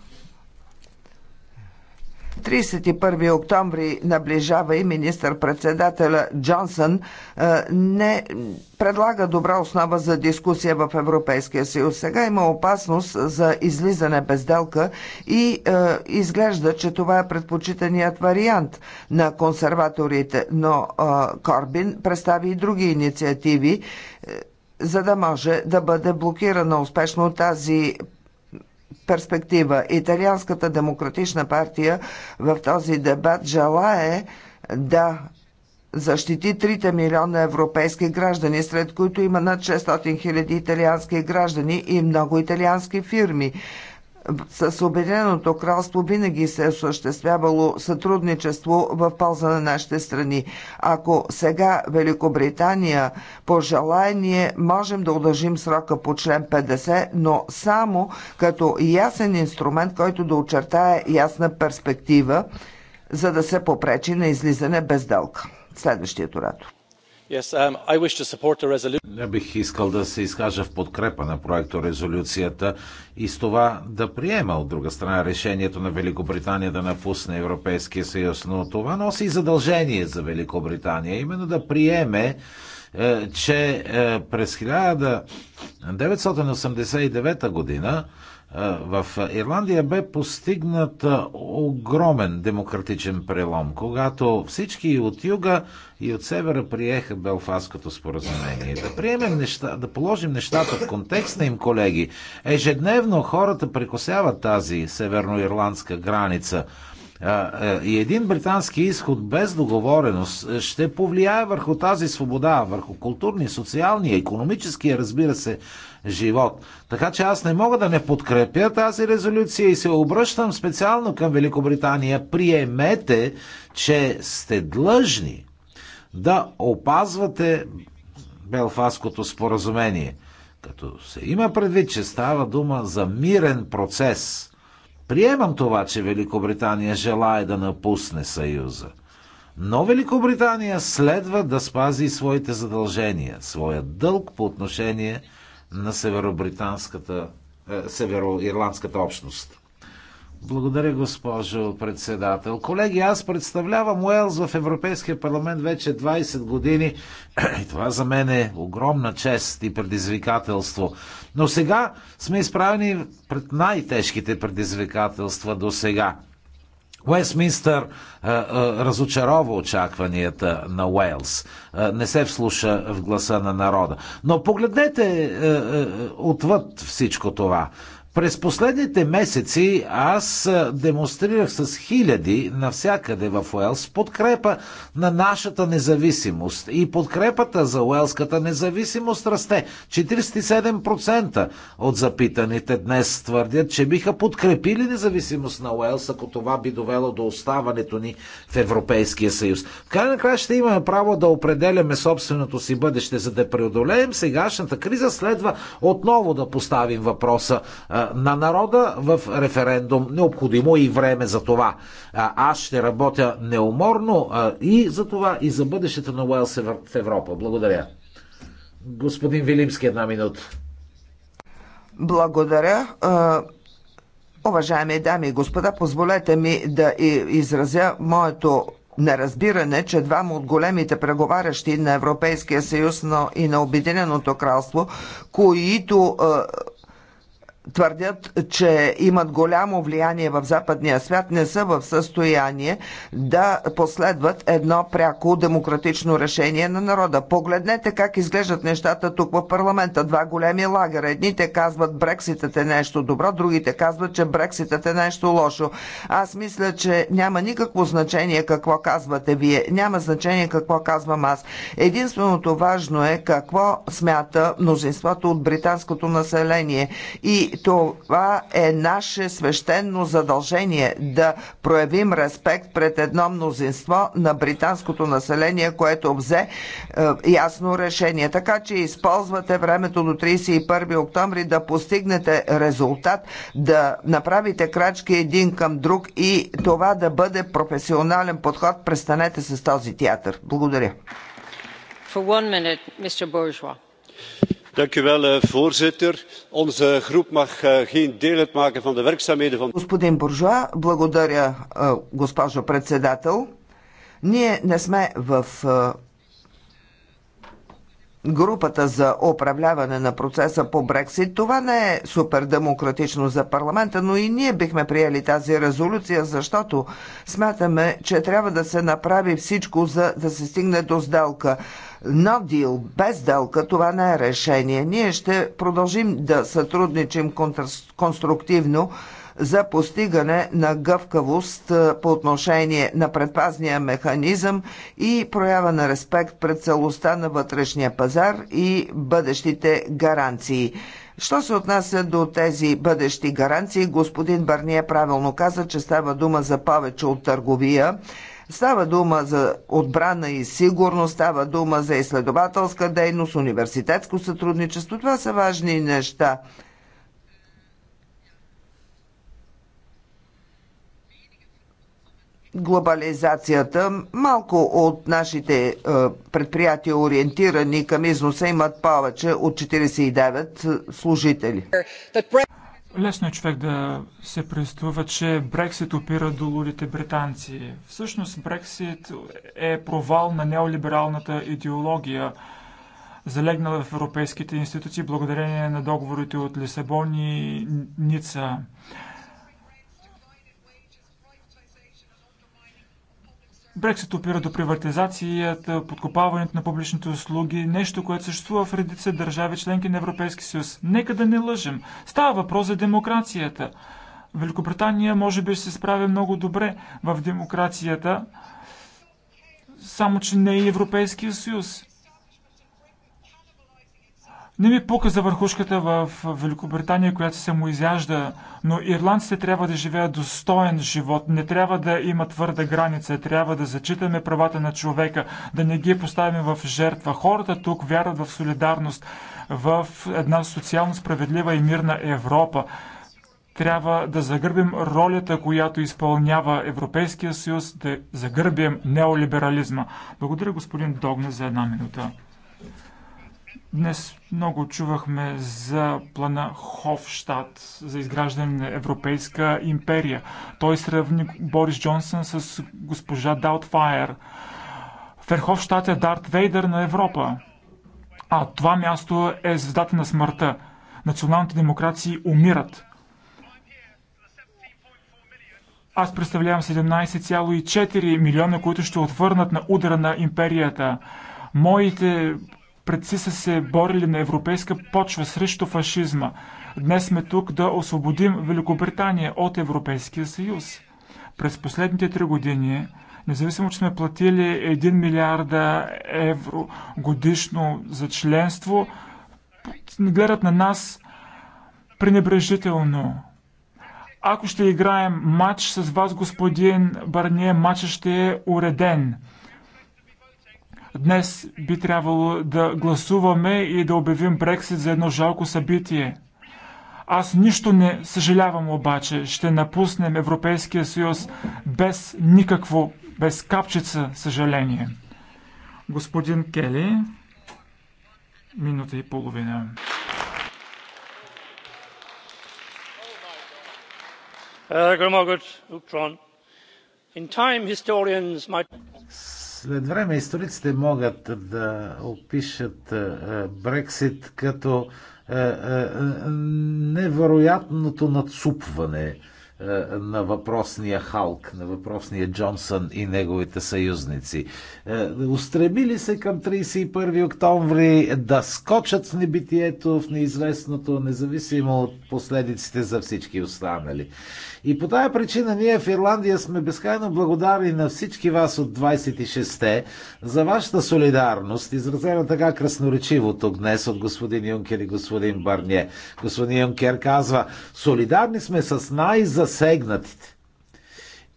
31 октомври наближава и министър-председателя Джонсън е, не предлага добра основа за дискусия в Европейския съюз. Сега има опасност за излизане безделка и е, изглежда, че това е предпочитаният вариант на консерваторите, но е, Корбин представи и други инициативи е, за да може да бъде блокирана успешно тази перспектива. Италианската демократична партия в този дебат желае да защити 3 милиона европейски граждани, сред които има над 600 хиляди италиански граждани и много италиански фирми с Обединеното кралство винаги се е осъществявало сътрудничество в полза на нашите страни. Ако сега Великобритания по ние можем да удължим срока по член 50, но само като ясен инструмент, който да очертае ясна перспектива, за да се попречи на излизане без дълг. Следващият оратор. Um, Не бих искал да се изкажа в подкрепа на проекто резолюцията и с това да приема от друга страна решението на Великобритания да напусне Европейския съюз, но това носи и задължение за Великобритания, именно да приеме е, че е, през 1989 година в Ирландия бе постигнат огромен демократичен прелом, когато всички от юга и от севера приеха Белфаското споразумение. Да приемем неща, да положим нещата в контекста им, колеги. Ежедневно хората прекосяват тази северноирландска граница. Е, и един британски изход без договореност е, ще повлияе върху тази свобода, върху културни, социални, економически, разбира се, живот. Така че аз не мога да не подкрепя тази резолюция и се обръщам специално към Великобритания. Приемете, че сте длъжни да опазвате Белфаското споразумение. Като се има предвид, че става дума за мирен процес. Приемам това, че Великобритания желая да напусне Съюза. Но Великобритания следва да спази своите задължения, своя дълг по отношение на северобританската, е, североирландската общност. Благодаря, госпожо председател. Колеги, аз представлявам Уелс в Европейския парламент вече 20 години и това за мен е огромна чест и предизвикателство. Но сега сме изправени пред най-тежките предизвикателства до сега. Уестминстър е, разочарова очакванията на Уелс. Е, не се вслуша в гласа на народа. Но погледнете е, отвъд всичко това. През последните месеци аз демонстрирах с хиляди навсякъде в Уелс подкрепа на нашата независимост. И подкрепата за уелската независимост расте. 47% от запитаните днес твърдят, че биха подкрепили независимост на Уелс, ако това би довело до оставането ни в Европейския съюз. В край на край ще имаме право да определяме собственото си бъдеще, за да преодолеем сегашната криза. Следва отново да поставим въпроса на народа в референдум. Необходимо и време за това. Аз ще работя неуморно и за това, и за бъдещето на Уелс в Европа. Благодаря. Господин Вилимски, една минута. Благодаря. Уважаеми дами и господа, позволете ми да изразя моето неразбиране, че двама от големите преговарящи на Европейския съюз но и на Обединеното кралство, които твърдят, че имат голямо влияние в западния свят, не са в състояние да последват едно пряко демократично решение на народа. Погледнете как изглеждат нещата тук в парламента. Два големи лагера. Едните казват Брекситът е нещо добро, другите казват, че Брекситът е нещо лошо. Аз мисля, че няма никакво значение какво казвате вие. Няма значение какво казвам аз. Единственото важно е какво смята мнозинството от британското население. И това е наше свещено задължение да проявим респект пред едно мнозинство на британското население, което взе е, ясно решение. Така че използвате времето до 31 октомври да постигнете резултат, да направите крачки един към друг и това да бъде професионален подход. Престанете с този театър. Благодаря. For one minute, Mr. Bourgeois. Господин Буржуа, благодаря, eh, госпожо председател. Ние не сме в групата за управляване на процеса по Брексит. Това не е супер демократично за парламента, но и ние бихме приели тази резолюция, защото смятаме, че трябва да се направи всичко, за да се стигне до сделка. Но дил, без сделка, това не е решение. Ние ще продължим да сътрудничим конструктивно за постигане на гъвкавост по отношение на предпазния механизъм и проява на респект пред целостта на вътрешния пазар и бъдещите гаранции. Що се отнася до тези бъдещи гаранции, господин Барния правилно каза, че става дума за повече от търговия. Става дума за отбрана и сигурност, става дума за изследователска дейност, университетско сътрудничество. Това са важни неща. глобализацията. Малко от нашите е, предприятия, ориентирани към износа, имат повече от 49 е, служители. Лесно е човек да се представя, че Брексит опира до лудите британци. Всъщност Брексит е провал на неолибералната идеология, залегнала в европейските институции благодарение на договорите от Лисабон и Ница. Брексит опира до приватизацията, подкопаването на публичните услуги, нещо, което съществува в редица държави, членки на Европейски съюз. Нека да не лъжим. Става въпрос за демокрацията. Великобритания може би ще се справя много добре в демокрацията, само че не и Европейския съюз. Не ми пука за върхушката в Великобритания, която се му изяжда, но ирландците трябва да живеят достоен живот, не трябва да има твърда граница, трябва да зачитаме правата на човека, да не ги поставяме в жертва. Хората тук вярват в солидарност, в една социално справедлива и мирна Европа. Трябва да загърбим ролята, която изпълнява Европейския съюз, да загърбим неолиберализма. Благодаря господин Догна за една минута. Днес много чувахме за плана Хофштад за изграждане на Европейска империя. Той сравни Борис Джонсън с госпожа Даутфайер. Ферхофштадт е Дарт Вейдър на Европа. А това място е звездата на смъртта. Националните демокрации умират. Аз представлявам 17,4 милиона, които ще отвърнат на удара на империята. Моите Предци са се борили на европейска почва срещу фашизма. Днес сме тук да освободим Великобритания от Европейския съюз. През последните три години, независимо, че сме платили 1 милиарда евро годишно за членство, гледат на нас пренебрежително. Ако ще играем матч с вас, господин Барние, матчът ще е уреден. Днес би трябвало да гласуваме и да обявим Брексит за едно жалко събитие. Аз нищо не съжалявам обаче. Ще напуснем Европейския съюз без никакво, без капчица съжаление. Господин Кели, минута и половина. С uh, след време историците могат да опишат е, Брексит като е, е, невероятното надсупване на въпросния Халк, на въпросния Джонсън и неговите съюзници. Устремили се към 31 октомври да скочат в небитието, в неизвестното, независимо от последиците за всички останали. И по тая причина ние в Ирландия сме безкрайно благодарни на всички вас от 26-те за вашата солидарност, изразена така красноречиво тук днес от господин Юнкер и господин Барние. Господин Юнкер казва, солидарни сме с най-засегнатите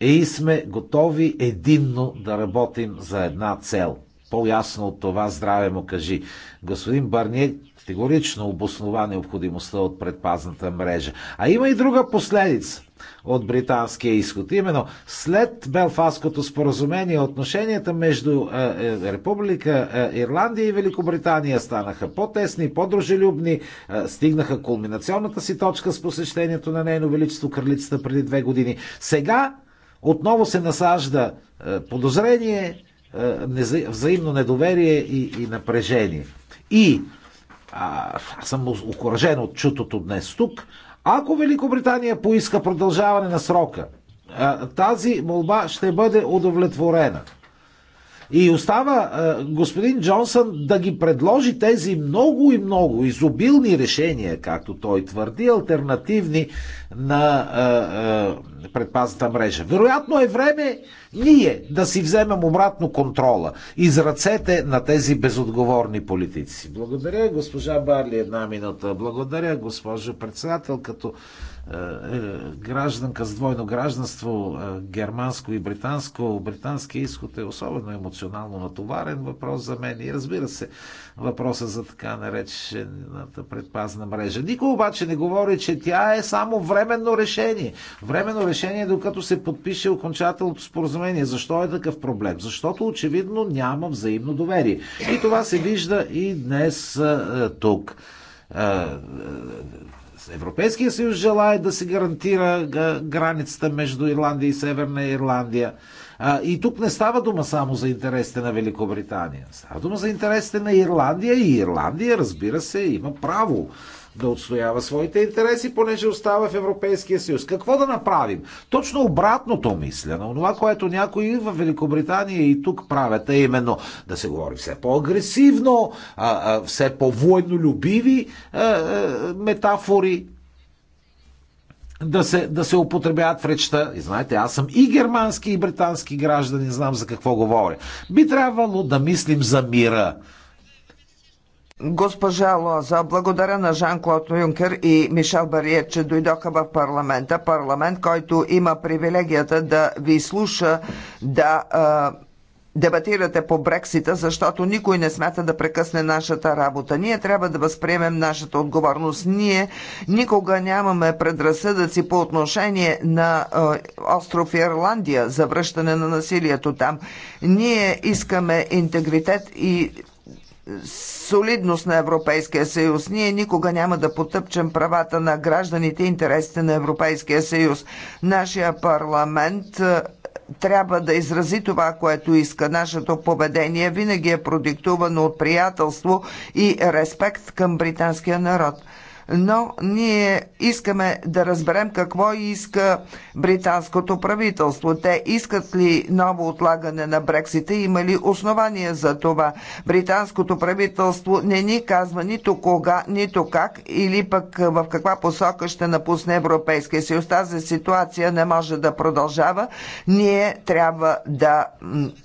и сме готови единно да работим за една цел. По-ясно от това здраве му кажи. Господин Барние категорично обоснова необходимостта от предпазната мрежа. А има и друга последица от британския изход. Именно след Белфаското споразумение отношенията между е, е, Република е, Ирландия и Великобритания станаха по-тесни, по-дружелюбни, стигнаха кулминационната си точка с посещението на нейно величество кралицата преди две години. Сега отново се насажда подозрение, взаимно недоверие и, и напрежение. И а, аз съм окоръжен от чутото днес тук. Ако Великобритания поиска продължаване на срока, тази молба ще бъде удовлетворена. И остава е, господин Джонсън да ги предложи тези много и много изобилни решения, както той твърди, альтернативни на е, е, предпазната мрежа. Вероятно е време ние да си вземем обратно контрола из ръцете на тези безотговорни политици. Благодаря, госпожа Барли, една минута. Благодаря, госпожо председател, като е, е, гражданка с двойно гражданство, е, германско и британско, британския изход е особено емоционално натоварен въпрос за мен и разбира се въпроса за така наречената предпазна мрежа. Никой обаче не говори, че тя е само временно решение. Временно решение докато се подпише окончателното споразумение. Защо е такъв проблем? Защото очевидно няма взаимно доверие. И това се вижда и днес тук Европейския съюз желая да се гарантира границата между Ирландия и Северна Ирландия. И тук не става дума само за интересите на Великобритания. Става дума за интересите на Ирландия и Ирландия, разбира се, има право да отстоява своите интереси, понеже остава в Европейския съюз. Какво да направим? Точно обратното мисля на това, което някои в Великобритания и тук правят, а именно да се говори все по-агресивно, все по-военнолюбиви метафори, да се, да се употребяват в речта. И знаете, аз съм и германски, и британски граждани, знам за какво говоря. Би трябвало да мислим за мира. Госпожа Лоза, благодаря на Жан-Клод Юнкер и Мишел Барие, че дойдоха в парламента. Парламент, който има привилегията да ви слуша, да а, дебатирате по Брексита, защото никой не смята да прекъсне нашата работа. Ние трябва да възприемем нашата отговорност. Ние никога нямаме предразсъдъци по отношение на а, остров Ирландия за връщане на насилието там. Ние искаме интегритет и солидност на Европейския съюз. Ние никога няма да потъпчем правата на гражданите и интересите на Европейския съюз. Нашия парламент е, трябва да изрази това, което иска. Нашето поведение винаги е продиктувано от приятелство и респект към британския народ но ние искаме да разберем какво иска британското правителство. Те искат ли ново отлагане на Брексите? Има ли основания за това? Британското правителство не ни казва нито кога, нито как или пък в каква посока ще напусне Европейския съюз. Тази ситуация не може да продължава. Ние трябва да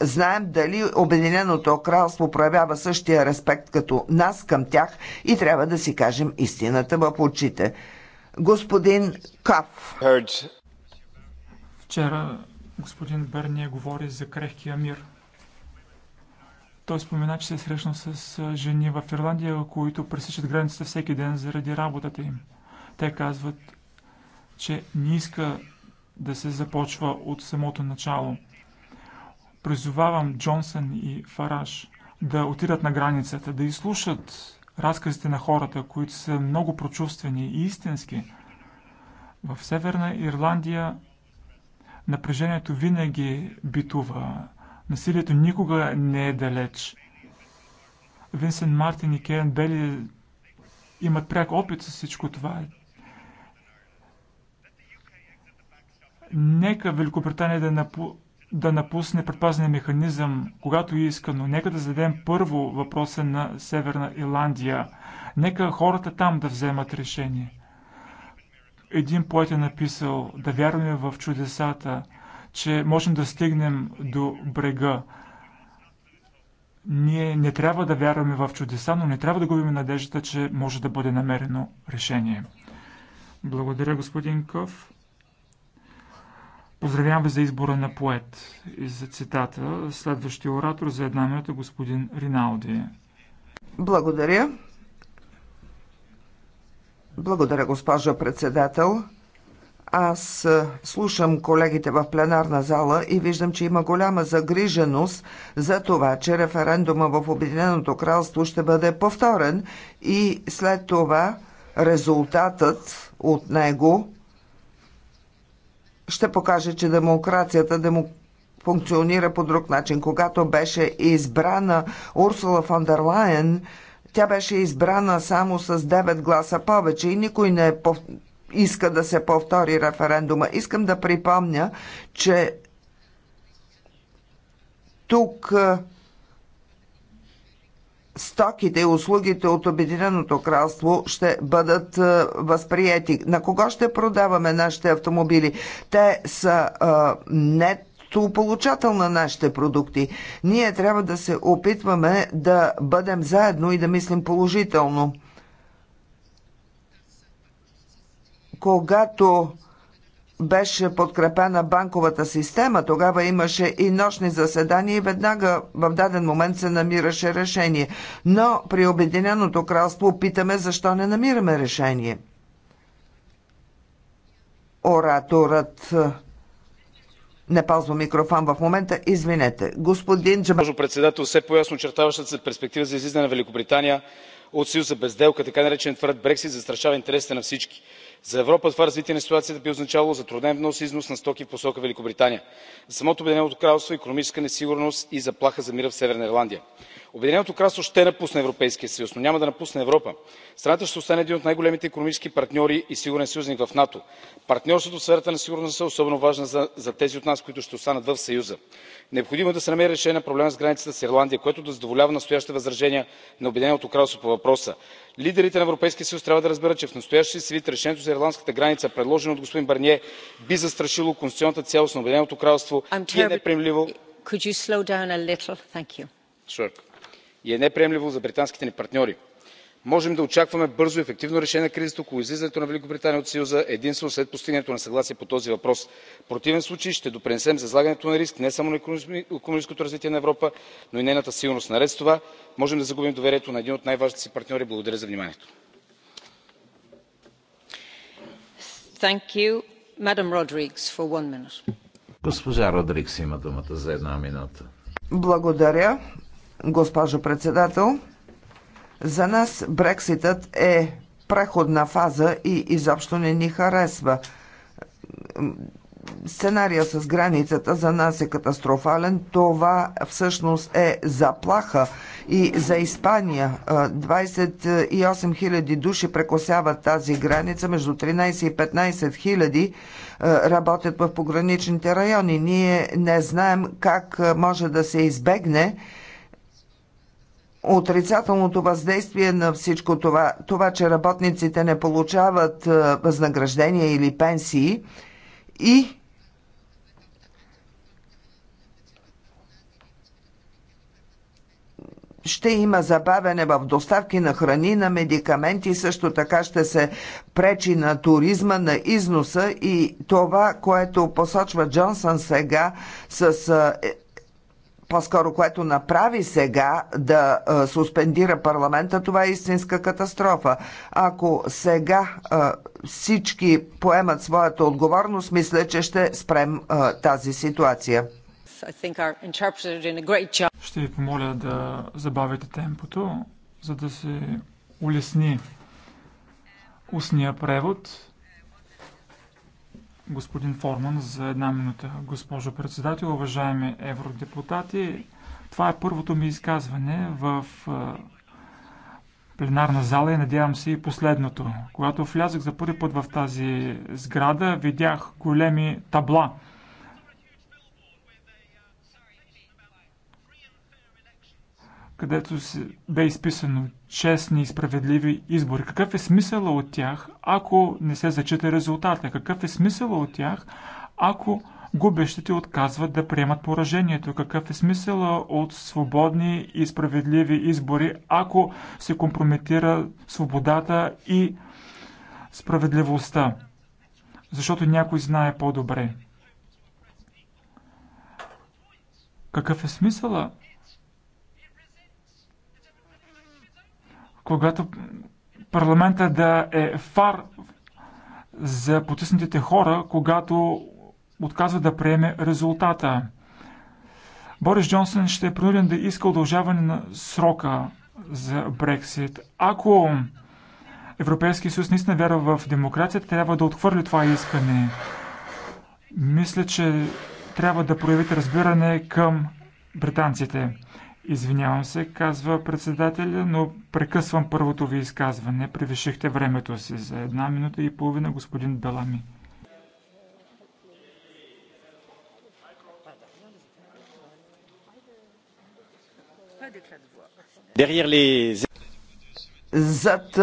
знаем дали Обединеното кралство проявява същия респект като нас към тях и трябва да си кажем истината гледате в очите. Господин Каф. Вчера господин Берния говори за крехкия мир. Той спомена, че се е срещнал с жени в Ирландия, които пресичат границата всеки ден заради работата им. Те казват, че не иска да се започва от самото начало. Призовавам Джонсън и Фараш да отидат на границата, да изслушат разказите на хората, които са много прочувствени и истински. В Северна Ирландия напрежението винаги битува. Насилието никога не е далеч. Винсен Мартин и Кен Бели имат пряк опит с всичко това. Нека Великобритания да напу да напусне предпазния механизъм, когато иска, но нека да зададем първо въпроса на Северна Ирландия. Нека хората там да вземат решение. Един поет е написал да вярваме в чудесата, че можем да стигнем до брега. Ние не трябва да вярваме в чудеса, но не трябва да губим надеждата, че може да бъде намерено решение. Благодаря, господин Къв. Поздравявам ви за избора на поет и за цитата. Следващия оратор за една минута господин Риналди. Благодаря. Благодаря, госпожа председател. Аз е, слушам колегите в пленарна зала и виждам, че има голяма загриженост за това, че референдума в Обединеното кралство ще бъде повторен и след това резултатът от него ще покаже, че демокрацията демо... функционира по друг начин. Когато беше избрана Урсула фон дер Лайен, тя беше избрана само с 9 гласа повече и никой не пов... иска да се повтори референдума. Искам да припомня, че тук стоките и услугите от Обединеното кралство ще бъдат е, възприяти. На кого ще продаваме нашите автомобили? Те са а, е, не получател на нашите продукти. Ние трябва да се опитваме да бъдем заедно и да мислим положително. Когато беше подкрепена банковата система, тогава имаше и нощни заседания и веднага в даден момент се намираше решение. Но при Обединеното кралство питаме защо не намираме решение. Ораторът не ползва микрофон в момента. Извинете. Господин Джамал. Госпожо председател, все по-ясно очертаващата се перспектива за излизане на Великобритания от Съюза без сделка, така наречен твърд Брексит, застрашава интересите на всички. За Европа това развитие на ситуацията би означавало затруднен внос и износ на стоки в посока Великобритания, за самото Обединено кралство икономическа несигурност и заплаха за мира в Северна Ирландия. Обединеното кралство ще напусне Европейския съюз, но няма да напусне Европа. Страната ще остане един от най-големите икономически партньори и сигурен съюзник в НАТО. Партньорството в сферата на сигурността е особено важно за тези от нас, които ще останат в Съюза. Необходимо е да се намери решение на проблема с границата с Ирландия, което да задоволява настоящите възражения на Обединеното кралство по въпроса. Лидерите на Европейския съюз трябва да разберат, че в настоящия си вид решението за ирландската граница, предложено от господин Барние, би застрашило конституционната цялост на Обединеното кралство и е неприемливо. Sure и е неприемливо за британските ни партньори. можем да очакваме бързо и ефективно решение на кризата около излизането на великобритания от съюза единствено след постигането на съгласие по този въпрос. в противен случай ще допринесем за излагането на риск не само на икономическото развитие на европа но и нейната сигурност. наред с това можем да загубим доверието на един от най важните си партньори. благодаря за вниманието. Госпожа Родрикс, има думата за една минута. Благодаря госпожо председател. За нас Брекситът е преходна фаза и изобщо не ни харесва. Сценария с границата за нас е катастрофален. Това всъщност е заплаха и за Испания. 28 000 души прекосяват тази граница, между 13 и 15 000 работят в пограничните райони. Ние не знаем как може да се избегне отрицателното въздействие на всичко това, това, че работниците не получават е, възнаграждения или пенсии и ще има забавяне в доставки на храни, на медикаменти, също така ще се пречи на туризма, на износа и това, което посочва Джонсън сега с е, по-скоро което направи сега да суспендира парламента, това е истинска катастрофа. Ако сега всички поемат своята отговорност, мисля, че ще спрем тази ситуация. Ще ви помоля да забавите темпото, за да се улесни устния превод господин Форман за една минута. Госпожо председател, уважаеми евродепутати, това е първото ми изказване в пленарна зала и надявам се и последното. Когато влязах за първи път в тази сграда, видях големи табла където бе изписано честни и справедливи избори. Какъв е смисъла от тях, ако не се зачита резултата? Какъв е смисъла от тях, ако губещите отказват да приемат поражението? Какъв е смисъла от свободни и справедливи избори, ако се компрометира свободата и справедливостта? Защото някой знае по-добре. Какъв е смисъла когато парламента да е фар за потиснатите хора, когато отказва да приеме резултата. Борис Джонсън ще е принуден да иска удължаване на срока за Брексит. Ако Европейския съюз наистина вярва в демокрацията, трябва да отхвърли това искане. Мисля, че трябва да проявите разбиране към британците. Извинявам се, казва председателя, но прекъсвам първото ви изказване. Превишихте времето си за една минута и половина, господин Белами. Зад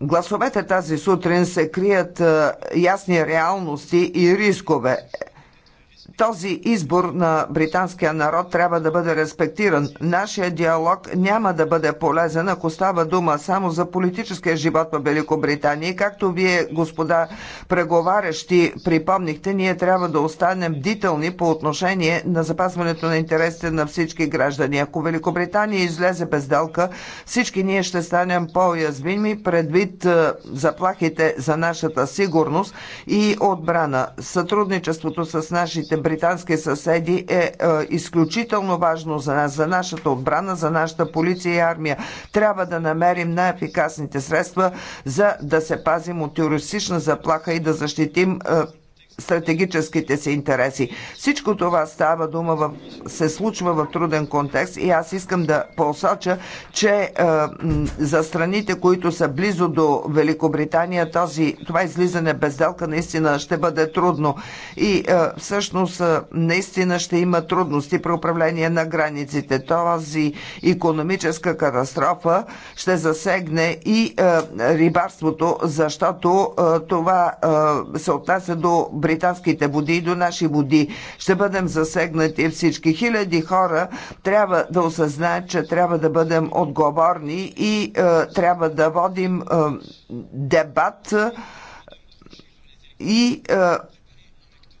гласовете тази сутрин се крият ясни реалности и рискове. Този избор на британския народ трябва да бъде респектиран. Нашия диалог няма да бъде полезен, ако става дума само за политическия живот на Великобритания. Както вие, господа преговарящи, припомнихте, ние трябва да останем бдителни по отношение на запазването на интересите на всички граждани. Ако Великобритания излезе без делка, всички ние ще станем по-язвими предвид е, заплахите за нашата сигурност и отбрана. Сътрудничеството с нашите британски съседи е, е изключително важно за нас, за нашата отбрана, за нашата полиция и армия. Трябва да намерим най-ефикасните средства, за да се пазим от терористична заплаха и да защитим е, стратегическите си интереси. Всичко това става дума в, се случва в труден контекст и аз искам да посоча, че е, за страните, които са близо до Великобритания, този, това излизане безделка наистина ще бъде трудно и е, всъщност е, наистина ще има трудности при управление на границите. Този економическа катастрофа ще засегне и е, рибарството, защото е, това е, се отнася до британските води до наши води. Ще бъдем засегнати всички. Хиляди хора трябва да осъзнаят, че трябва да бъдем отговорни и е, трябва да водим е, дебат е, и е,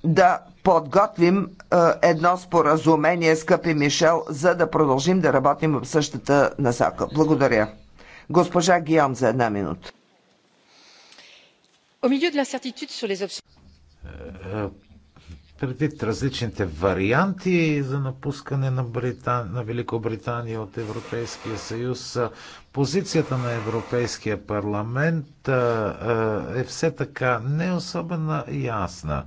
да подготвим е, едно споразумение, скъпи Мишел, за да продължим да работим в същата насока. Благодаря. Госпожа Гион за една минута. Е, е, предвид различните варианти за напускане на, Британ... на Великобритания от Европейския съюз, е, позицията на Европейския парламент е все така не особено ясна.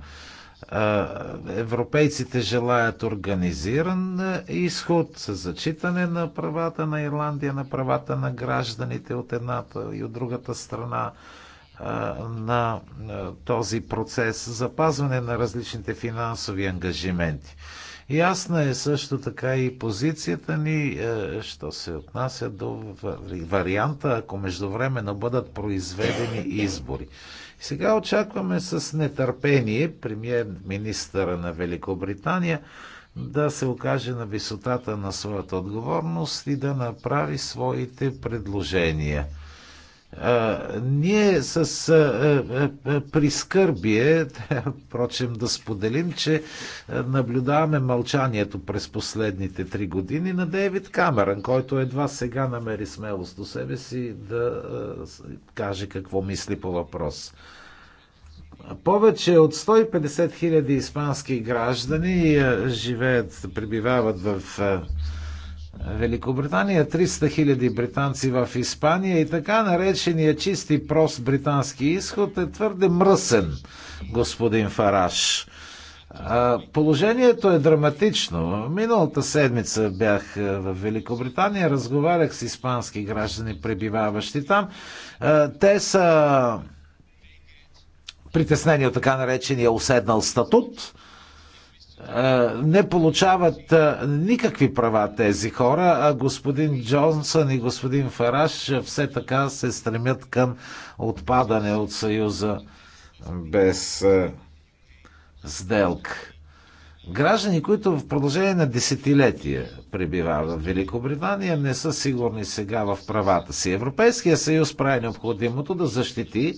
Европейците желаят организиран изход с зачитане на правата на Ирландия, на правата на гражданите от едната и от другата страна на този процес, запазване на различните финансови ангажименти. Ясна е също така и позицията ни, що се отнася до варианта, ако междувременно бъдат произведени избори. Сега очакваме с нетърпение премьер-министъра на Великобритания да се окаже на висотата на своята отговорност и да направи своите предложения – ние с а, а, прискърбие, впрочем да споделим, че наблюдаваме мълчанието през последните три години на Дейвид Камерън, който едва сега намери смелост до себе си да а, каже какво мисли по въпрос. Повече от 150 хиляди испански граждани живеят, пребивават в Великобритания, 300 хиляди британци в Испания и така наречения чист и прост британски изход е твърде мръсен, господин Фараш. Положението е драматично. Миналата седмица бях в Великобритания, разговарях с испански граждани, пребиваващи там. Те са притеснени от така наречения уседнал статут не получават никакви права тези хора, а господин Джонсън и господин Фараш все така се стремят към отпадане от Съюза без сделка. Граждани, които в продължение на десетилетия пребивават в Великобритания, не са сигурни сега в правата си. Европейския съюз прави необходимото да защити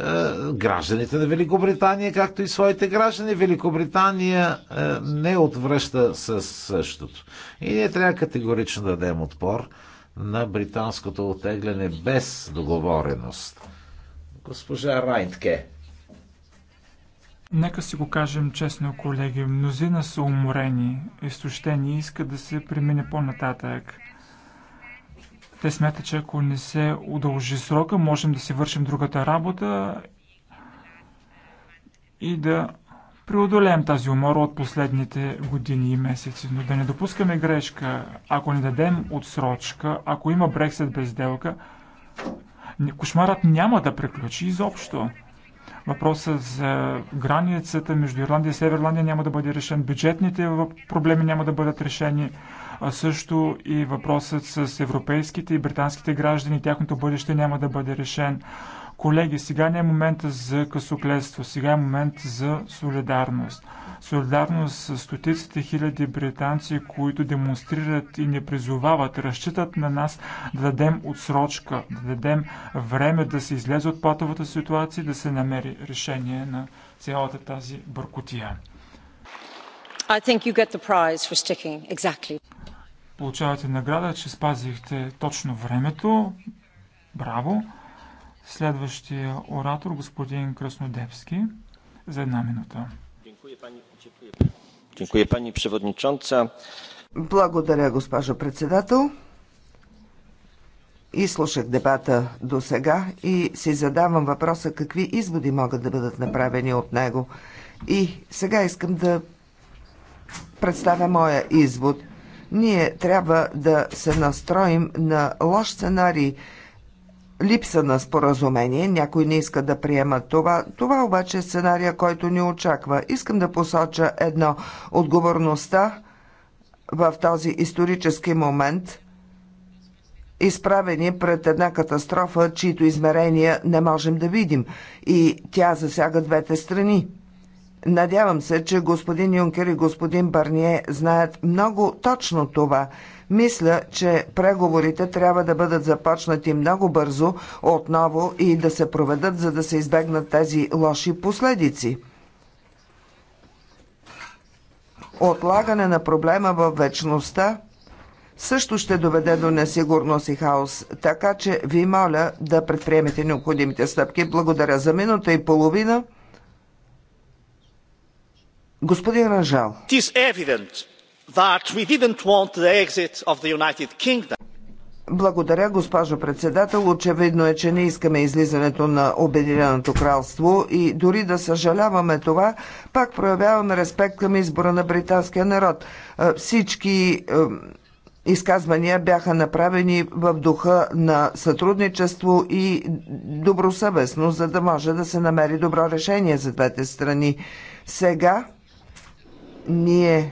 е, гражданите на Великобритания, както и своите граждани. Великобритания е, не отвръща със същото. И ние трябва категорично да дадем отпор на британското отегляне без договореност. Госпожа Райнтке. Нека си го кажем честно, колеги. Мнозина са уморени, изтощени и искат да се премине по-нататък. Те смятат, че ако не се удължи срока, можем да си вършим другата работа и да преодолеем тази умора от последните години и месеци. Но да не допускаме грешка, ако не дадем отсрочка, ако има Брексит без сделка, кошмарът няма да приключи изобщо. Въпросът за границата между Ирландия и Северна Ирландия няма да бъде решен. Бюджетните проблеми няма да бъдат решени. А също и въпросът с европейските и британските граждани, тяхното бъдеще няма да бъде решен. Колеги, сега не е момента за късокледство, сега е момент за солидарност солидарност с стотиците хиляди британци, които демонстрират и ни призовават, разчитат на нас да дадем отсрочка, да дадем време да се излезе от патовата ситуация и да се намери решение на цялата тази бъркотия. Exactly. Получавате награда, че спазихте точно времето. Браво! Следващия оратор, господин Краснодепски, за една минута. Благодаря, госпожо председател. слушах дебата до сега и си задавам въпроса какви изводи могат да бъдат направени от него. И сега искам да представя моя извод. Ние трябва да се настроим на лош сценарий – липса на споразумение, някой не иска да приема това. Това обаче е сценария, който ни очаква. Искам да посоча едно. Отговорността в този исторически момент изправени пред една катастрофа, чието измерения не можем да видим. И тя засяга двете страни. Надявам се, че господин Юнкер и господин Барние знаят много точно това – мисля, че преговорите трябва да бъдат започнати много бързо отново и да се проведат, за да се избегнат тези лоши последици. Отлагане на проблема в вечността също ще доведе до несигурност и хаос, така че ви моля да предприемете необходимите стъпки. Благодаря за минута и половина. Господин Ранжал that we didn't want the exit of the United Kingdom. Благодаря, госпожо председател. Очевидно е, че не искаме излизането на Обединеното кралство и дори да съжаляваме това, пак проявяваме респект към избора на британския народ. Е, всички е, изказвания бяха направени в духа на сътрудничество и добросъвестно, за да може да се намери добро решение за двете страни. Сега ние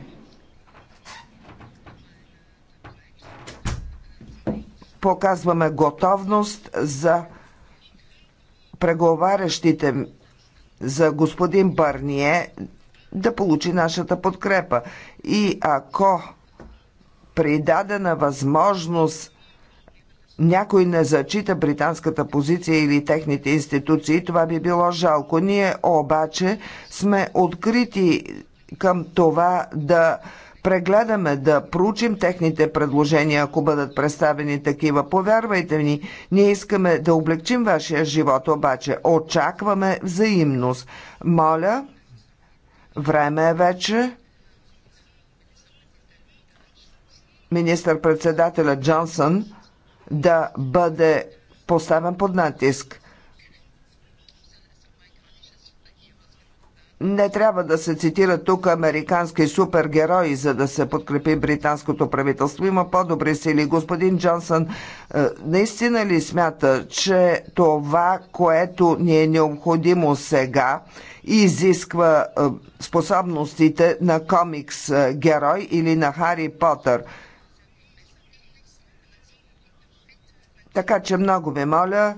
показваме готовност за преговарящите за господин Барние да получи нашата подкрепа. И ако при дадена възможност някой не зачита британската позиция или техните институции, това би било жалко. Ние обаче сме открити към това да прегледаме, да проучим техните предложения, ако бъдат представени такива. Повярвайте ни, ние искаме да облегчим вашия живот, обаче очакваме взаимност. Моля, време е вече. Министър-председателя Джонсън да бъде поставен под натиск. Не трябва да се цитира тук американски супергерои, за да се подкрепи британското правителство. Има по-добри сили. Господин Джонсън, е, наистина ли смята, че това, което ни е необходимо сега, изисква е, способностите на комикс е, герой или на Хари Потър? Така че много ви моля,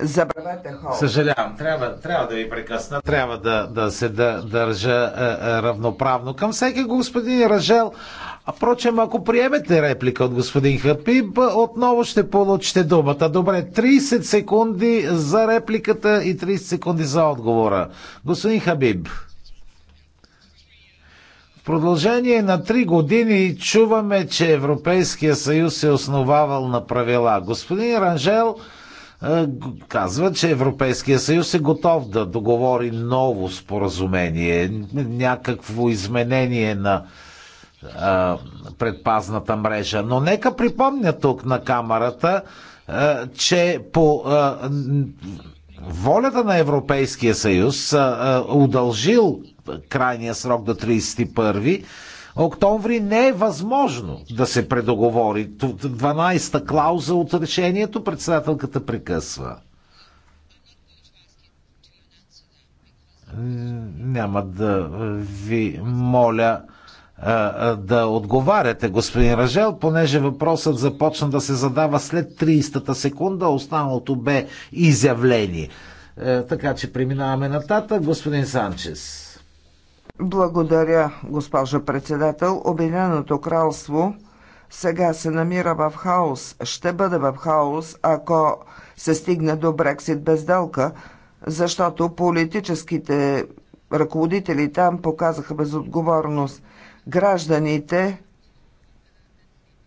Забравете хора. Съжалявам, трябва, трябва да ви прекъсна. Трябва да, да се да, държа е, е, равноправно към всеки господин Ражел. А прочем, ако приемете реплика от господин Хапиб, отново ще получите думата. Добре, 30 секунди за репликата и 30 секунди за отговора. Господин Хабиб. В продължение на 3 години чуваме, че Европейския съюз се основавал на правила. Господин Ранжел казва, че Европейския съюз е готов да договори ново споразумение, някакво изменение на предпазната мрежа. Но нека припомня тук на камерата, че по волята на Европейския съюз удължил крайния срок до 31 октомври не е възможно да се предоговори. 12-та клауза от решението председателката прекъсва. Е, няма да ви моля е, е, да отговаряте, господин Ражел, понеже въпросът започна да се задава след 30-та секунда, останалото бе изявление. Така че преминаваме нататък. Господин Санчес. Благодаря, госпожа председател. Обединеното кралство сега се намира в хаос. Ще бъде в хаос, ако се стигне до Брексит без делка, защото политическите ръководители там показаха безотговорност. Гражданите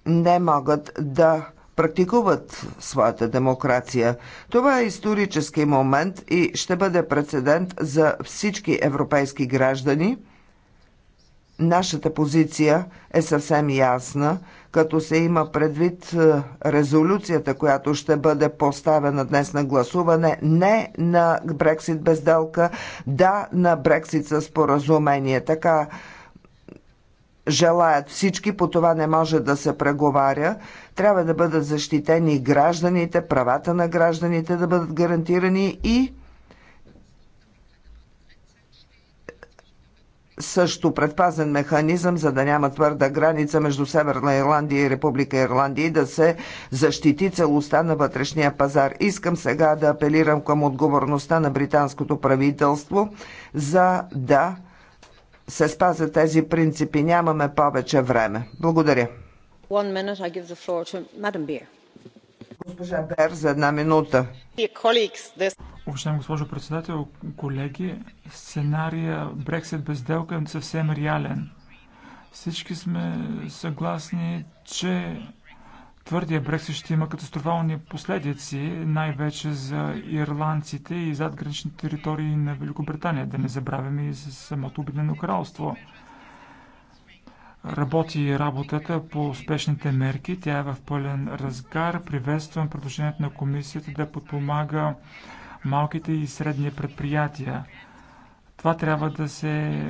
не могат да практикуват своята демокрация. Това е исторически момент и ще бъде прецедент за всички европейски граждани. Нашата позиция е съвсем ясна, като се има предвид е, резолюцията, която ще бъде поставена днес на гласуване, не на Брексит безделка, да на Брексит с поразумение. Така желаят всички, по това не може да се преговаря. Трябва да бъдат защитени гражданите, правата на гражданите да бъдат гарантирани и също предпазен механизъм, за да няма твърда граница между Северна Ирландия и Република Ирландия и да се защити целостта на вътрешния пазар. Искам сега да апелирам към отговорността на британското правителство за да се спазят тези принципи. Нямаме повече време. Благодаря. Уважаема госпожо председател, колеги, сценария Брексит без сделка е съвсем реален. Всички сме съгласни, че твърдия Брексит ще има катастрофални последици, най-вече за ирландците и задграничните територии на Великобритания, да не забравяме и за самото Обединено кралство работи работата по успешните мерки. Тя е в пълен разгар. Приветствам предложението на комисията да подпомага малките и средни предприятия. Това трябва да се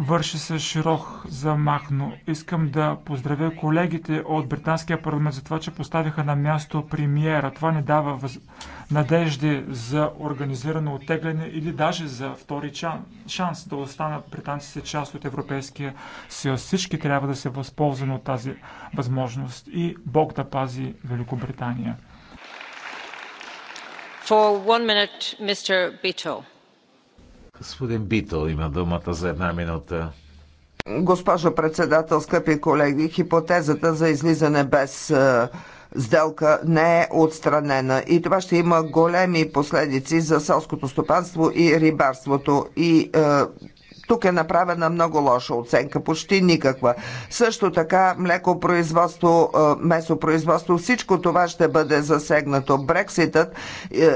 Върши се широк замахно. Искам да поздравя колегите от Британския парламент за това, че поставиха на място премиера. Това не дава въз... надежди за организирано оттегляне или даже за втори чан... шанс да останат британците част от Европейския съюз. Всички трябва да се възползваме от тази възможност и Бог да пази Великобритания. For one minute, Mr. Beto. Господин Битъл има думата за една минута. Госпожо председател, скъпи колеги, хипотезата за излизане без е, сделка не е отстранена и това ще има големи последици за селското стопанство и рибарството и е, тук е направена много лоша оценка, почти никаква. Също така млекопроизводство, е, месопроизводство, всичко това ще бъде засегнато. Брекситът е,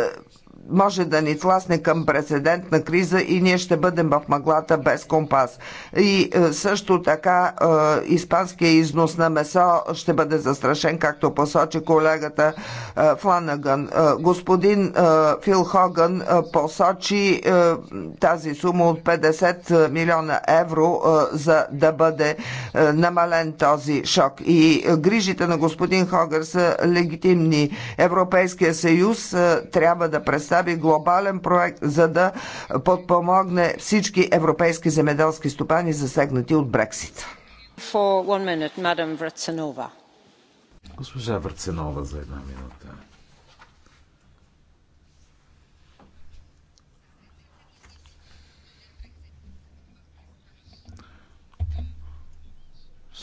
може да ни тласне към прецедентна криза и ние ще бъдем в мъглата без компас. И е, също така е, испанския износ на месо ще бъде застрашен, както посочи колегата е, Фланаган. Господин Фил Хоган посочи тази сума от 50 милиона евро, за да бъде намален този шок. И грижите на господин Хогър са легитимни. Европейския съюз трябва да представи представи глобален проект, за да подпомогне всички европейски земеделски стопани, засегнати от Брексит. Госпожа Върценова за една минута.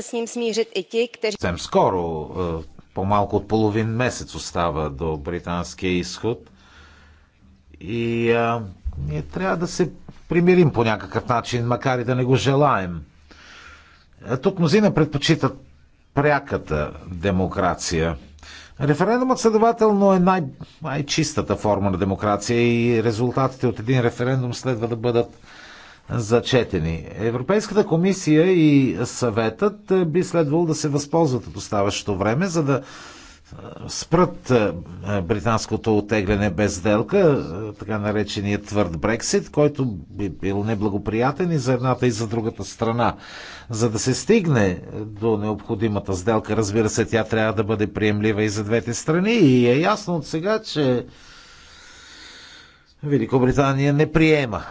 с ним смирят и те, които... Съвсем скоро, е, по-малко от половин месец остава до британския изход. И а, ние трябва да се примирим по някакъв начин, макар и да не го желаем. А тук мнозина предпочитат пряката демокрация. Референдумът следователно е най- най-чистата форма на демокрация и резултатите от един референдум следва да бъдат зачетени. Европейската комисия и съветът би следвало да се възползват от оставащото време, за да спрат е, е, британското отегляне без сделка, е, така наречения твърд Брексит, който би бил неблагоприятен и за едната и за другата страна. За да се стигне до необходимата сделка, разбира се, тя трябва да бъде приемлива и за двете страни и е ясно от сега, че Великобритания не приема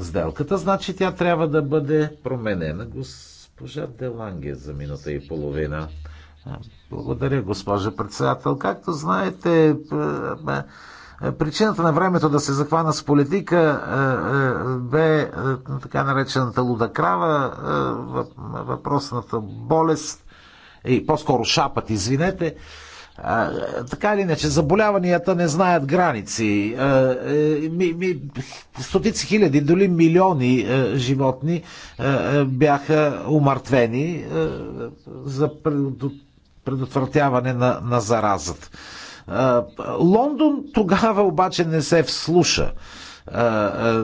сделката, значи тя трябва да бъде променена. Госпожа Деланге за минута и половина. Благодаря, госпожа председател. Както знаете, е, е, причината на времето да се захвана с политика е, бе така наречената луда крава, въпросната болест, и по-скоро шапът, извинете. А, така или иначе, заболяванията не знаят граници. А, ми, ми, стотици хиляди, дори милиони а, животни а, бяха умъртвени а, за, от предотвратяване на, на заразата. Лондон тогава обаче не се вслуша.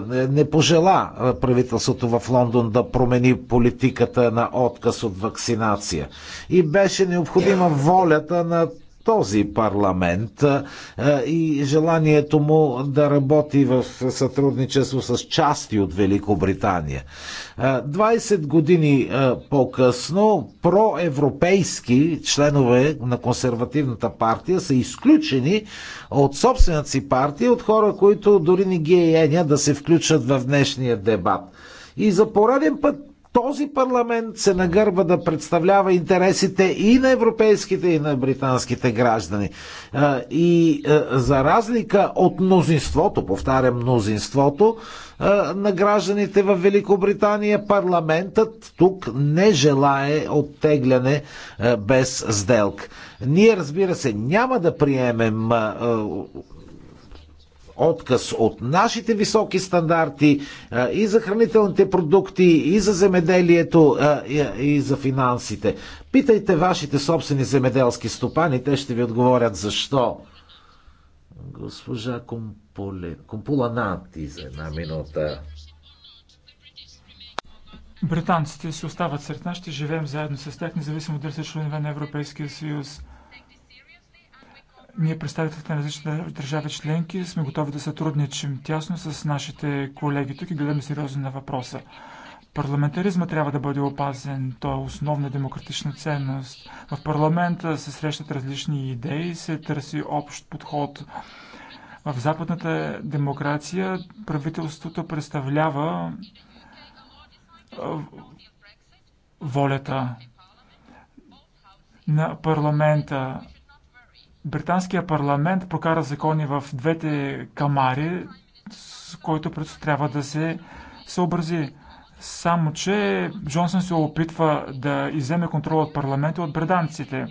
Не пожела правителството в Лондон да промени политиката на отказ от вакцинация. И беше необходима волята на този парламент и желанието му да работи в сътрудничество с части от Великобритания. 20 години по-късно проевропейски членове на консервативната партия са изключени от собствената си партия, от хора, които дори не ги е еня да се включат в днешния дебат. И за пореден път този парламент се нагърва да представлява интересите и на европейските, и на британските граждани. И за разлика от мнозинството, повтарям мнозинството, на гражданите в Великобритания, парламентът тук не желае оттегляне без сделка. Ние, разбира се, няма да приемем отказ от нашите високи стандарти и за хранителните продукти, и за земеделието, и за финансите. Питайте вашите собствени земеделски стопани, те ще ви отговорят защо. Госпожа Компула Нанти за една минута. Британците си остават сред нас, ще живеем заедно с тях, независимо дали са членове на Европейския съюз. Ние, представителите на различни държави членки, сме готови да сътрудничим тясно с нашите колеги тук и гледаме сериозно на въпроса. Парламентаризма трябва да бъде опазен. Той е основна демократична ценност. В парламента се срещат различни идеи, се търси общ подход. В западната демокрация правителството представлява волята на парламента. Британския парламент прокара закони в двете камари, с който трябва да се съобрази. Само, че Джонсън се опитва да иземе контрол от парламента от британците.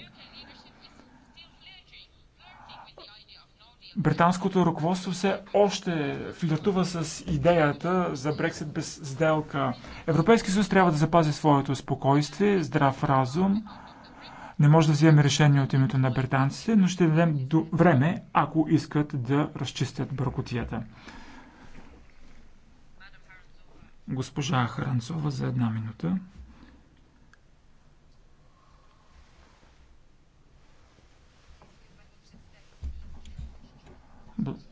Британското ръководство все още флиртува с идеята за Брексит без сделка. Европейски съюз трябва да запази своето спокойствие, здрав разум, не може да вземем решение от името на британците, но ще дадем време, ако искат да разчистят бъркотията. Госпожа Харанцова за една минута.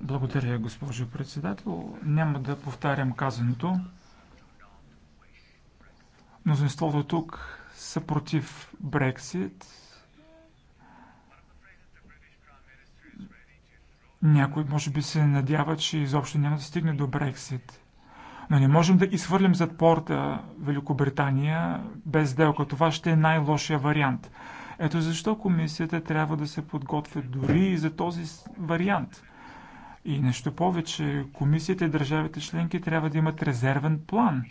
Благодаря, госпожо председател. Няма да повтарям казаното. Мнозинството тук са против Брексит. Някой може би се надява, че изобщо няма да стигне до Брексит. Но не можем да изхвърлим зад порта Великобритания без сделка. Това ще е най-лошия вариант. Ето защо комисията трябва да се подготвя дори и за този вариант. И нещо повече, комисията и държавите членки трябва да имат резервен план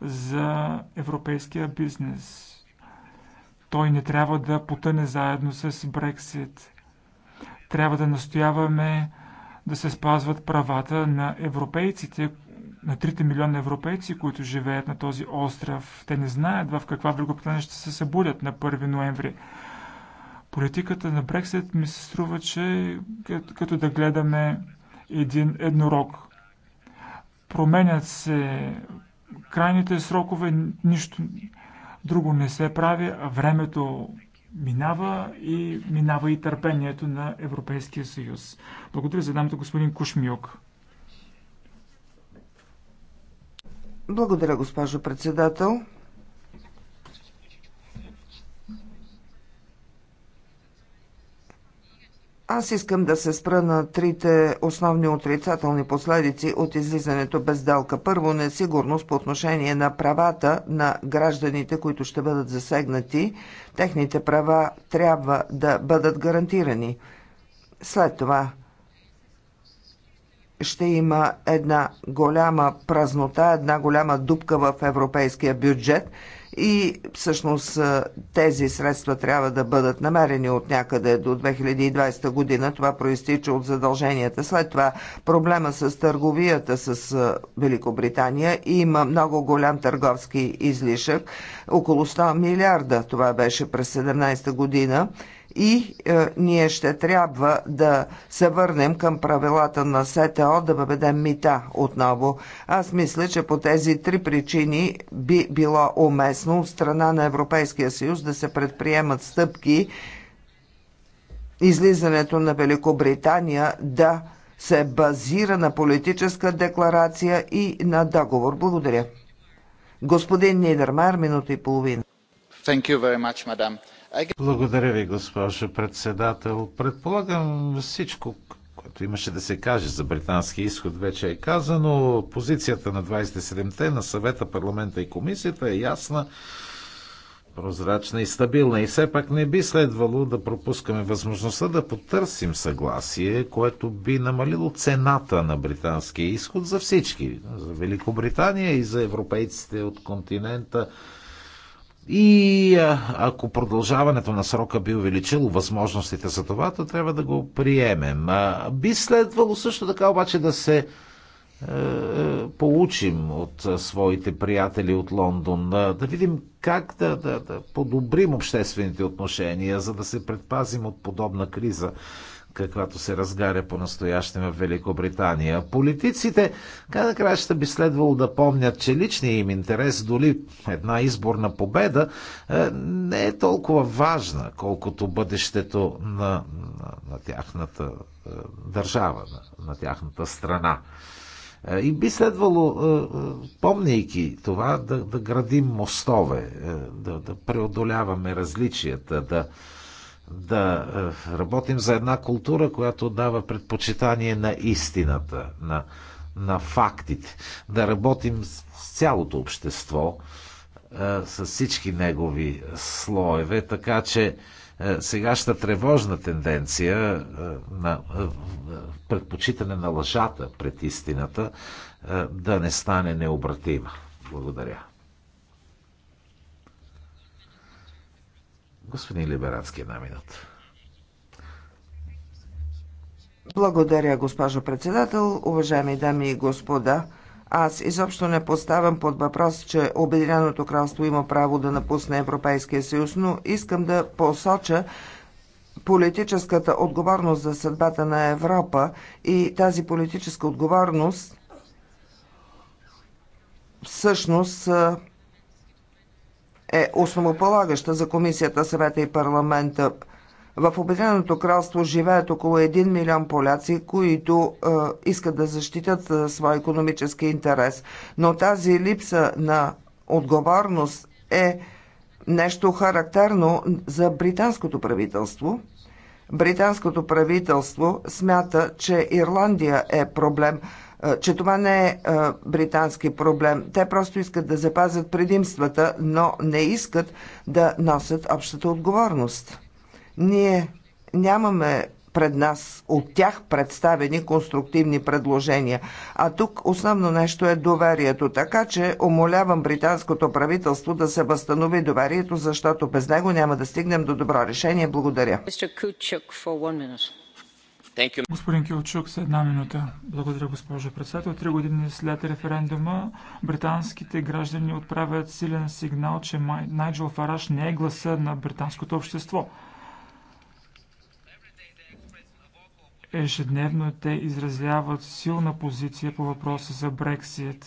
за европейския бизнес. Той не трябва да потъне заедно с Брексит. Трябва да настояваме да се спазват правата на европейците, на 3 милиона европейци, които живеят на този остров. Те не знаят в каква Великобритания ще се събудят на 1 ноември. Политиката на Брексит ми се струва, че като да гледаме един еднорог. Променят се крайните срокове, нищо Друго не се прави, а времето минава и минава и търпението на Европейския съюз. Благодаря за дамата господин Кушмиок. Благодаря, госпожо председател. Аз искам да се спра на трите основни отрицателни последици от излизането без далка. Първо, несигурност по отношение на правата на гражданите, които ще бъдат засегнати. Техните права трябва да бъдат гарантирани. След това ще има една голяма празнота, една голяма дупка в европейския бюджет – и всъщност тези средства трябва да бъдат намерени от някъде до 2020 година. Това проистича от задълженията. След това проблема с търговията с Великобритания има много голям търговски излишък, около 100 милиарда. Това беше през 17 година и е, ние ще трябва да се върнем към правилата на СТО, да въведем мита отново. Аз мисля, че по тези три причини би било уместно от страна на Европейския съюз да се предприемат стъпки излизането на Великобритания да се базира на политическа декларация и на договор. Благодаря. Господин Нидермайер, минута и половина. Thank you very much, madam. Благодаря ви, госпожо председател. Предполагам всичко, което имаше да се каже за британски изход, вече е казано. Позицията на 27-те на съвета, парламента и комисията е ясна, прозрачна и стабилна. И все пак не би следвало да пропускаме възможността да потърсим съгласие, което би намалило цената на британския изход за всички. За Великобритания и за европейците от континента и ако продължаването на срока би увеличило възможностите за това, то трябва да го приемем. Би следвало също така обаче да се е, е, получим от своите приятели от Лондон, да видим как да, да, да подобрим обществените отношения, за да се предпазим от подобна криза каквато се разгаря по-настояще в Великобритания. Политиците, край края ще би следвало да помнят, че личният им интерес, доли една изборна победа, е, не е толкова важна, колкото бъдещето на, на, на тяхната е, държава, на, на тяхната страна. Е, и би следвало, помняйки това, да, да градим мостове, да, да преодоляваме различията, да, да е, работим за една култура, която дава предпочитание на истината, на, на фактите. Да работим с цялото общество, е, с всички негови слоеве, така че е, сегашната тревожна тенденция на предпочитане на лъжата пред истината да не стане необратима. Благодаря. Господин Либерацки, една минута. Благодаря, госпожо председател. Уважаеми дами и господа, аз изобщо не поставям под въпрос, че Обединеното кралство има право да напусне Европейския съюз, но искам да посоча политическата отговорност за съдбата на Европа и тази политическа отговорност всъщност е основополагаща за Комисията, Съвета и парламента. В Обединеното кралство живеят около 1 милион поляци, които е, искат да защитят е, своя економически интерес. Но тази липса на отговорност е нещо характерно за британското правителство. Британското правителство смята, че Ирландия е проблем, че това не е британски проблем. Те просто искат да запазят предимствата, но не искат да носят общата отговорност. Ние нямаме пред нас от тях представени конструктивни предложения. А тук основно нещо е доверието, така че умолявам британското правителство да се възстанови доверието, защото без него няма да стигнем до добро решение. Благодаря. Господин Килчук, с една минута. Благодаря, госпожо председател. Три години след референдума британските граждани отправят силен сигнал, че Найджел Фараш не е гласа на британското общество. Ежедневно те изразяват силна позиция по въпроса за Брексит.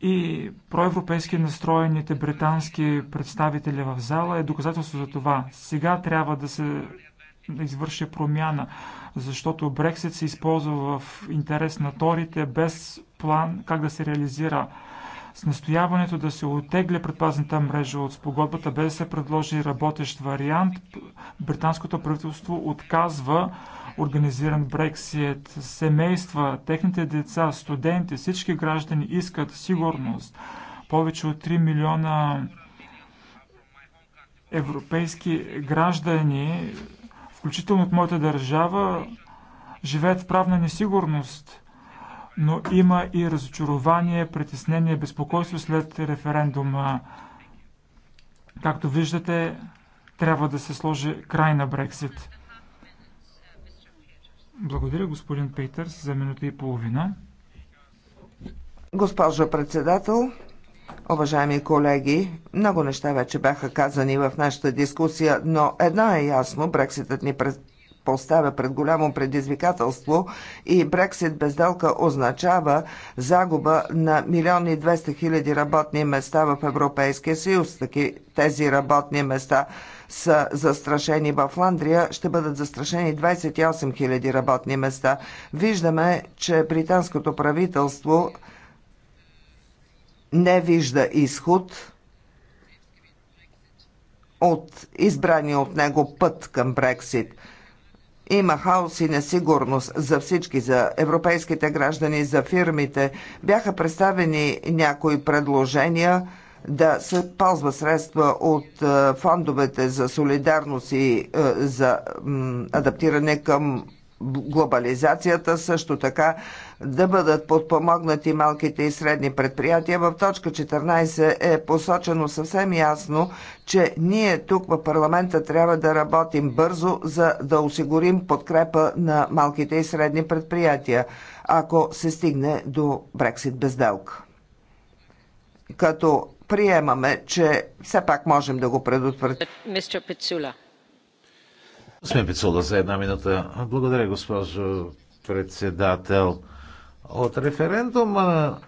И проевропейски настроените британски представители в зала е доказателство за това. Сега трябва да се да извърши промяна, защото Брексит се използва в интерес на торите без план как да се реализира. С настояването да се отегли предпазната мрежа от спогодбата без да се предложи работещ вариант, британското правителство отказва организиран Брексит. Семейства, техните деца, студенти, всички граждани искат сигурност. Повече от 3 милиона европейски граждани включително от моята държава, живеят в правна несигурност, но има и разочарование, притеснение, безпокойство след референдума. Както виждате, трябва да се сложи край на Брексит. Благодаря, господин Пейтърс, за минута и половина. Госпожо председател, Уважаеми колеги, много неща вече бяха казани в нашата дискусия, но една е ясно, Брекситът ни пред поставя пред голямо предизвикателство и Брексит безделка означава загуба на милиони 200 хиляди работни места в Европейския съюз. Таки, тези работни места са застрашени в Ландрия, ще бъдат застрашени 28 хиляди работни места. Виждаме, че британското правителство не вижда изход от избрания от него път към Брексит. Има хаос и несигурност за всички, за европейските граждани, за фирмите. Бяха представени някои предложения да се ползва средства от е, фондовете за солидарност и е, за адаптиране към глобализацията, също така да бъдат подпомогнати малките и средни предприятия. В точка 14 е посочено съвсем ясно, че ние тук в парламента трябва да работим бързо, за да осигурим подкрепа на малките и средни предприятия, ако се стигне до Брексит безделка. Като приемаме, че все пак можем да го предотвратим. Господин Пицула, за една минута. Благодаря, госпожо председател. От референдума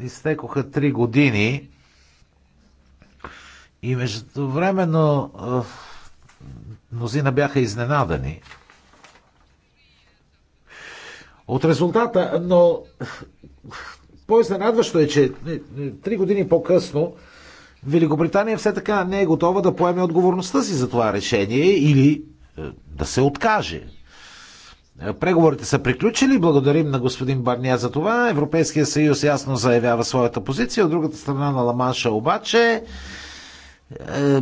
изтекоха три години и междувременно мнозина бяха изненадани от резултата, но по-изненадващо е, че е, е, три години по-късно Великобритания все така не е готова да поеме отговорността си за това решение или е, да се откаже Преговорите са приключили. Благодарим на господин Барния за това. Европейския съюз ясно заявява своята позиция. От другата страна на Ламанша обаче е,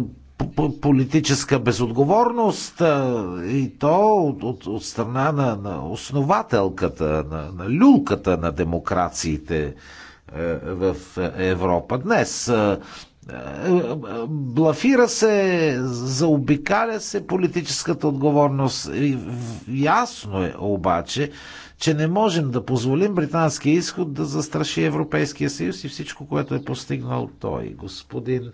политическа безотговорност е, и то от, от, от страна на, на основателката, на, на люлката на демокрациите е, в Европа. Днес е, блафира се, заобикаля се политическата отговорност. Ясно е обаче, че не можем да позволим британския изход да застраши Европейския съюз и всичко, което е постигнал той. Господин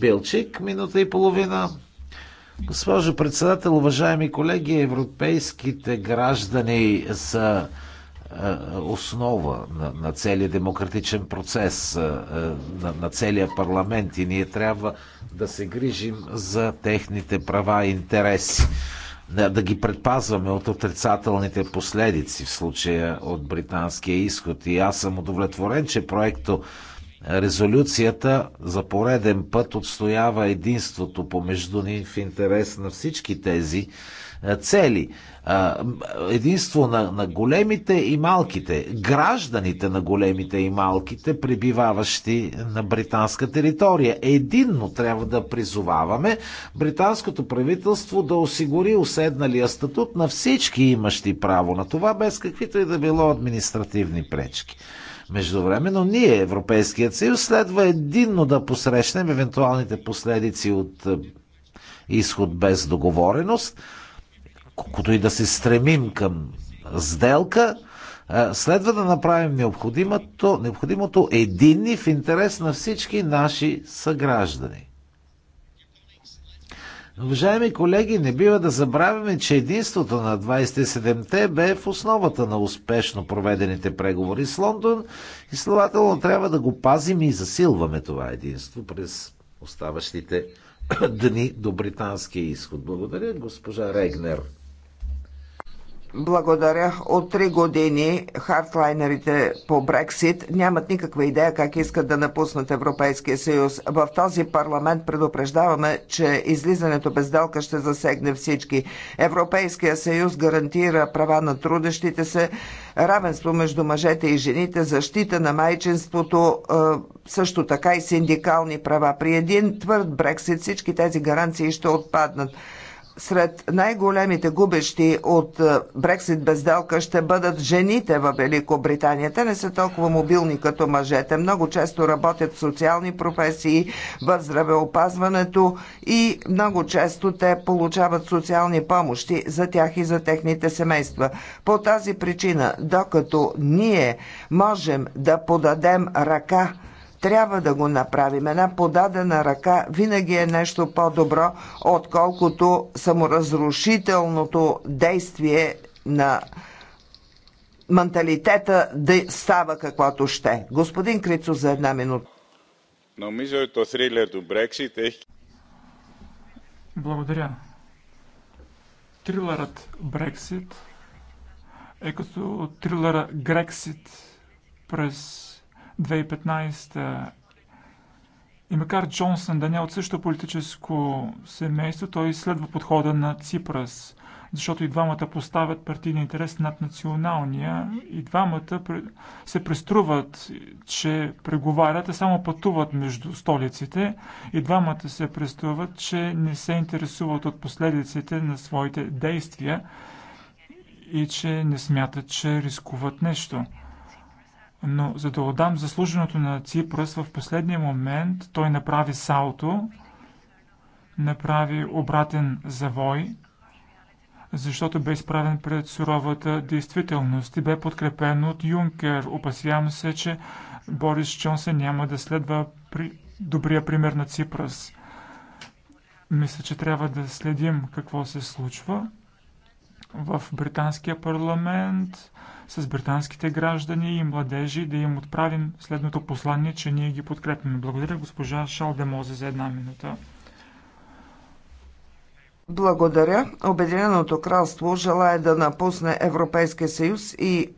Билчик, минута и половина. Госпожо председател, уважаеми колеги, европейските граждани са е, основа на, на целия демократичен процес, е, е, на, на целия парламент и ние трябва да се грижим за техните права и интереси, да, да ги предпазваме от отрицателните последици в случая от британския изход. И аз съм удовлетворен, че проекто резолюцията за пореден път отстоява единството помежду ни в интерес на всички тези, цели. Единство на, на големите и малките, гражданите на големите и малките, пребиваващи на британска територия. Единно трябва да призоваваме британското правителство да осигури уседналия статут на всички имащи право на това, без каквито и да било административни пречки. Междувременно ние, Европейският съюз, следва единно да посрещнем евентуалните последици от изход без договореност – колкото и да се стремим към сделка, е, следва да направим необходимото, необходимото единни в интерес на всички наши съграждани. Уважаеми колеги, не бива да забравяме, че единството на 27-те бе в основата на успешно проведените преговори с Лондон и следователно трябва да го пазим и засилваме това единство през оставащите дни до британския изход. Благодаря, госпожа Регнер. Благодаря. От три години хардлайнерите по Брексит нямат никаква идея как искат да напуснат Европейския съюз. В този парламент предупреждаваме, че излизането без делка ще засегне всички. Европейския съюз гарантира права на трудещите се, равенство между мъжете и жените, защита на майчинството, е, също така и синдикални права. При един твърд Брексит всички тези гаранции ще отпаднат сред най-големите губещи от е, Брексит безделка ще бъдат жените в Великобритания. Те не са толкова мобилни като мъжете. Много често работят в социални професии, в здравеопазването и много често те получават социални помощи за тях и за техните семейства. По тази причина, докато ние можем да подадем ръка трябва да го направим. Една подадена ръка винаги е нещо по-добро, отколкото саморазрушителното действие на менталитета да става каквото ще. Господин Крицо, за една минута. до Брексит е. Благодаря. Трилерът Брексит е като трилера Грексит през 2015. И макар Джонсън да не е от същото политическо семейство, той следва подхода на Ципрас, защото и двамата поставят партийния интерес над националния, и двамата се преструват, че преговарят, а само пътуват между столиците, и двамата се преструват, че не се интересуват от последиците на своите действия и че не смятат, че рискуват нещо но за да отдам заслуженото на Ципрас, в последния момент той направи салто, направи обратен завой, защото бе изправен пред суровата действителност и бе подкрепен от Юнкер. Опасявам се, че Борис Чонсен няма да следва при... добрия пример на Ципрас. Мисля, че трябва да следим какво се случва в британския парламент, с британските граждани и младежи да им отправим следното послание, че ние ги подкрепяме. Благодаря госпожа Шалдемозе за една минута. Благодаря. Обединеното кралство желая да напусне Европейския съюз и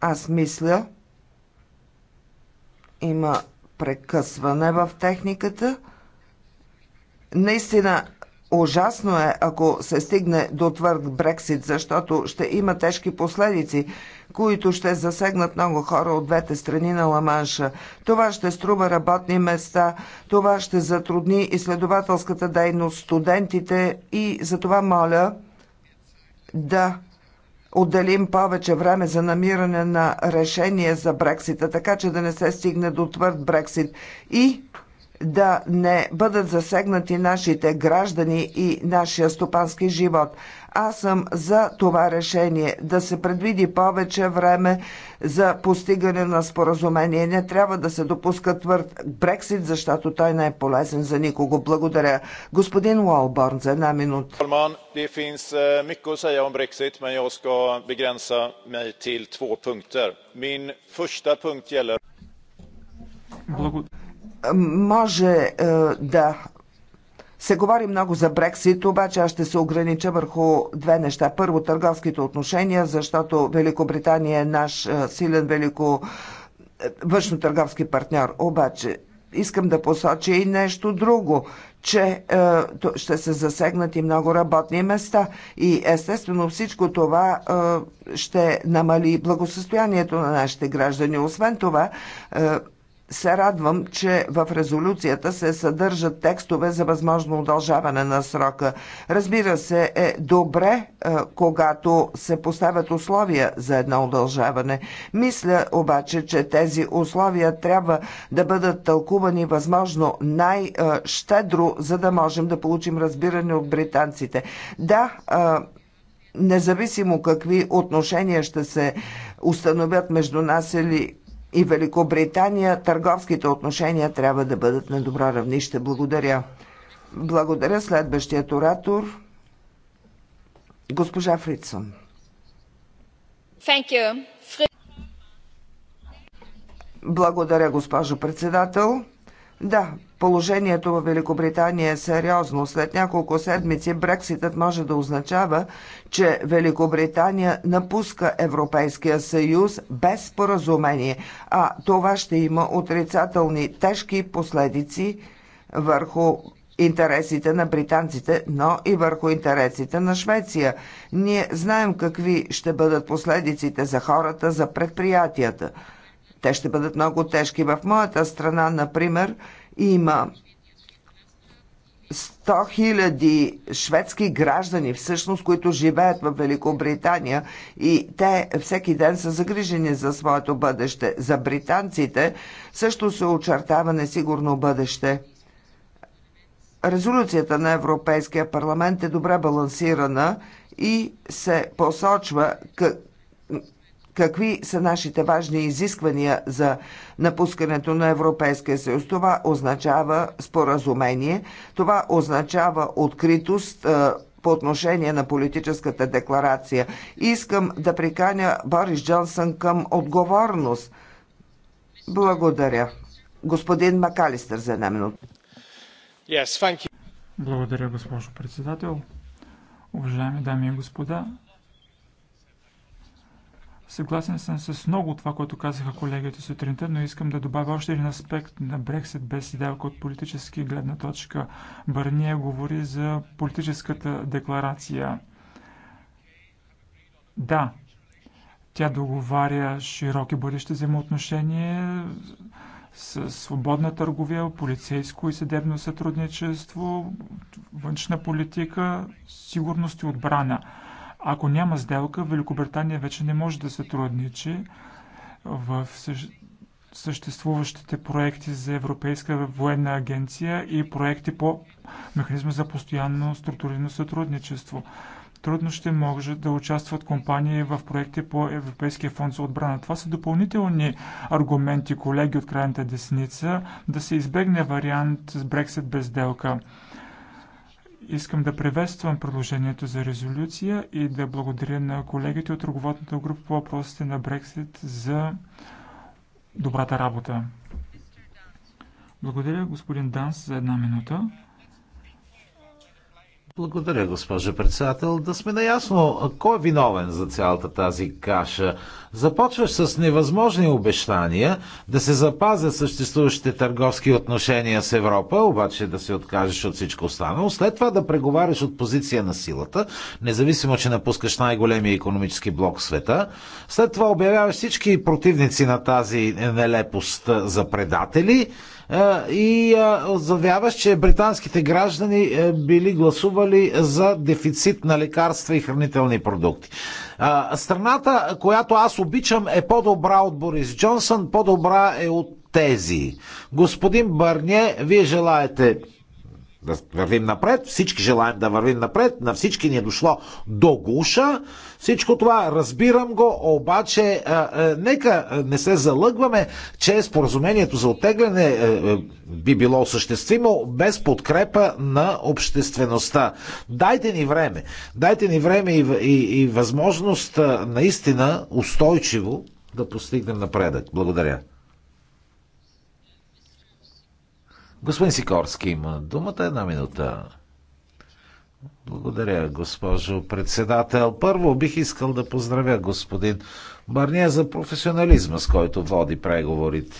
аз мисля, има прекъсване в техниката. Наистина, Ужасно е, ако се стигне до твърд Брексит, защото ще има тежки последици, които ще засегнат много хора от двете страни на Ламанша. Това ще струва работни места, това ще затрудни изследователската дейност, студентите и за това моля да отделим повече време за намиране на решение за Брексита, така че да не се стигне до твърд Брексит. И да не бъдат засегнати нашите граждани и нашия стопански живот. Аз съм за това решение да се предвиди повече време за постигане на споразумение. Не трябва да се допуска твърд Брексит, защото той не е полезен за никого. Благодаря. Господин Уолборн, за една минута. Благодаря може е, да се говори много за Брексит, обаче аз ще се огранича върху две неща. Първо, търговските отношения, защото Великобритания е наш е, силен велико е, външно-търговски партньор. Обаче, искам да посоча и нещо друго, че е, ще се засегнат и много работни места. И естествено всичко това е, ще намали благосъстоянието на нашите граждани. Освен това, е, се радвам, че в резолюцията се съдържат текстове за възможно удължаване на срока. Разбира се, е добре, е, когато се поставят условия за едно удължаване. Мисля обаче, че тези условия трябва да бъдат тълкувани възможно най-щедро, за да можем да получим разбиране от британците. Да, е, независимо какви отношения ще се установят между нас или и Великобритания търговските отношения трябва да бъдат на добро равнище. Благодаря. Благодаря следващият оратор, госпожа Фридсон. Благодаря, госпожо председател. Да, Положението в Великобритания е сериозно. След няколко седмици Брекситът може да означава, че Великобритания напуска Европейския съюз без споразумение, а това ще има отрицателни тежки последици върху интересите на британците, но и върху интересите на Швеция. Ние знаем какви ще бъдат последиците за хората, за предприятията. Те ще бъдат много тежки. В моята страна, например, има 100 хиляди шведски граждани, всъщност, които живеят в Великобритания и те всеки ден са загрижени за своето бъдеще. За британците също се очертава несигурно бъдеще. Резолюцията на Европейския парламент е добре балансирана и се посочва какви са нашите важни изисквания за напускането на Европейския съюз. Това означава споразумение, това означава откритост, по отношение на политическата декларация. Искам да приканя Борис Джонсън към отговорност. Благодаря. Господин Макалистър за една минута. Yes, Благодаря, госпожо председател. Уважаеми дами и господа, Съгласен съм с много това, което казаха колегите сутринта, но искам да добавя още един аспект на Брексит без идеалка от политически гледна точка. Бърния говори за политическата декларация. Да, тя договаря широки бъдещи взаимоотношения с свободна търговия, полицейско и съдебно сътрудничество, външна политика, сигурност и отбрана – ако няма сделка, Великобритания вече не може да сътрудничи в съществуващите проекти за Европейска военна агенция и проекти по механизма за постоянно структурирано сътрудничество. Трудно ще може да участват компании в проекти по Европейския фонд за отбрана. Това са допълнителни аргументи, колеги от крайната десница, да се избегне вариант с Брексит без сделка. Искам да приветствам предложението за резолюция и да благодаря на колегите от ръководната група по въпросите на Брексит за добрата работа. Благодаря господин Данс за една минута. Благодаря, госпожо председател. Да сме наясно, кой е виновен за цялата тази каша? Започваш с невъзможни обещания да се запазят съществуващите търговски отношения с Европа, обаче да се откажеш от всичко останало. След това да преговаряш от позиция на силата, независимо, че напускаш най-големия економически блок в света. След това обявяваш всички противници на тази нелепост за предатели и заявяваш, че британските граждани били гласували за дефицит на лекарства и хранителни продукти. Страната, която аз обичам, е по-добра от Борис Джонсън, по-добра е от тези. Господин Барне, вие желаете да вървим напред, всички желаем да вървим напред, на всички ни е дошло до гуша. Всичко това разбирам го, обаче а, е, а, е, нека е, не се залъгваме, че споразумението за оттегляне а, би било осъществимо без подкрепа на обществеността. Дайте ни време, дайте ни време и, и, и възможност а, наистина устойчиво да постигнем напредък. Благодаря. Господин Сикорски има думата една минута. Благодаря, госпожо председател. Първо бих искал да поздравя господин Барния за професионализма, с който води преговорите.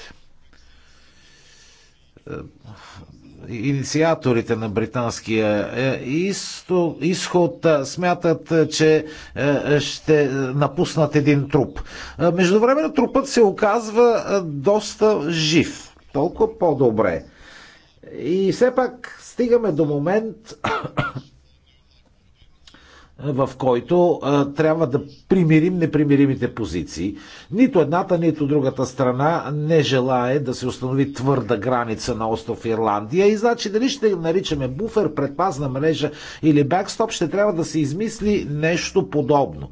Инициаторите на британския е, изход смятат, че е, е, ще напуснат един труп. Междувременно трупът се оказва доста жив. Толкова по-добре и все пак стигаме до момент, в който а, трябва да примирим непримиримите позиции. Нито едната, нито другата страна не желае да се установи твърда граница на остров Ирландия и значи дали ще наричаме буфер, предпазна мрежа или бекстоп, ще трябва да се измисли нещо подобно.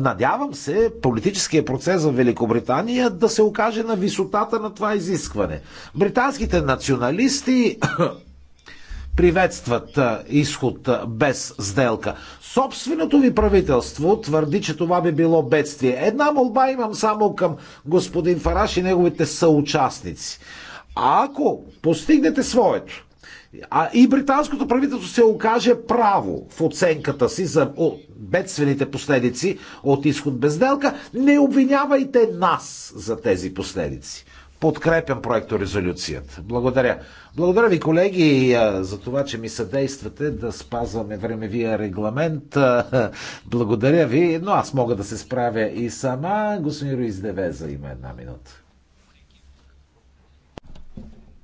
Надявам се политическия процес в Великобритания да се окаже на висотата на това изискване. Британските националисти приветстват изход без сделка. Собственото ви правителство твърди, че това би било бедствие. Една молба имам само към господин Фараш и неговите съучастници. А ако постигнете своето, а и британското правителство се окаже право в оценката си за бедствените последици от изход без сделка, не обвинявайте нас за тези последици. Подкрепям проекто резолюцията. Благодаря. Благодаря ви, колеги, за това, че ми съдействате да спазваме времевия регламент. Благодаря ви, но аз мога да се справя и сама. Господин Руиз Девеза има една минута.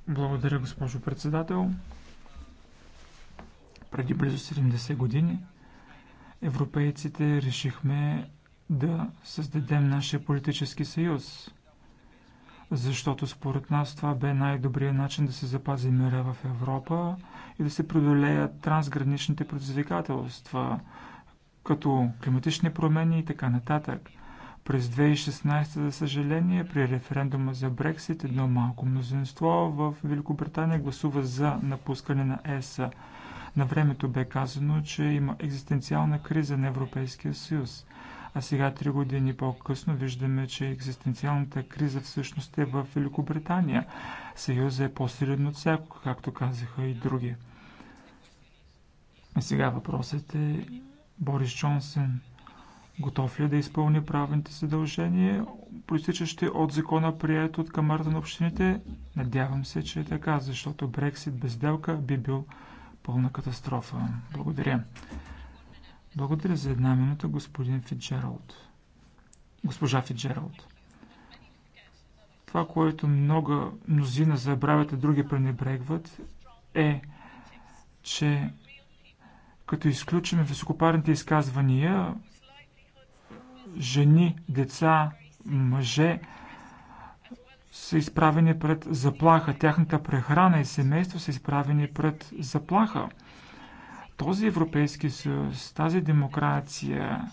Благодаря, госпожо председател. Преди близо 70 години европейците решихме да създадем нашия политически съюз, защото според нас това бе най-добрият начин да се запази мира в Европа и да се преодолеят трансграничните предизвикателства, като климатични промени и така нататък. През 2016, за съжаление, при референдума за Брексит едно малко мнозинство в Великобритания гласува за напускане на ЕС. На времето бе казано, че има екзистенциална криза на Европейския съюз. А сега, три години по-късно, виждаме, че екзистенциалната криза всъщност е в Великобритания. Съюзът е по-силен от всяко, както казаха и други. А сега въпросът е Борис Джонсън готов ли е да изпълни правните задължения, проистичащи от закона, прият от Камарата на общините? Надявам се, че е така, защото Брексит без делка би бил пълна катастрофа. Благодаря. Благодаря за една минута, господин Фиджералд. Госпожа Фиджералд. Това, което много мнозина забравят, и други пренебрегват, е, че като изключим високопарните изказвания, жени, деца, мъже, са изправени пред заплаха. Тяхната прехрана и семейства са изправени пред заплаха. Този Европейски съюз, тази демокрация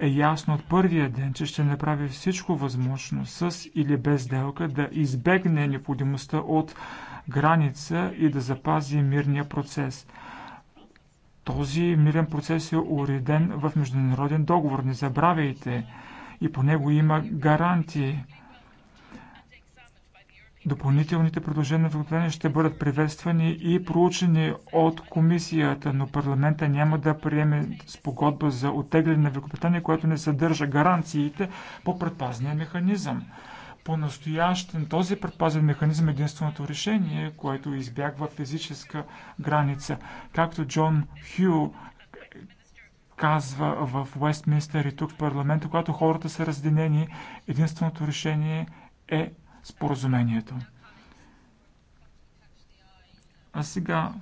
е ясно от първия ден, че ще направи всичко възможно с или без делка да избегне необходимостта от граница и да запази мирния процес. Този мирен процес е уреден в международен договор. Не забравяйте. И по него има гарантии Допълнителните предложения в Украина ще бъдат приветствани и проучени от комисията, но парламента няма да приеме спогодба за оттегляне на Великобритания, която не съдържа гаранциите по предпазния механизъм. По-настоящен този предпазен механизъм е единственото решение, което избягва физическа граница. Както Джон Хю казва в Уестминстър и тук в парламента, когато хората са разделени, единственото решение е споразумението. А сега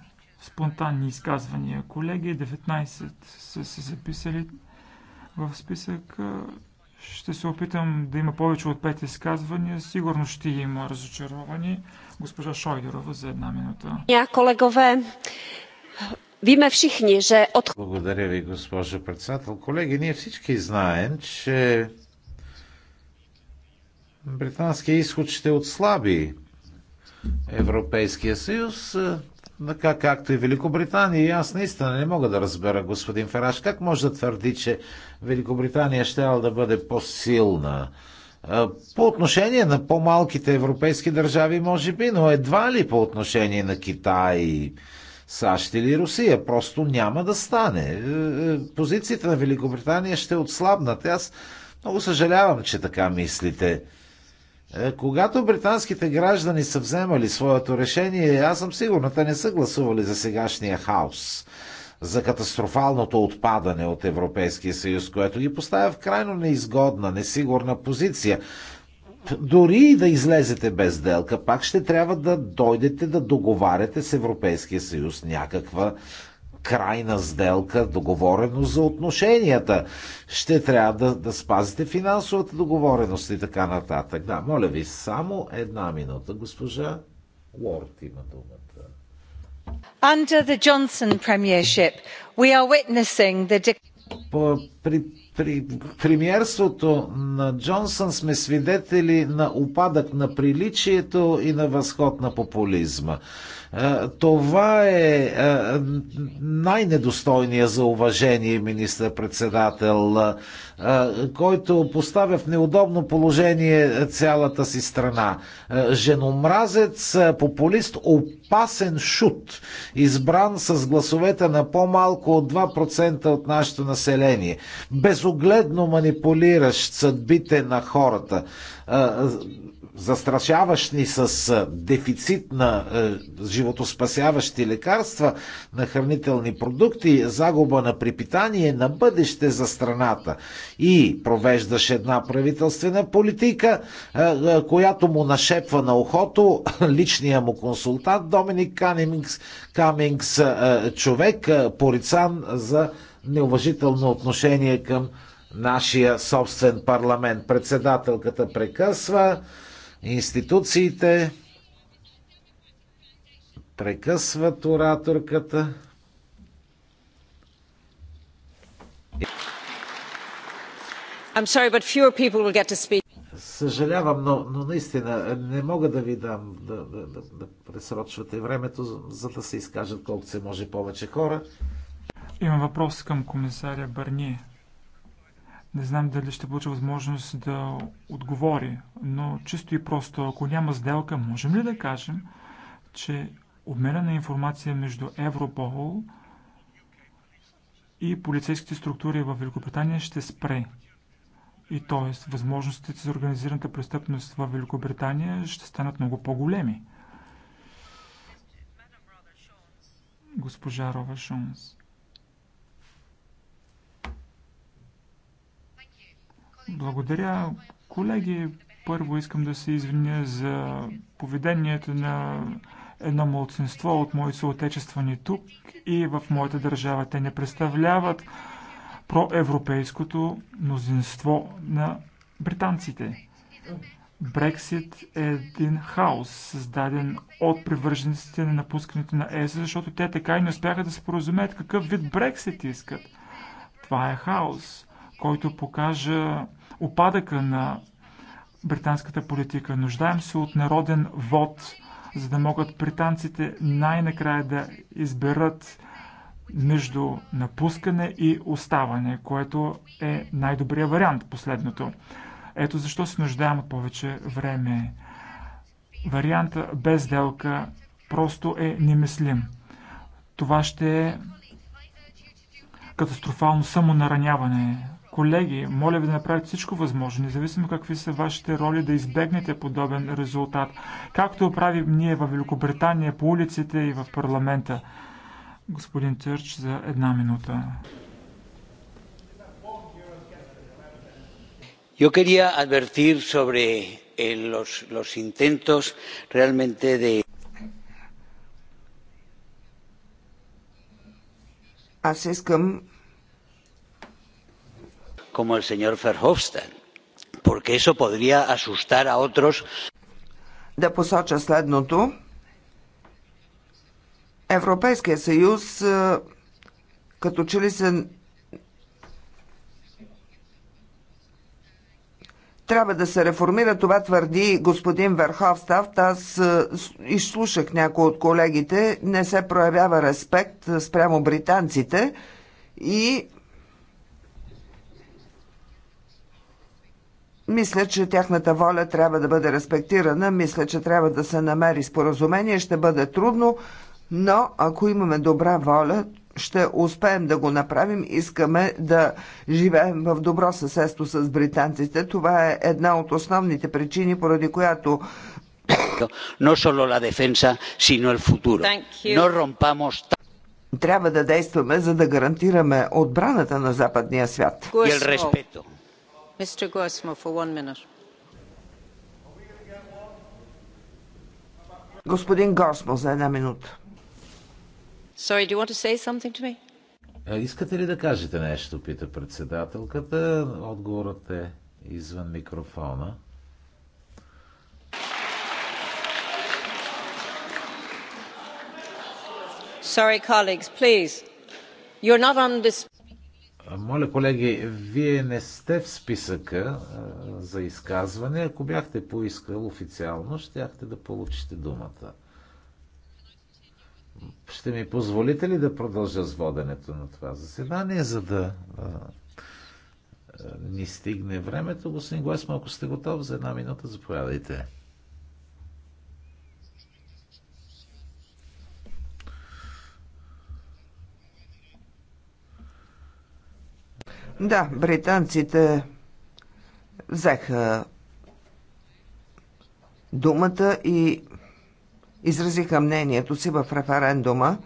спонтанни изказвания. Колеги, 19 са се записали в списък. Ще се опитам да има повече от 5 изказвания. Сигурно ще има разочаровани. Госпожа Шойдерова за една минута. Я, колегове, Виме всички, че... Благодаря ви, госпожо председател. Колеги, ние всички знаем, че британския изход ще отслаби Европейския съюз, така както и Великобритания. И аз наистина не мога да разбера, господин Фараш, как може да твърди, че Великобритания ще да бъде по-силна. По отношение на по-малките европейски държави, може би, но едва ли по отношение на Китай, САЩ или Русия. Просто няма да стане. Позицията на Великобритания ще отслабнат. Аз много съжалявам, че така мислите. Е, когато британските граждани са вземали своето решение, аз съм сигурна, те не са гласували за сегашния хаос, за катастрофалното отпадане от Европейския съюз, което ги поставя в крайно неизгодна, несигурна позиция. Дори и да излезете без делка, пак ще трябва да дойдете да договаряте с Европейския съюз някаква крайна сделка, договореност за отношенията. Ще трябва да, да спазите финансовата договореност и така нататък. Да, моля ви, само една минута. Госпожа Уорд има думата. Under the Johnson premiership, we are witnessing the... По, при при премиерството на Джонсън сме свидетели на упадък на приличието и на възход на популизма. Това е най-недостойният за уважение министър-председател, който поставя в неудобно положение цялата си страна. Женомразец, популист, опасен шут, избран с гласовете на по-малко от 2% от нашето население. Безогледно манипулиращ съдбите на хората застрашаващ ни с дефицит на животоспасяващи лекарства, на хранителни продукти, загуба на припитание, на бъдеще за страната. И провеждаш една правителствена политика, която му нашепва на ухото личния му консултант Доминик Канингс, Камингс, човек порицан за неуважително отношение към нашия собствен парламент. Председателката прекъсва. Институциите прекъсват ораторката. I'm sorry, but fewer people will get to speak. Съжалявам, но, но наистина не мога да ви дам да, да, да, да пресрочвате времето, за да се изкажат колкото се може повече хора. Имам въпрос към комисаря Бърни. Не знам дали ще получа възможност да отговори, но чисто и просто, ако няма сделка, можем ли да кажем, че обмена на информация между Европол и полицейските структури в Великобритания ще спре? И т.е. възможностите за организираната престъпност в Великобритания ще станат много по-големи. Госпожа Рова Шонс. Благодаря. Колеги, първо искам да се извиня за поведението на едно младсинство от мои съотечествани тук и в моята държава. Те не представляват проевропейското мнозинство на британците. Брексит е един хаос, създаден от привържениците на напускането на ЕС, защото те така и не успяха да се поразумеят какъв вид Брексит искат. Това е хаос който покажа опадъка на британската политика. Нуждаем се от народен вод, за да могат британците най-накрая да изберат между напускане и оставане, което е най-добрият вариант последното. Ето защо се нуждаем от повече време. Варианта без делка просто е немислим. Това ще е катастрофално самонараняване Колеги, моля ви да направите всичко възможно, независимо какви са вашите роли, да избегнете подобен резултат, както правим ние в Великобритания, по улиците и в парламента. Господин Търч, за една минута. Yo quería advertir sobre eh, los, los intentos realmente de. Аз искам como el señor Verhofstadt, porque eso podría asustar a otros. Да посоча следното. Европейския съюз е, като че ли се трябва да се реформира, това твърди господин Верховстав. Аз е, изслушах някои от колегите, не се проявява респект е, спрямо британците и Мисля, че тяхната воля трябва да бъде респектирана. Мисля, че трябва да се намери споразумение. Ще бъде трудно, но ако имаме добра воля, ще успеем да го направим. Искаме да живеем в добро съседство с британците. Това е една от основните причини, поради която no solo la defensa, sino el futuro. No rompamos трябва да действаме, за да гарантираме отбраната на западния свят. И el respeto Господин Госмо, за една минута. Искате ли да кажете нещо, пита председателката. Отговорът е извън микрофона. Sorry, colleagues, please. You're not on this... Моля, колеги, вие не сте в списъка за изказване. Ако бяхте поискал официално, щяхте да получите думата. Ще ми позволите ли да продължа с воденето на това заседание, за да ни стигне времето? Господин Гласма, ако сте готов за една минута, заповядайте. Да, британците взеха думата и изразиха мнението си в референдума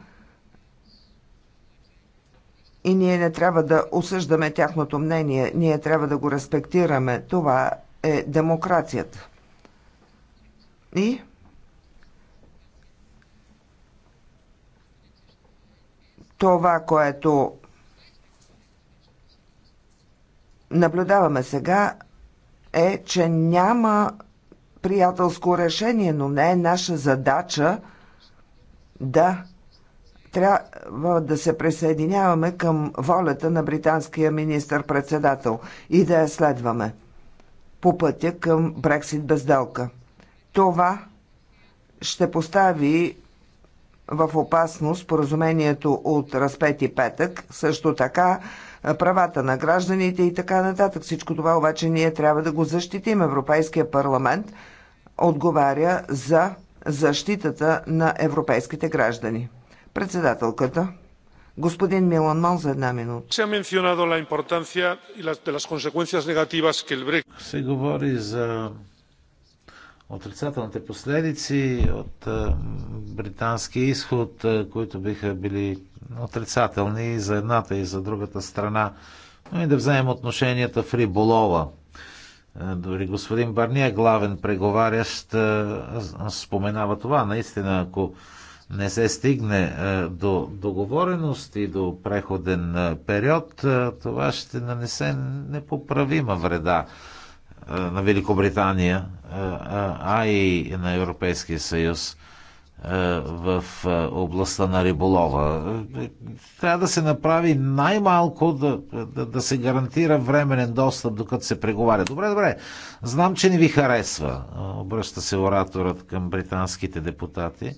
и ние не трябва да осъждаме тяхното мнение, ние трябва да го респектираме. Това е демокрацията. И това, което наблюдаваме сега е, че няма приятелско решение, но не е наша задача да трябва да се присъединяваме към волята на британския министр-председател и да я следваме по пътя към Брексит безделка. Това ще постави в опасност поразумението от разпети петък, също така правата на гражданите и така нататък. Всичко това обаче ние трябва да го защитим. Европейския парламент отговаря за защитата на европейските граждани. Председателката. Господин Милан Мон за една минута. Се говори за отрицателните последици от британския изход, които биха били отрицателни и за едната и за другата страна, но и да вземем отношенията в риболова. Дори господин Барния, главен преговарящ, споменава това. Наистина, ако не се стигне до договореност и до преходен период, това ще нанесе непоправима вреда на Великобритания, а и на Европейския съюз в областта на риболова. Трябва да се направи най-малко да, да, да се гарантира временен достъп, докато се преговаря. Добре, добре. Знам, че не ви харесва, обръща се ораторът към британските депутати.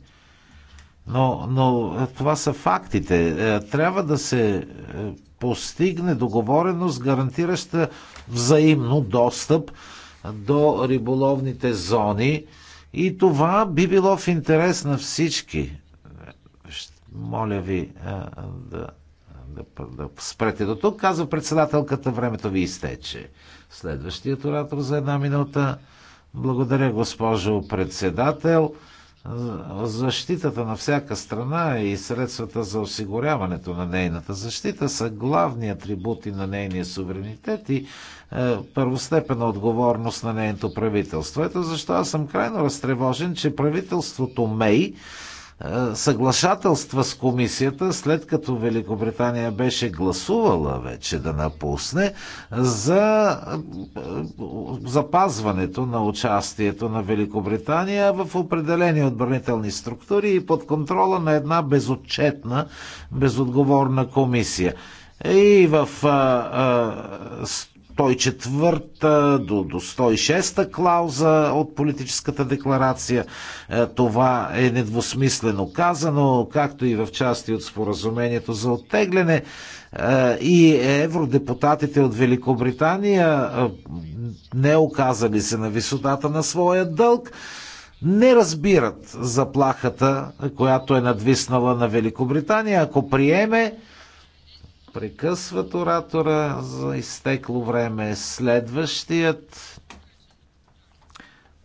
Но, но това са фактите. Е, трябва да се е, постигне договореност, гарантираща взаимно достъп до риболовните зони и това би било в интерес на всички. Моля ви е, да, да, да спрете до тук. Казва председателката, времето ви изтече. Следващият оратор за една минута. Благодаря, госпожо председател защитата на всяка страна и средствата за осигуряването на нейната защита са главни атрибути на нейния суверенитет и е, първостепенна отговорност на нейното правителство. Ето защо аз съм крайно разтревожен, че правителството Мей е, съглашателства с комисията, след като Великобритания беше гласувала вече да напусне за е, запазването на участието на Великобритания в определени отбранителни структури и под контрола на една безотчетна, безотговорна комисия. И в а, е, а, 104 до, до 106 клауза от политическата декларация. Е, това е недвусмислено казано, както и в части от споразумението за оттегляне. Е, и евродепутатите от Великобритания е, не оказали се на висотата на своя дълг не разбират заплахата, която е надвиснала на Великобритания, ако приеме прекъсват оратора за изтекло време. Следващият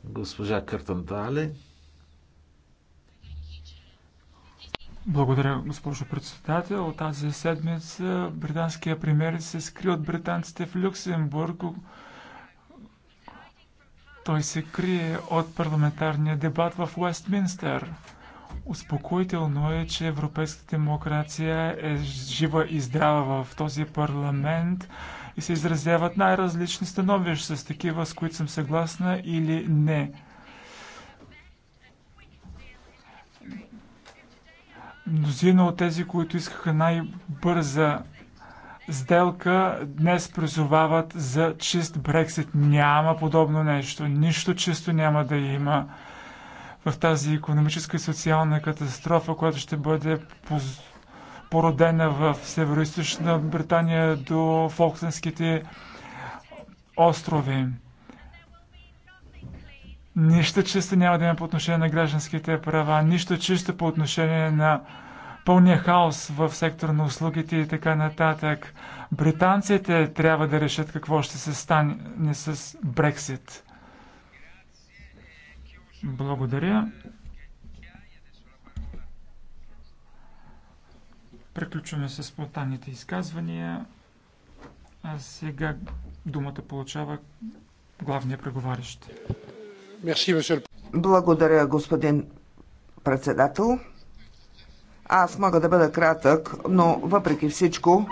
госпожа Картантали. Благодаря, госпожо председател. Тази седмица британския премьер се скри от британците в Люксембург. Той се крие от парламентарния дебат в Уестминстър. Успокоително е, че европейската демокрация е жива и здрава в този парламент и се изразяват най-различни становища с такива, с които съм съгласна или не. Мнозина от тези, които искаха най-бърза сделка, днес призовават за чист Брексит. Няма подобно нещо. Нищо чисто няма да има в тази економическа и социална катастрофа, която ще бъде породена в Североизточна Британия до Фолклендските острови. Нищо чисто няма да има по отношение на гражданските права, нищо чисто по отношение на пълния хаос в сектора на услугите и така нататък. Британците трябва да решат какво ще се стане с Брексит. Благодаря. Приключваме с спонтанните изказвания. А сега думата получава главния преговарящ. Благодаря, господин председател. Аз мога да бъда кратък, но въпреки всичко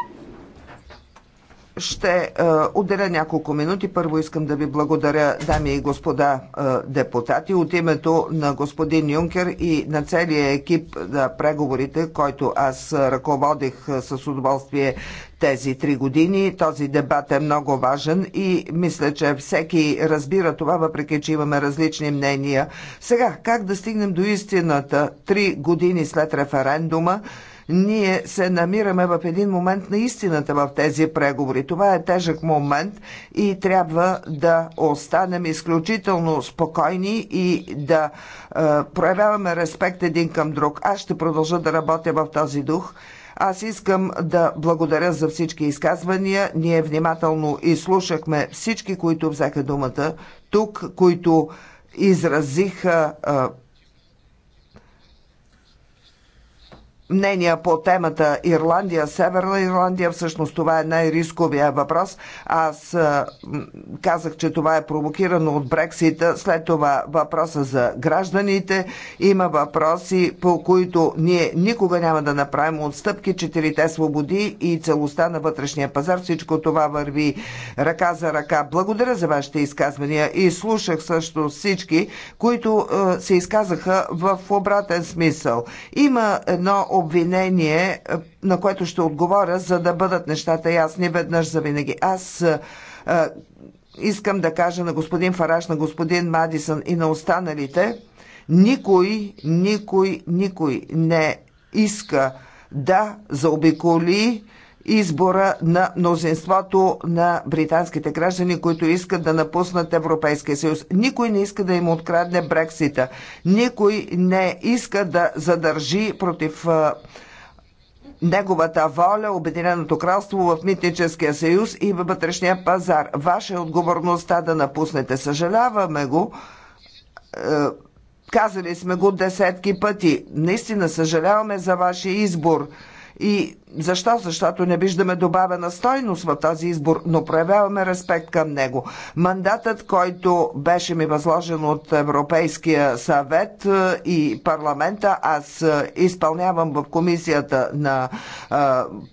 ще е, отделя няколко минути. Първо искам да ви благодаря, дами и господа е, депутати, от името на господин Юнкер и на целия екип на преговорите, който аз ръководих е, с удоволствие тези три години. Този дебат е много важен и мисля, че всеки разбира това, въпреки че имаме различни мнения. Сега, как да стигнем до истината три години след референдума? Ние се намираме в един момент на истината в тези преговори. Това е тежък момент и трябва да останем изключително спокойни и да е, проявяваме респект един към друг. Аз ще продължа да работя в този дух. Аз искам да благодаря за всички изказвания. Ние внимателно изслушахме всички, които взеха думата тук, които изразиха а, е, мнения по темата Ирландия, Северна Ирландия. Всъщност това е най-рисковия въпрос. Аз казах, че това е провокирано от Брексита. След това въпроса за гражданите. Има въпроси, по които ние никога няма да направим отстъпки. Четирите свободи и целостта на вътрешния пазар. Всичко това върви ръка за ръка. Благодаря за вашите изказвания и слушах също всички, които се изказаха в обратен смисъл. Има едно обвинение, е, на което ще отговоря, за да бъдат нещата ясни веднъж за винаги. Аз е, е, искам да кажа на господин Фараш, на господин Мадисън и на останалите, никой, никой, никой не иска да заобиколи избора на мнозинството на британските граждани, които искат да напуснат Европейския съюз. Никой не иска да им открадне Брексита. Никой не иска да задържи против неговата воля, Обединеното кралство в Митническия съюз и във вътрешния пазар. Ваша е отговорността да напуснете. Съжаляваме го. Казали сме го десетки пъти. Наистина съжаляваме за вашия избор. И защо? Защото не виждаме добавена стойност в този избор, но проявяваме респект към него. Мандатът, който беше ми възложен от Европейския съвет е, и парламента, аз е, изпълнявам в комисията на е,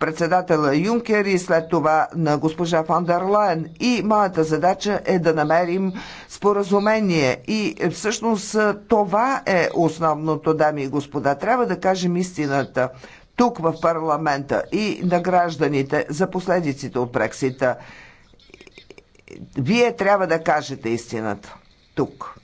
председателя Юнкер и след това на госпожа Фон дер Лайен. И моята задача е да намерим споразумение. И всъщност това е основното, дами и господа. Трябва да кажем истината тук в парламента и на гражданите за последиците от Брексита. Вие трябва да кажете истината тук.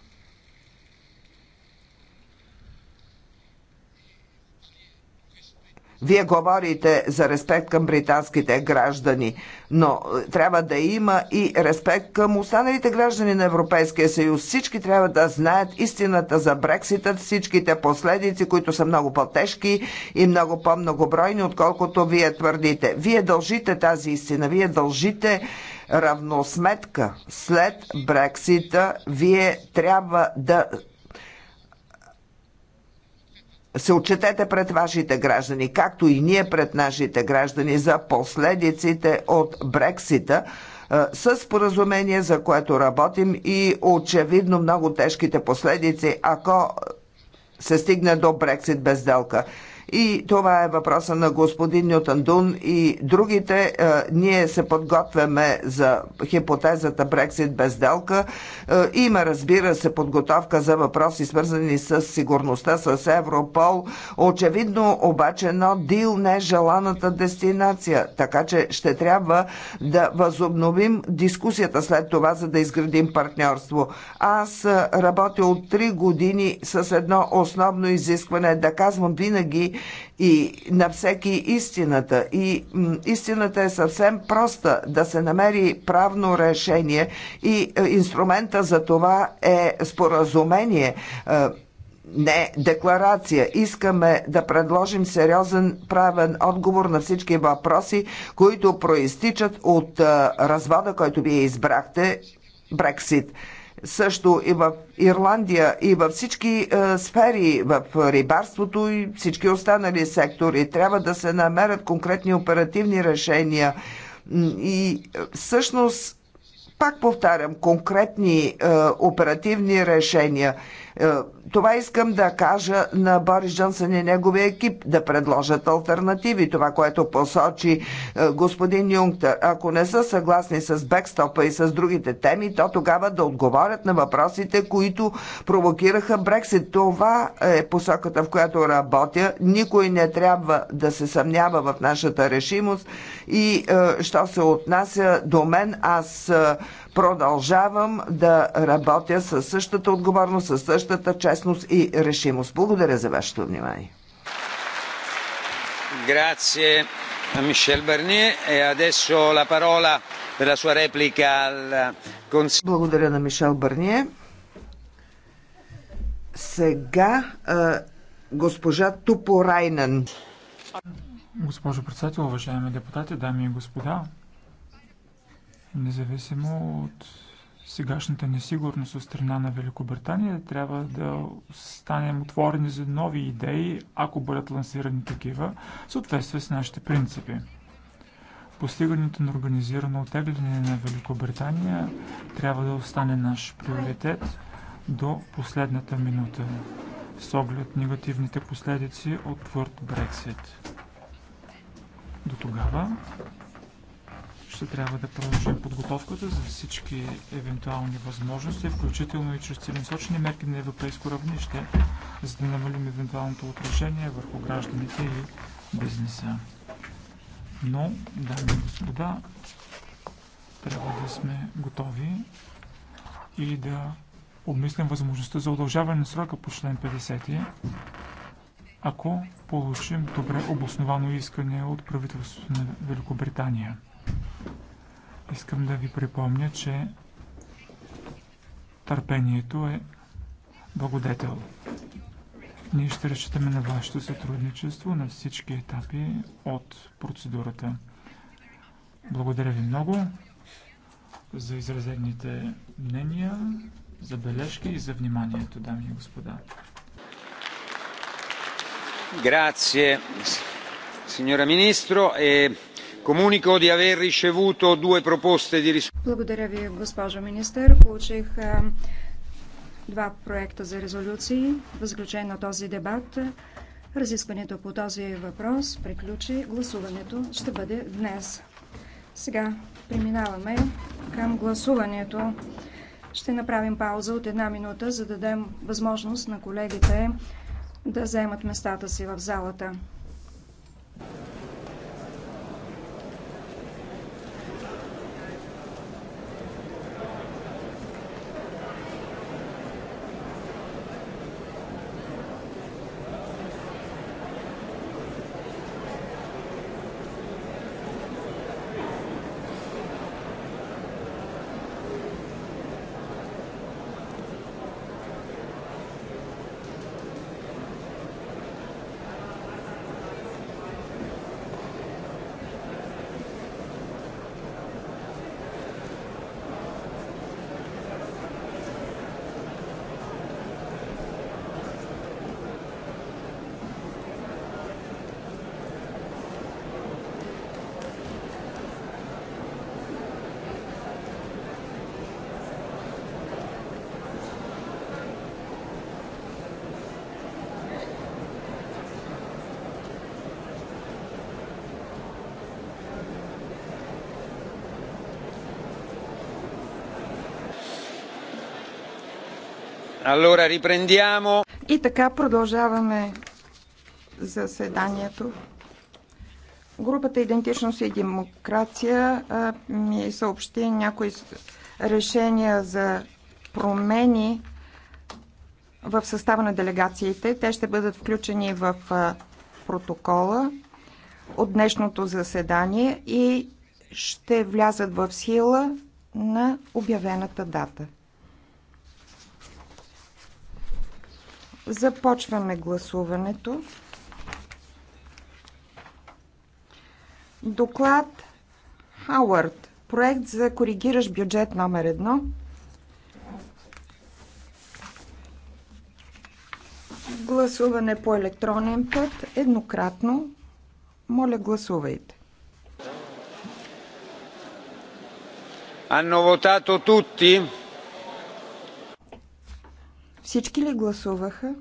Вие говорите за респект към британските граждани, но трябва да има и респект към останалите граждани на Европейския съюз. Всички трябва да знаят истината за Брексита, всичките последици, които са много по-тежки и много по-многобройни, отколкото вие твърдите. Вие дължите тази истина, вие дължите равносметка. След Брексита вие трябва да се отчетете пред вашите граждани, както и ние пред нашите граждани за последиците от Брексита с поразумение, за което работим и очевидно много тежките последици, ако се стигне до Брексит без делка. И това е въпроса на господин Нютон Дун и другите. Е, ние се подготвяме за хипотезата Брексит без делка. Е, има, разбира се, подготовка за въпроси, свързани с сигурността, с Европол. Очевидно, обаче, но дил не е желаната дестинация. Така че ще трябва да възобновим дискусията след това, за да изградим партньорство. Аз е, работя от 3 години с едно основно изискване да казвам винаги и на всеки истината. И истината е съвсем проста да се намери правно решение и е, инструмента за това е споразумение е, не декларация. Искаме да предложим сериозен правен отговор на всички въпроси, които проистичат от е, развода, който вие избрахте Брексит също и в Ирландия, и във всички е, сфери, в рибарството и всички останали сектори. Трябва да се намерят конкретни оперативни решения. И е, всъщност, пак повтарям, конкретни е, оперативни решения – е, това искам да кажа на Борис Джонсън и неговия екип да предложат альтернативи. Това, което посочи е, господин Юнктер. Ако не са съгласни с бекстопа и с другите теми, то тогава да отговорят на въпросите, които провокираха Брексит. Това е посоката, в която работя. Никой не трябва да се съмнява в нашата решимост. И е, що се отнася до мен, аз продължавам да работя със същата отговорност, със същата честност и решимост. Благодаря за вашето внимание. Grazie a Michel Barnier e adesso la parola per la sua replica al Consiglio. Благодаря на Мишел Барние. Сега госпожа Тупорайнен. Госпожо председател, уважаеми депутати, дами и господа, Независимо от сегашната несигурност от страна на Великобритания, трябва да станем отворени за нови идеи, ако бъдат лансирани такива, в съответствие с нашите принципи. Постигането на организирано отегляне на Великобритания трябва да остане наш приоритет до последната минута, с оглед негативните последици от твърд Брексит. До тогава ще трябва да продължим подготовката за всички евентуални възможности, включително и чрез целенасочени мерки на европейско равнище, за да намалим евентуалното отражение върху гражданите и бизнеса. Но, дами и господа, трябва да сме готови и да обмислим възможността за удължаване на срока по член 50, ако получим добре обосновано искане от правителството на Великобритания. Искам да ви припомня, че търпението е благодетел. Ние ще разчитаме на вашето сътрудничество на всички етапи от процедурата. Благодаря ви много за изразените мнения, за бележки и за вниманието, дами и господа. Grazie, signora Ministro. E... Comunico di aver ricevuto Благодаря ви, госпожо министър. Получих два проекта за резолюции. В заключение на този дебат разискването по този въпрос приключи. Гласуването ще бъде днес. Сега преминаваме към гласуването. Ще направим пауза от една минута, за да дадем възможност на колегите да заемат местата си в залата. Allora riprendiamo. И така продължаваме заседанието. Групата Идентичност и демокрация ми съобщи някои решения за промени в състава на делегациите. Те ще бъдат включени в протокола от днешното заседание и ще влязат в сила на обявената дата. Започваме гласуването. Доклад Хауърд. Проект за коригираш бюджет номер едно. Гласуване по електронен път еднократно. Моля, гласувайте. Hanno votato tutti? Всички ли гласуваха?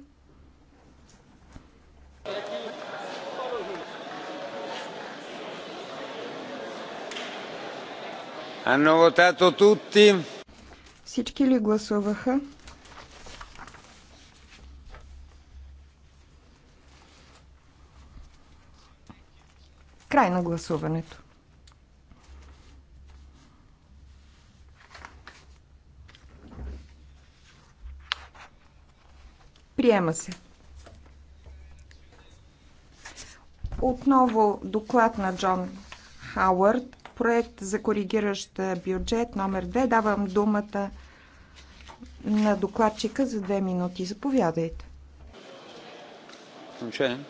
Hanno votato tutti? Всички ли гласуваха? Край на гласуването. Приема се. Отново доклад на Джон Хауърд, проект за коригиращ бюджет номер 2. Давам думата на докладчика за две минути. Заповядайте. Включен.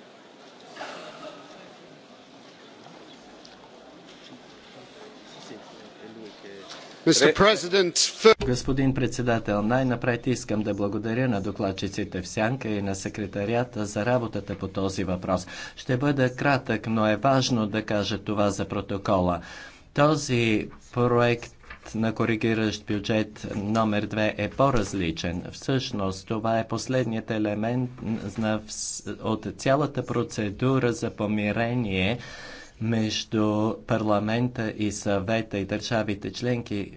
Господин председател, най-напред искам да благодаря на докладчиците в Сянка и на секретарията за работата по този въпрос. Ще бъда кратък, но е важно да кажа това за протокола. Този проект на коригиращ бюджет номер 2 е по-различен. Всъщност това е последният елемент от цялата процедура за помирение между парламента и съвета и държавите членки.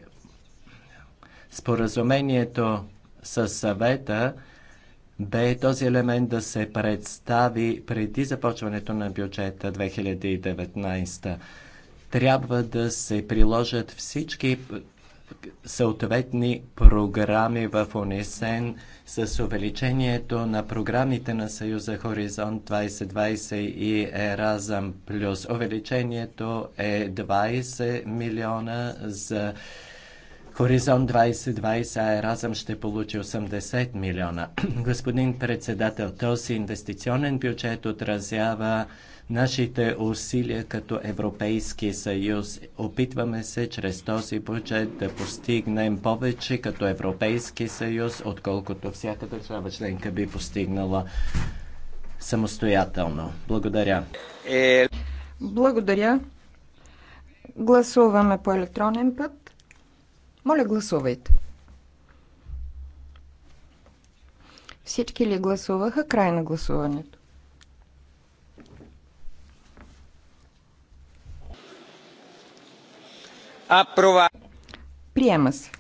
Споразумението с съвета бе този елемент да се представи преди започването на бюджета 2019. Трябва да се приложат всички съответни програми в Унисен с увеличението на програмите на Съюза Хоризонт 2020 и Еразъм Плюс. Увеличението е 20 милиона за Хоризонт 2020, а Еразъм ще получи 80 милиона. Господин председател, този инвестиционен бюджет отразява нашите усилия като Европейски съюз. Опитваме се чрез този бюджет да постигнем повече като Европейски съюз, отколкото всяка държава членка би постигнала самостоятелно. Благодаря. Е, Благодаря. Гласуваме по електронен път. Моля, гласувайте. Всички ли гласуваха край на гласуването? Апрова. Приема се.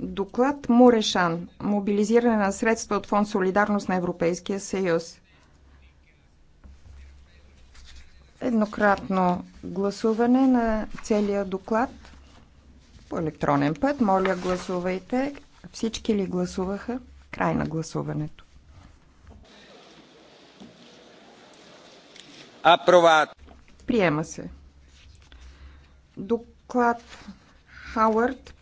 Доклад Мурешан. Мобилизиране на средства от Фонд Солидарност на Европейския съюз. Еднократно гласуване на целия доклад по електронен път. Моля, гласувайте. Всички ли гласуваха? Край на гласуването. Апроват. Приема се. Доклад Хауърд,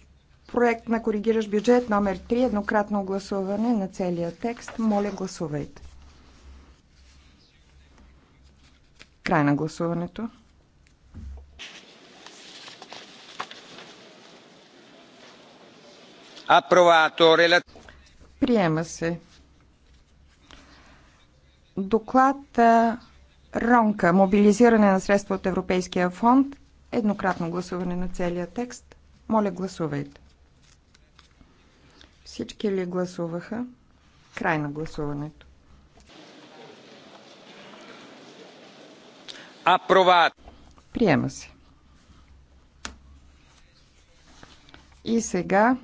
проект на коригиращ бюджет номер 3, еднократно гласуване на целия текст. Моля, гласувайте. Край на гласуването. Апровато. Приема се. Доклад Ронка. Мобилизиране на средства от Европейския фонд Еднократно гласуване на целия текст. Моля, гласувайте. Всички ли гласуваха? Край на гласуването. Апроват. Приема се. И сега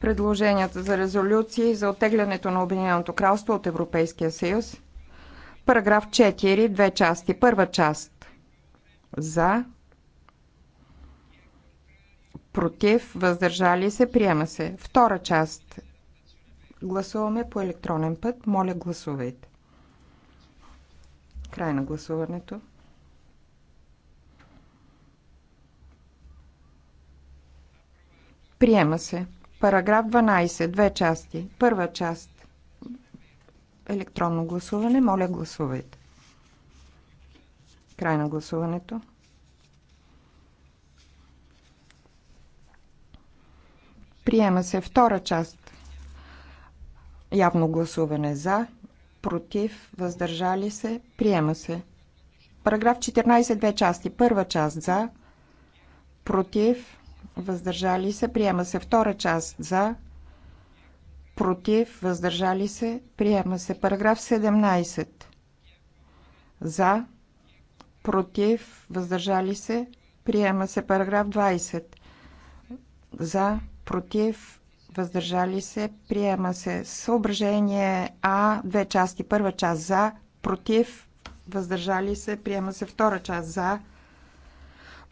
предложенията за резолюции за оттеглянето на Обединеното кралство от Европейския съюз – Параграф 4, две части. Първа част за, против, въздържали се, приема се. Втора част. Гласуваме по електронен път. Моля, гласувайте. Край на гласуването. Приема се. Параграф 12. Две части. Първа част електронно гласуване. Моля, гласувайте. Край на гласуването. Приема се втора част. Явно гласуване за, против, въздържали се. Приема се. Параграф 14, две части. Първа част за, против, въздържали се. Приема се втора част за, против, въздържали се, приема се. Параграф 17. За, против, въздържали се, приема се. Параграф 20. За, против, въздържали се, приема се. Съображение А, две части. Първа част за, против, въздържали се, приема се. Втора част за, против,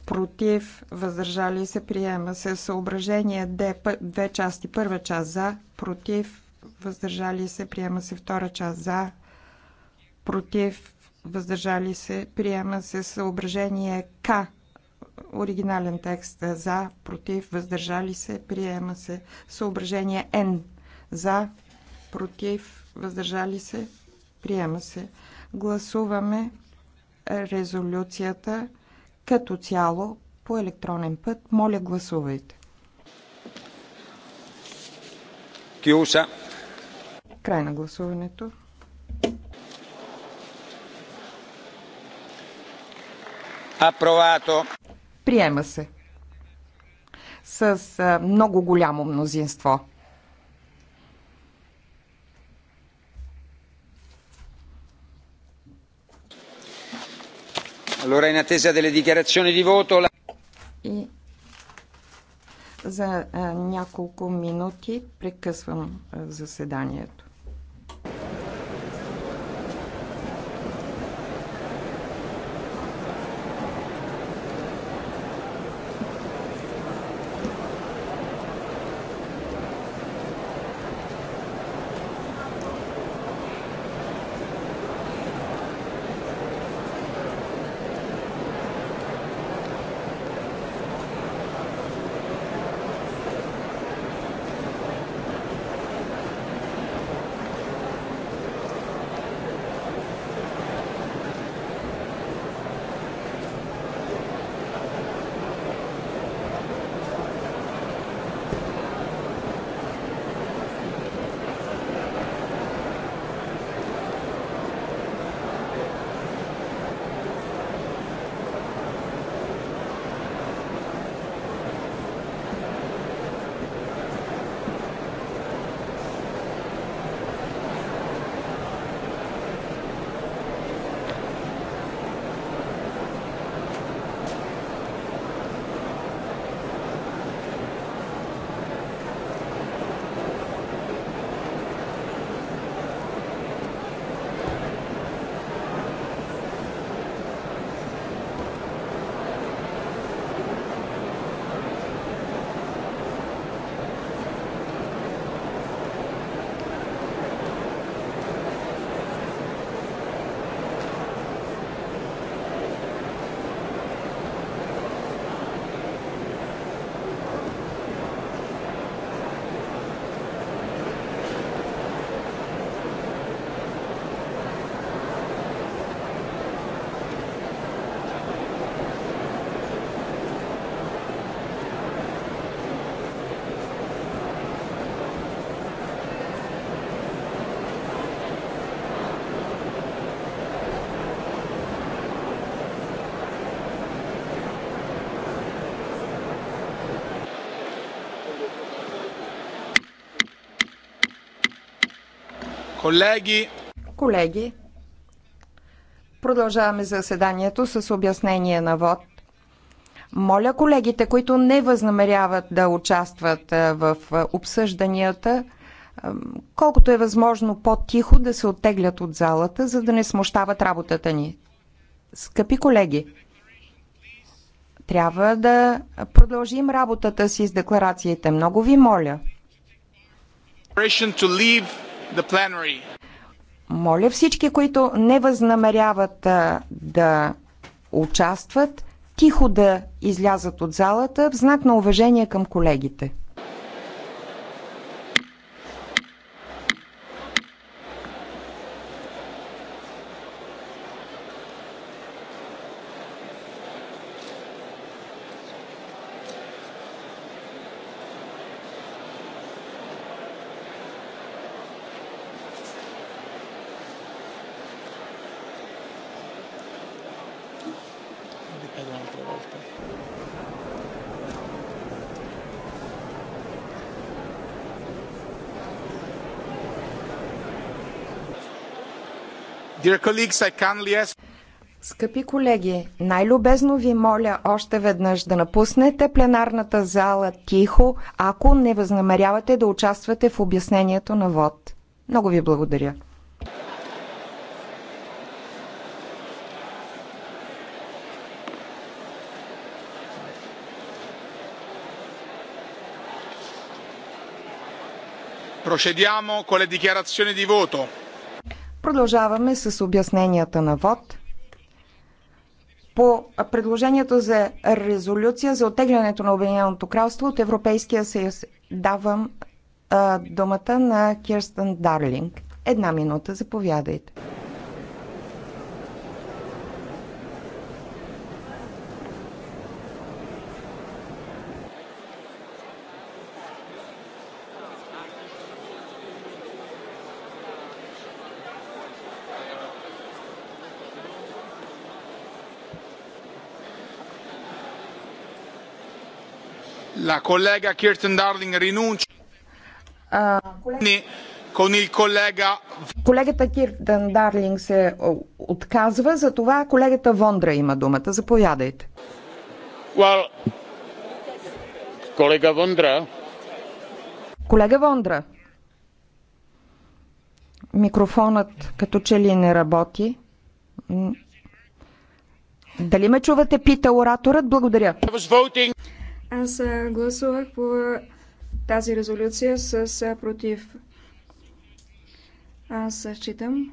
против, въздържали се, приема се. Съображение Д, две части. Първа част за, против, въздържали се, приема се. Втора част за, против, въздържали се, приема се. Съображение К, оригинален текст за, против, въздържали се, приема се. Съображение Н, за, против, въздържали се, приема се. Гласуваме резолюцията като цяло по електронен път. Моля, гласувайте. Кюша. Край на гласуването. Апровато. Приема се. С много голямо мнозинство. Allora, in attesa delle dichiarazioni di voto... La... И за няколко минути прекъсвам заседанието. Колеги! Колеги, продължаваме заседанието с обяснение на ВОД. Моля колегите, които не възнамеряват да участват в обсъжданията, колкото е възможно по-тихо да се оттеглят от залата, за да не смущават работата ни. Скъпи колеги, трябва да продължим работата си с декларациите. Много ви моля. Моля всички, които не възнамеряват да участват, тихо да излязат от залата в знак на уважение към колегите. Скъпи колеги, най-любезно ви моля още веднъж да напуснете пленарната зала тихо, ако не възнамерявате да участвате в обяснението на вод. Много ви благодаря. Procediamo con le dichiarazioni di voto. Продължаваме с обясненията на ВОД по предложението за резолюция за оттеглянето на Обединеното кралство от Европейския съюз. Давам а, думата на Кирстен Дарлинг. Една минута, заповядайте. La collega Kirsten Darling rinuncia. il collega Колегата Киртен Дарлинг се отказва, за това, колегата Вондра има думата. Заповядайте. Well, колега Вондра. Колега Вондра. Микрофонът като че ли не работи. Дали ме чувате, пита ораторът. Благодаря. Аз гласувах по тази резолюция с против. Аз считам,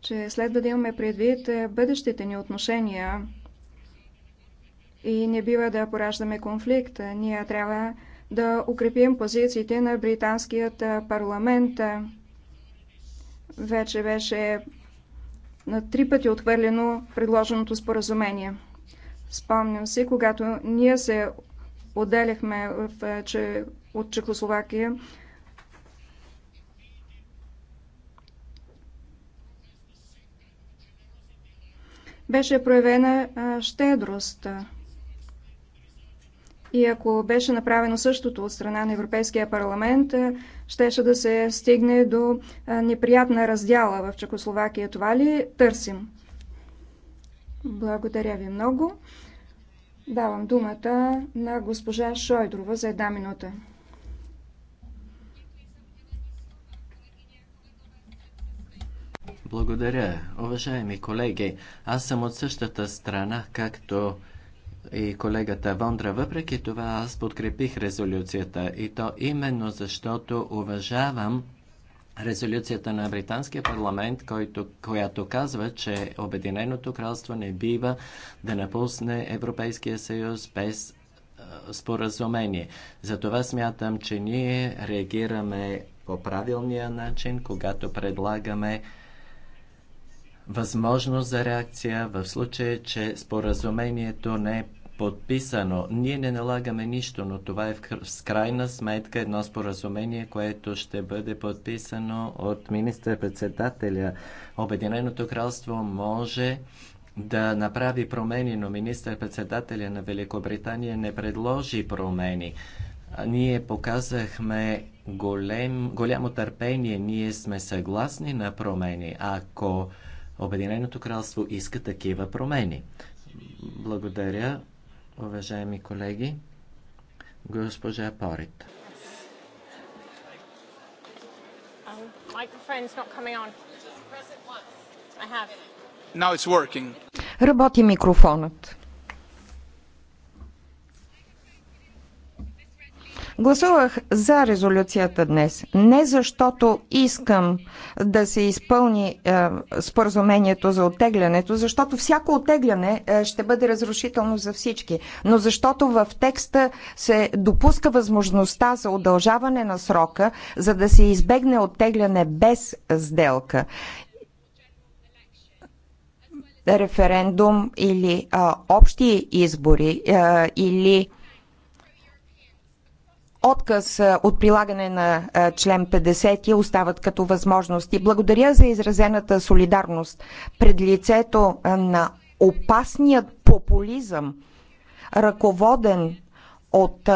че следва да имаме предвид бъдещите ни отношения и не бива да пораждаме конфликт. Ние трябва да укрепим позициите на британският парламент. Вече беше на три пъти отхвърлено предложеното споразумение. Спомням си, когато ние се отделяхме в, е, че, от Чехословакия. Беше проявена е, щедрост. И ако беше направено същото от страна на Европейския парламент, е, щеше да се стигне до неприятна раздяла в Чехословакия. Това ли търсим? Благодаря ви много. Давам думата на госпожа Шойдрова за една минута. Благодаря. Уважаеми колеги, аз съм от същата страна, както и колегата Вондра. Въпреки това аз подкрепих резолюцията и то именно защото уважавам резолюцията на Британския парламент, който, която казва, че Обединеното кралство не бива да напусне Европейския съюз без споразумение. Затова смятам, че ние реагираме по правилния начин, когато предлагаме възможност за реакция в случай, че споразумението не е подписано. Ние не налагаме нищо, но това е в крайна сметка едно споразумение, което ще бъде подписано от министър-председателя. Обединеното кралство може да направи промени, но министър-председателя на Великобритания не предложи промени. Ние показахме голем, голямо търпение, ние сме съгласни на промени, ако Обединеното кралство иска такива промени. Благодаря уважаеми колеги, госпожа Порит. Um, Работи микрофонът. Гласувах за резолюцията днес, не защото искам да се изпълни е, споразумението за оттеглянето, защото всяко оттегляне е, ще бъде разрушително за всички, но защото в текста се допуска възможността за удължаване на срока, за да се избегне оттегляне без сделка референдум или а, общи избори а, или отказ от прилагане на член 50 остават като възможности. Благодаря за изразената солидарност пред лицето на опасният популизъм, ръководен от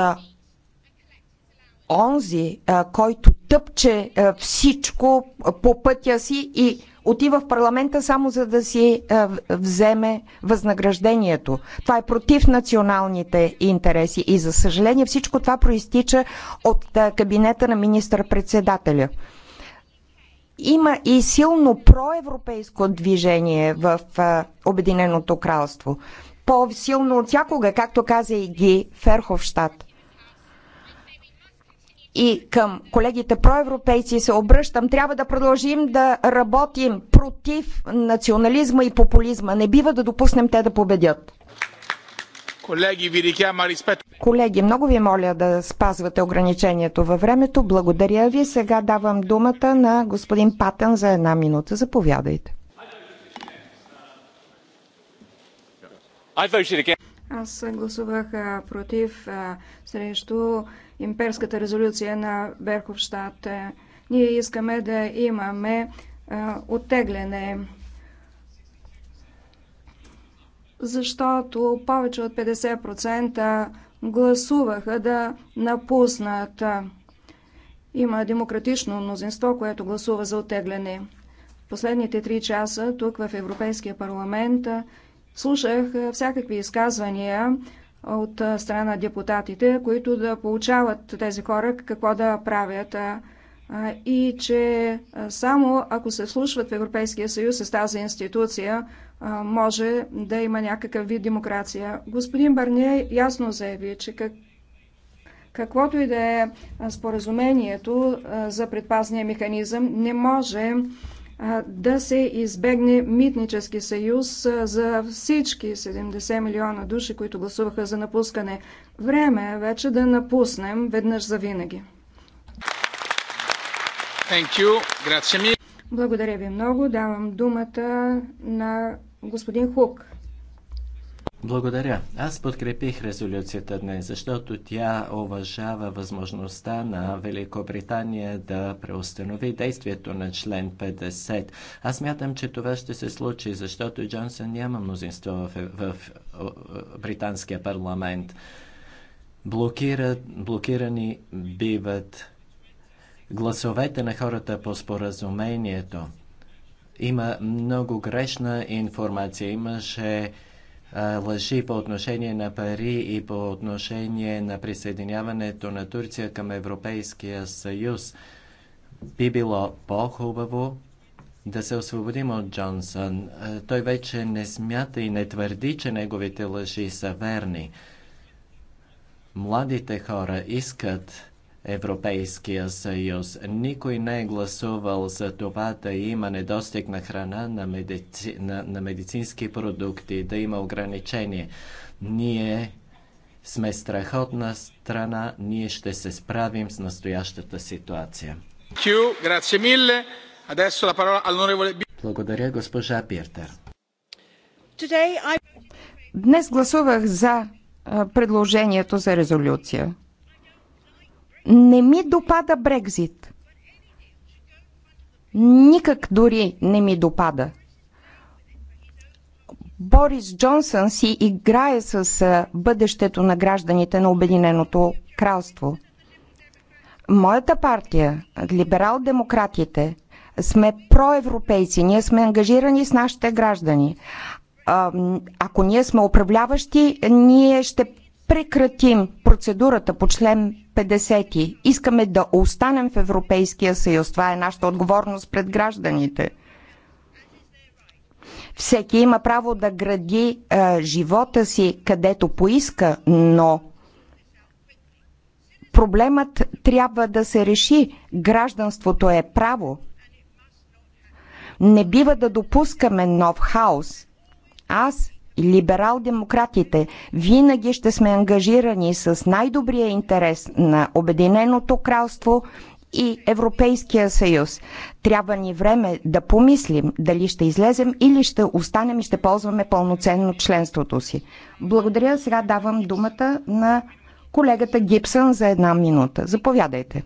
онзи, който тъпче всичко по пътя си и отива в парламента само за да си вземе възнаграждението. Това е против националните интереси и за съжаление всичко това проистича от кабинета на министър-председателя. Има и силно проевропейско движение в Обединеното кралство. По-силно от всякога, както каза и Ги Ферховщад. И към колегите проевропейци се обръщам. Трябва да продължим да работим против национализма и популизма. Не бива да допуснем те да победят. Колеги, ви Колеги, много ви моля да спазвате ограничението във времето. Благодаря ви. Сега давам думата на господин Патън за една минута. Заповядайте. Аз гласувах против срещу имперската резолюция на Берховщад. Ние искаме да имаме оттегляне, защото повече от 50% гласуваха да напуснат. Има демократично мнозинство, което гласува за оттегляне. Последните три часа тук в Европейския парламент слушах всякакви изказвания от страна на депутатите, които да получават тези хора какво да правят. И че само ако се слушват в Европейския съюз с тази институция, може да има някакъв вид демокрация. Господин Барние ясно заяви, че как каквото и да е споразумението за предпазния механизъм, не може да се избегне митнически съюз за всички 70 милиона души, които гласуваха за напускане. Време е вече да напуснем веднъж за винаги. Благодаря ви много. Давам думата на господин Хук. Благодаря. Аз подкрепих резолюцията днес, защото тя уважава възможността на Великобритания да преустанови действието на член 50. Аз мятам, че това ще се случи, защото Джонсън няма мнозинство в, в, в британския парламент. Блокира, блокирани биват гласовете на хората по споразумението. Има много грешна информация. Имаше лъжи по отношение на пари и по отношение на присъединяването на Турция към Европейския съюз. Би било по-хубаво да се освободим от Джонсън. Той вече не смята и не твърди, че неговите лъжи са верни. Младите хора искат Европейския съюз. Никой не е гласувал за това да има недостиг на храна, на, медици... на, на медицински продукти, да има ограничение. Ние сме страхотна страна, ние ще се справим с настоящата ситуация. Благодаря, госпожа Пиртер. Днес гласувах за предложението за резолюция. Не ми допада Брекзит. Никак дори не ми допада. Борис Джонсън си играе с бъдещето на гражданите на Обединеното кралство. Моята партия, либерал-демократите, сме проевропейци, ние сме ангажирани с нашите граждани. Ако ние сме управляващи, ние ще прекратим процедурата по член 50. Искаме да останем в Европейския съюз. Това е нашата отговорност пред гражданите. Всеки има право да гради е, живота си където поиска, но проблемът трябва да се реши. Гражданството е право. Не бива да допускаме нов хаос. Аз либерал-демократите винаги ще сме ангажирани с най-добрия интерес на Обединеното кралство и Европейския съюз. Трябва ни време да помислим дали ще излезем или ще останем и ще ползваме пълноценно членството си. Благодаря. Сега давам думата на колегата Гибсън за една минута. Заповядайте.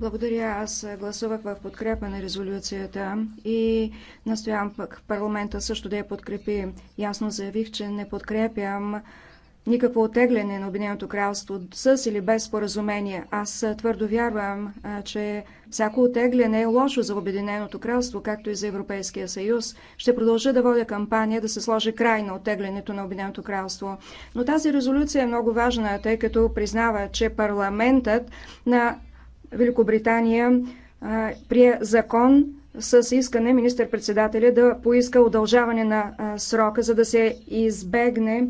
Благодаря. Аз гласувах в подкрепа на резолюцията и настоявам пък парламента също да я подкрепи. Ясно заявих, че не подкрепям никакво отегляне на Обединеното кралство с или без споразумение. Аз твърдо вярвам, че всяко отегляне е лошо за Обединеното кралство, както и за Европейския съюз. Ще продължа да водя кампания да се сложи край на отеглянето на Обединеното кралство. Но тази резолюция е много важна, тъй като признава, че парламентът на Великобритания прие закон с искане министър-председателя да поиска удължаване на срока, за да се избегне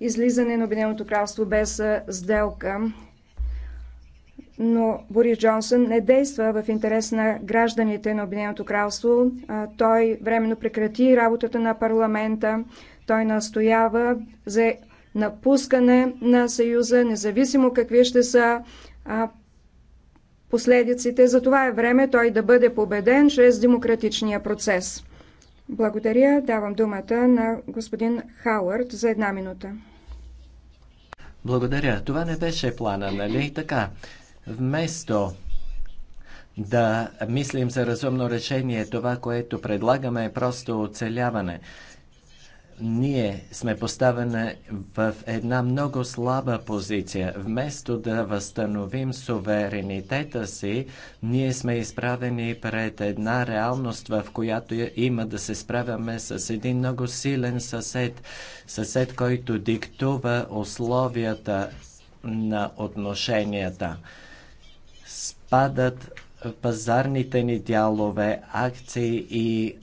излизане на Обединеното кралство без сделка. Но Борис Джонсън не действа в интерес на гражданите на Обединеното кралство. Той временно прекрати работата на парламента. Той настоява за напускане на Съюза, независимо какви ще са последиците. Затова е време той да бъде победен чрез демократичния процес. Благодаря. Давам думата на господин Хауърд за една минута. Благодаря. Това не беше плана, нали? Така, вместо да мислим за разумно решение, това, което предлагаме е просто оцеляване ние сме поставени в една много слаба позиция. Вместо да възстановим суверенитета си, ние сме изправени пред една реалност, в която има да се справяме с един много силен съсед. Съсед, който диктува условията на отношенията. Спадат пазарните ни дялове, акции и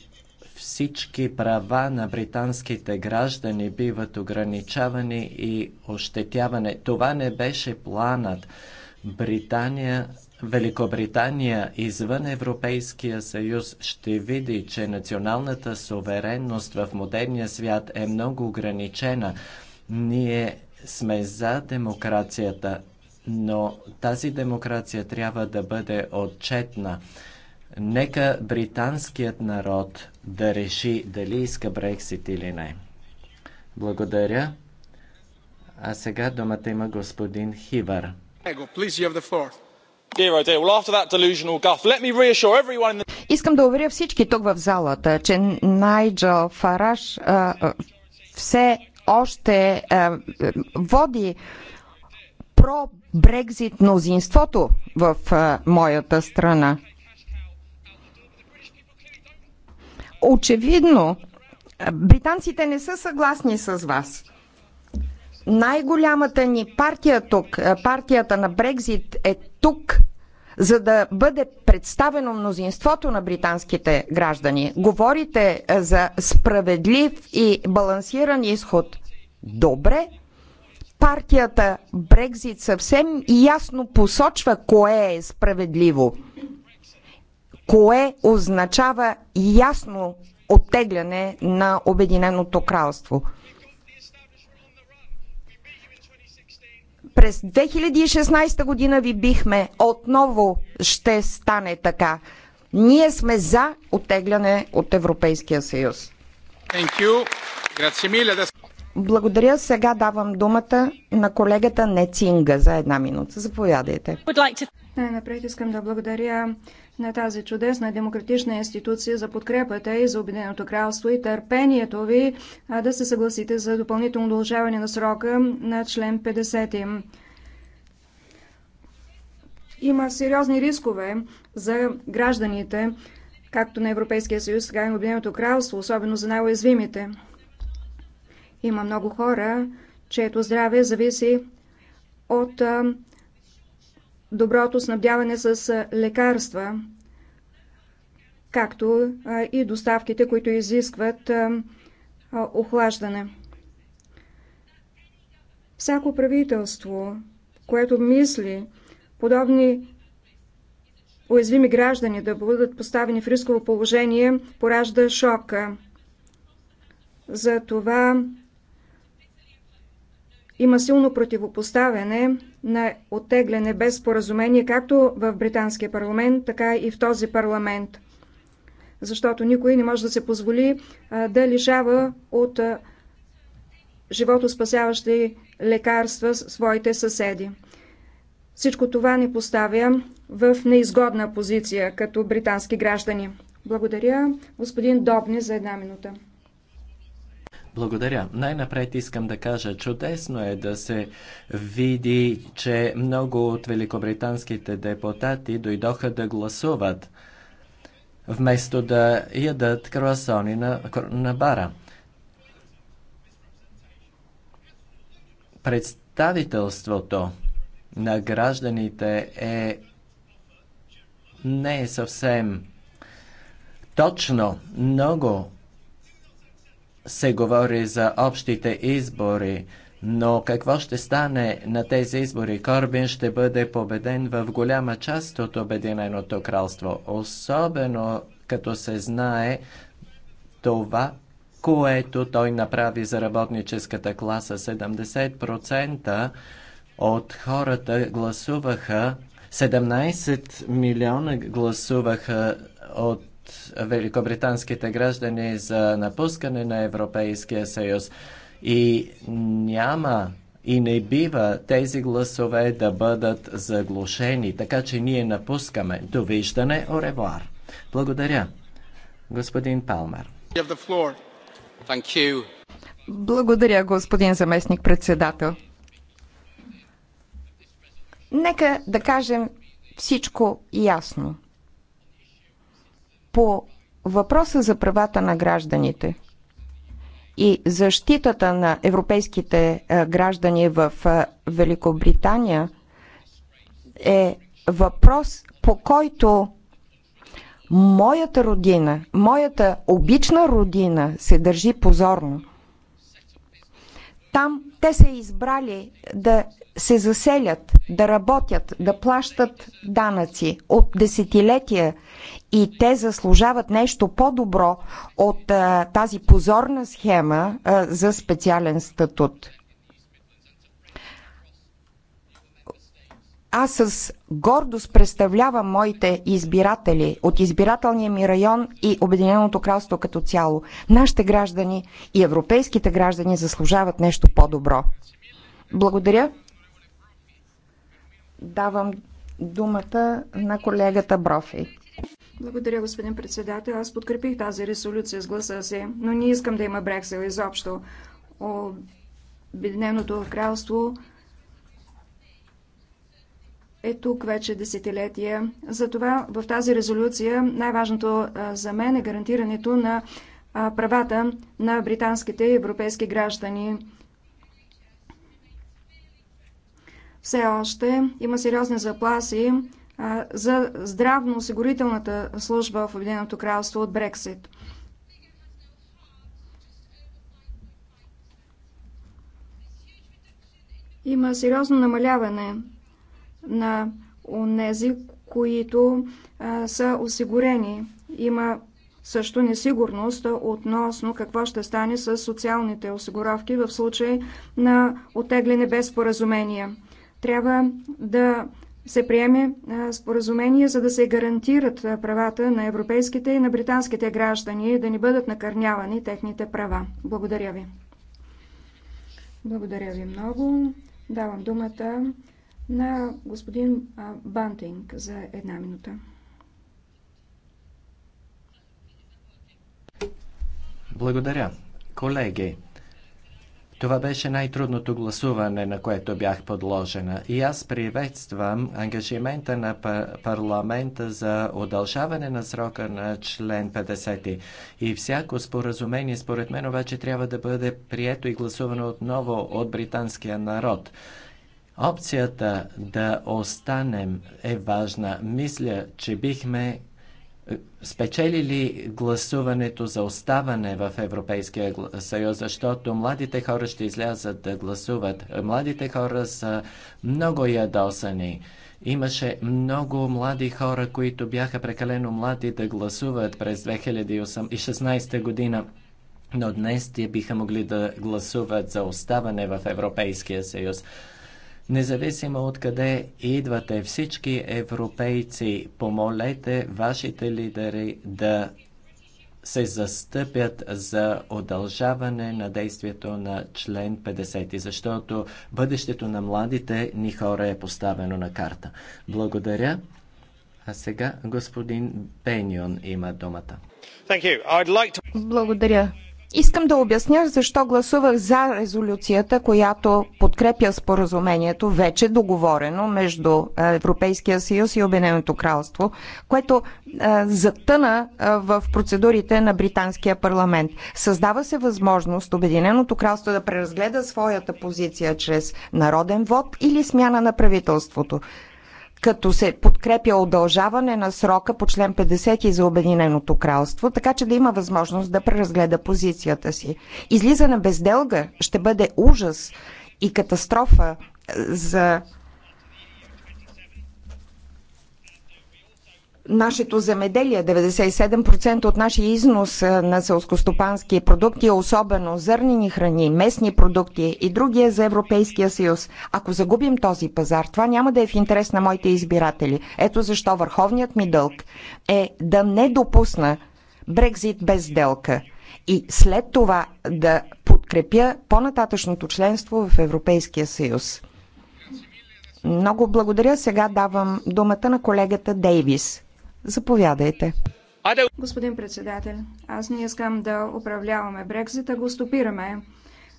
всички права на британските граждани биват ограничавани и ощетяване. Това не беше планът. Британия Великобритания извън Европейския съюз ще види, че националната суверенност в модерния свят е много ограничена. Ние сме за демокрацията, но тази демокрация трябва да бъде отчетна. Нека британският народ да реши дали иска Брексит или не. Благодаря. А сега думата има господин Хивър. Искам да уверя всички тук в залата, че Найджел Фараш а, все още а, води про-Брекзит мнозинството в а, моята страна. Очевидно, британците не са съгласни с вас. Най-голямата ни партия тук, е, партията на Брекзит е тук, за да бъде представено мнозинството на британските граждани. Говорите е, за справедлив и балансиран изход. Добре, партията Брекзит съвсем ясно посочва кое е справедливо – кое означава ясно оттегляне на Обединеното кралство. През 2016 година ви бихме, отново ще стане така. Ние сме за оттегляне от Европейския съюз. Благодаря. Сега давам думата на колегата Нецинга за една минута. Заповядайте. Най-напред искам да благодаря на тази чудесна демократична институция за подкрепата и за Обединеното кралство и търпението ви да се съгласите за допълнително удължаване на срока на член 50. Има сериозни рискове за гражданите, както на Европейския съюз, така и на Обединеното кралство, особено за най-уязвимите. Има много хора, чието здраве зависи от а, доброто снабдяване с лекарства, както и доставките, които изискват охлаждане. Всяко правителство, което мисли подобни уязвими граждани да бъдат поставени в рисково положение, поражда шока. това. Има силно противопоставяне на оттегляне без споразумение както в британския парламент, така и в този парламент. Защото никой не може да се позволи да лишава от животоспасяващи лекарства своите съседи. Всичко това ни поставя в неизгодна позиция като британски граждани. Благодаря господин Добни за една минута. Благодаря. Най-напред искам да кажа, чудесно е да се види, че много от великобританските депутати дойдоха да гласуват, вместо да ядат круасони на, на бара. Представителството на гражданите е не е съвсем точно. Много се говори за общите избори, но какво ще стане на тези избори? Корбин ще бъде победен в голяма част от Обединеното кралство, особено като се знае това, което той направи за работническата класа. 70% от хората гласуваха, 17 милиона гласуваха от великобританските граждани за напускане на Европейския съюз. И няма и не бива тези гласове да бъдат заглушени, така че ние напускаме. Довиждане, Оревуар. Благодаря. Господин Палмер. Благодаря, господин заместник председател. Нека да кажем всичко ясно по въпроса за правата на гражданите и защитата на европейските е, граждани в е, Великобритания е въпрос, по който моята родина, моята обична родина се държи позорно. Там те са избрали да се заселят, да работят, да плащат данъци от десетилетия и те заслужават нещо по-добро от а, тази позорна схема а, за специален статут. аз с гордост представлявам моите избиратели от избирателния ми район и Обединеното кралство като цяло. Нашите граждани и европейските граждани заслужават нещо по-добро. Благодаря. Давам думата на колегата Брофи. Благодаря, господин председател. Аз подкрепих тази резолюция с гласа си, но не искам да има Брексел изобщо. Обединеното кралство е тук вече десетилетия. Затова в тази резолюция най-важното за мен е гарантирането на правата на британските и европейски граждани. Все още има сериозни запласи за здравно-осигурителната служба в Обединеното кралство от Брексит. Има сериозно намаляване на онези, които а, са осигурени. Има също несигурност относно какво ще стане с социалните осигуровки в случай на отегляне без споразумение. Трябва да се приеме споразумение, за да се гарантират правата на европейските и на британските граждани да не бъдат накърнявани техните права. Благодаря ви. Благодаря ви много. Давам думата на господин Бантинг за една минута. Благодаря. Колеги, това беше най-трудното гласуване, на което бях подложена. И аз приветствам ангажимента на парламента за удължаване на срока на член 50. И всяко споразумение, според мен, обаче трябва да бъде прието и гласувано отново от британския народ. Опцията да останем е важна. Мисля, че бихме е, спечелили гласуването за оставане в Европейския съюз, защото младите хора ще излязат да гласуват. Младите хора са много ядосани. Имаше много млади хора, които бяха прекалено млади да гласуват през 2016 година, но днес те биха могли да гласуват за оставане в Европейския съюз. Независимо откъде идвате, всички европейци, помолете вашите лидери да се застъпят за удължаване на действието на член 50, защото бъдещето на младите ни хора е поставено на карта. Благодаря. А сега господин Пенион има думата. Благодаря. Искам да обясня защо гласувах за резолюцията, която подкрепя споразумението, вече договорено между Европейския съюз и Обединеното кралство, което затъна в процедурите на британския парламент. Създава се възможност Обединеното кралство да преразгледа своята позиция чрез народен вод или смяна на правителството като се подкрепя удължаване на срока по член 50 и за Обединеното кралство, така че да има възможност да преразгледа позицията си. Излизане без делга ще бъде ужас и катастрофа за нашето земеделие, 97% от нашия износ на селскостопански продукти, особено зърнени храни, местни продукти и другия е за Европейския съюз. Ако загубим този пазар, това няма да е в интерес на моите избиратели. Ето защо върховният ми дълг е да не допусна Брекзит без сделка и след това да подкрепя по-нататъчното членство в Европейския съюз. Много благодаря. Сега давам думата на колегата Дейвис. Заповядайте. Господин председател, аз не искам да управляваме Брекзита, го стопираме.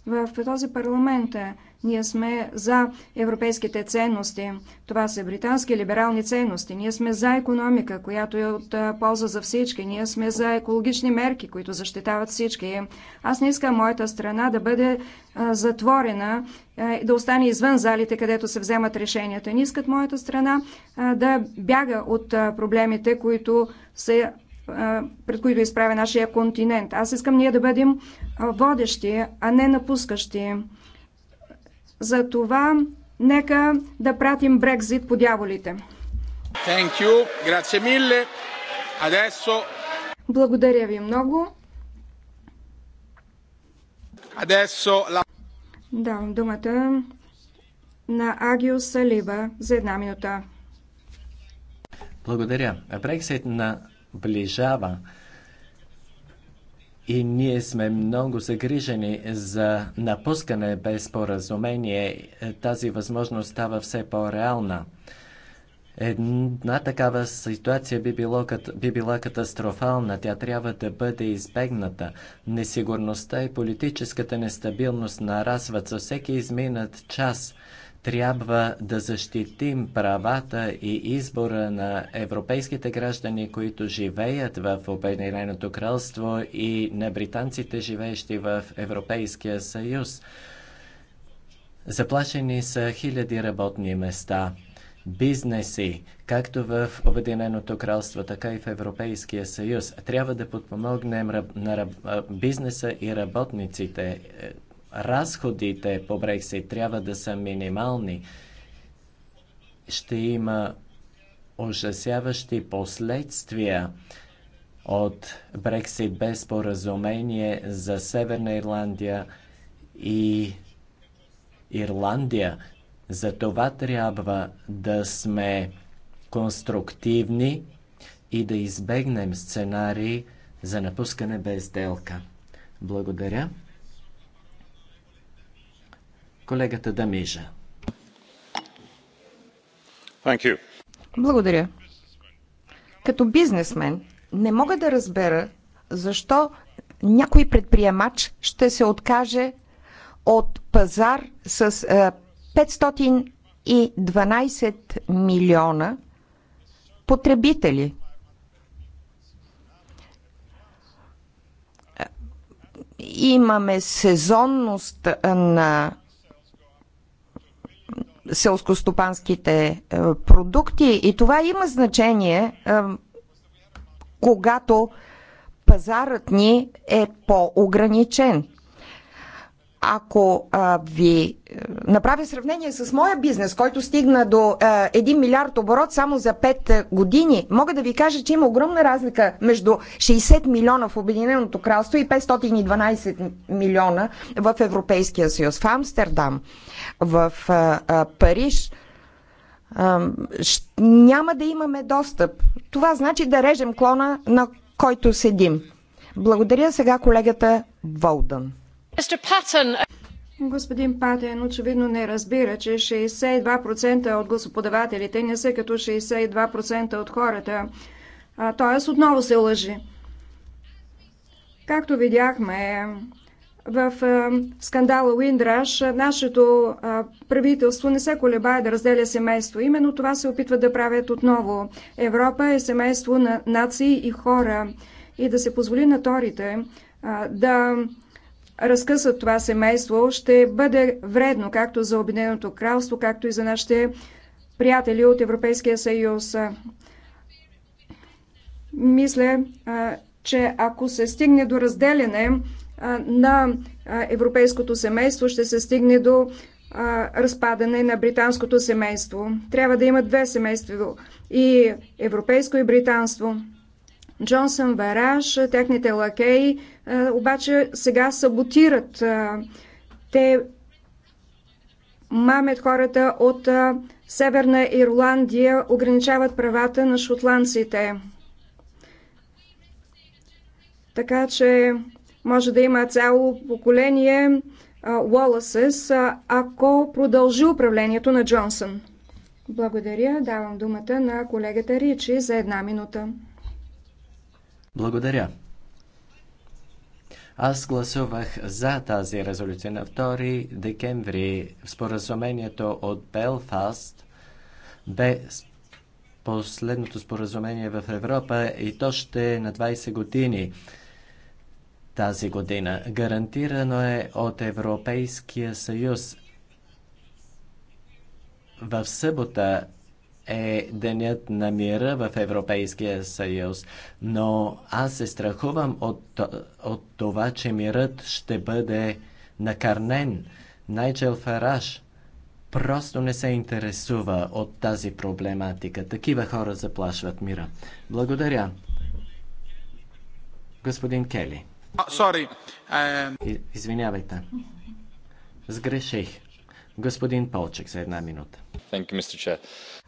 В този парламент е, ние сме за европейските ценности. Това са британски либерални ценности. Ние сме за економика, която е от е, полза за всички. Ние сме за екологични мерки, които защитават всички. Аз не искам моята страна да бъде е, затворена, да остане извън залите, където се вземат решенията. Не искат моята страна да бяга от проблемите, които се пред които изправя нашия континент. Аз искам ние да бъдем водещи, а не напускащи. За това нека да пратим Брекзит по дяволите. Thank you. Grazie mille. Adesso... Благодаря ви много. Adesso la... Давам думата на Агио Салиба за една минута. Благодаря. Брексит на приближава. И ние сме много загрижени за напускане без споразумение. Тази възможност става все по-реална. Една такава ситуация би, било, би била катастрофална. Тя трябва да бъде избегната. Несигурността и политическата нестабилност нарастват за всеки изминат час – трябва да защитим правата и избора на европейските граждани, които живеят в Обединеното кралство и на британците, живеещи в Европейския съюз. Заплашени са хиляди работни места, бизнеси, както в Обединеното кралство, така и в Европейския съюз. Трябва да подпомогнем на бизнеса и работниците разходите по Брексит трябва да са минимални. Ще има ужасяващи последствия от Брексит без споразумение за Северна Ирландия и Ирландия. За това трябва да сме конструктивни и да избегнем сценарии за напускане без делка. Благодаря. Колегата Дамежа. Благодаря. Като бизнесмен не мога да разбера защо някой предприемач ще се откаже от пазар с 512 е, милиона потребители. Е, имаме сезонност на селскостопанските е, продукти и това има значение, е, когато пазарът ни е по-ограничен. Ако а, ви е, направя сравнение с моя бизнес, който стигна до а, е, 1 милиард оборот само за 5 е, години, мога да ви кажа, че има огромна разлика между 60 милиона в Обединеното кралство и 512 милиона в Европейския съюз. В Амстердам, в а, а, Париж а, няма да имаме достъп. Това значи да режем клона, на който седим. Благодаря сега колегата Волдън. Uh, Господин Патен очевидно не разбира, че 62% от гласоподавателите не са като 62% от хората. Т.е. отново се лъжи. Както видяхме в скандала Уиндраш, нашето правителство не се колебае да разделя семейство. Именно това се опитва да правят отново. Европа е семейство на нации и хора. И да се позволи на торите да разкъсат това семейство, ще бъде вредно както за Обединеното кралство, както и за нашите приятели от Европейския съюз. Мисля, че ако се стигне до разделяне на европейското семейство, ще се стигне до разпадане на британското семейство. Трябва да има две семейства и европейско и британство. Джонсън Бараш, техните лакеи, е, обаче сега саботират. Е, те мамят хората от е, Северна Ирландия, ограничават правата на шотландците. Така че може да има цяло поколение Уоласес, ако продължи управлението на Джонсън. Благодаря. Давам думата на колегата Ричи за една минута. Благодаря. Аз гласувах за тази резолюция на 2 декември. Споразумението от Белфаст бе последното споразумение в Европа и то ще е на 20 години тази година. Гарантирано е от Европейския съюз. В събота е денят на мира в Европейския съюз, но аз се страхувам от, от това, че мирът ще бъде накарнен. Найджел Фараш просто не се интересува от тази проблематика. Такива хора заплашват мира. Благодаря. Господин Кели. Sorry. Извинявайте. Сгреших. Господин Полчек за една минута.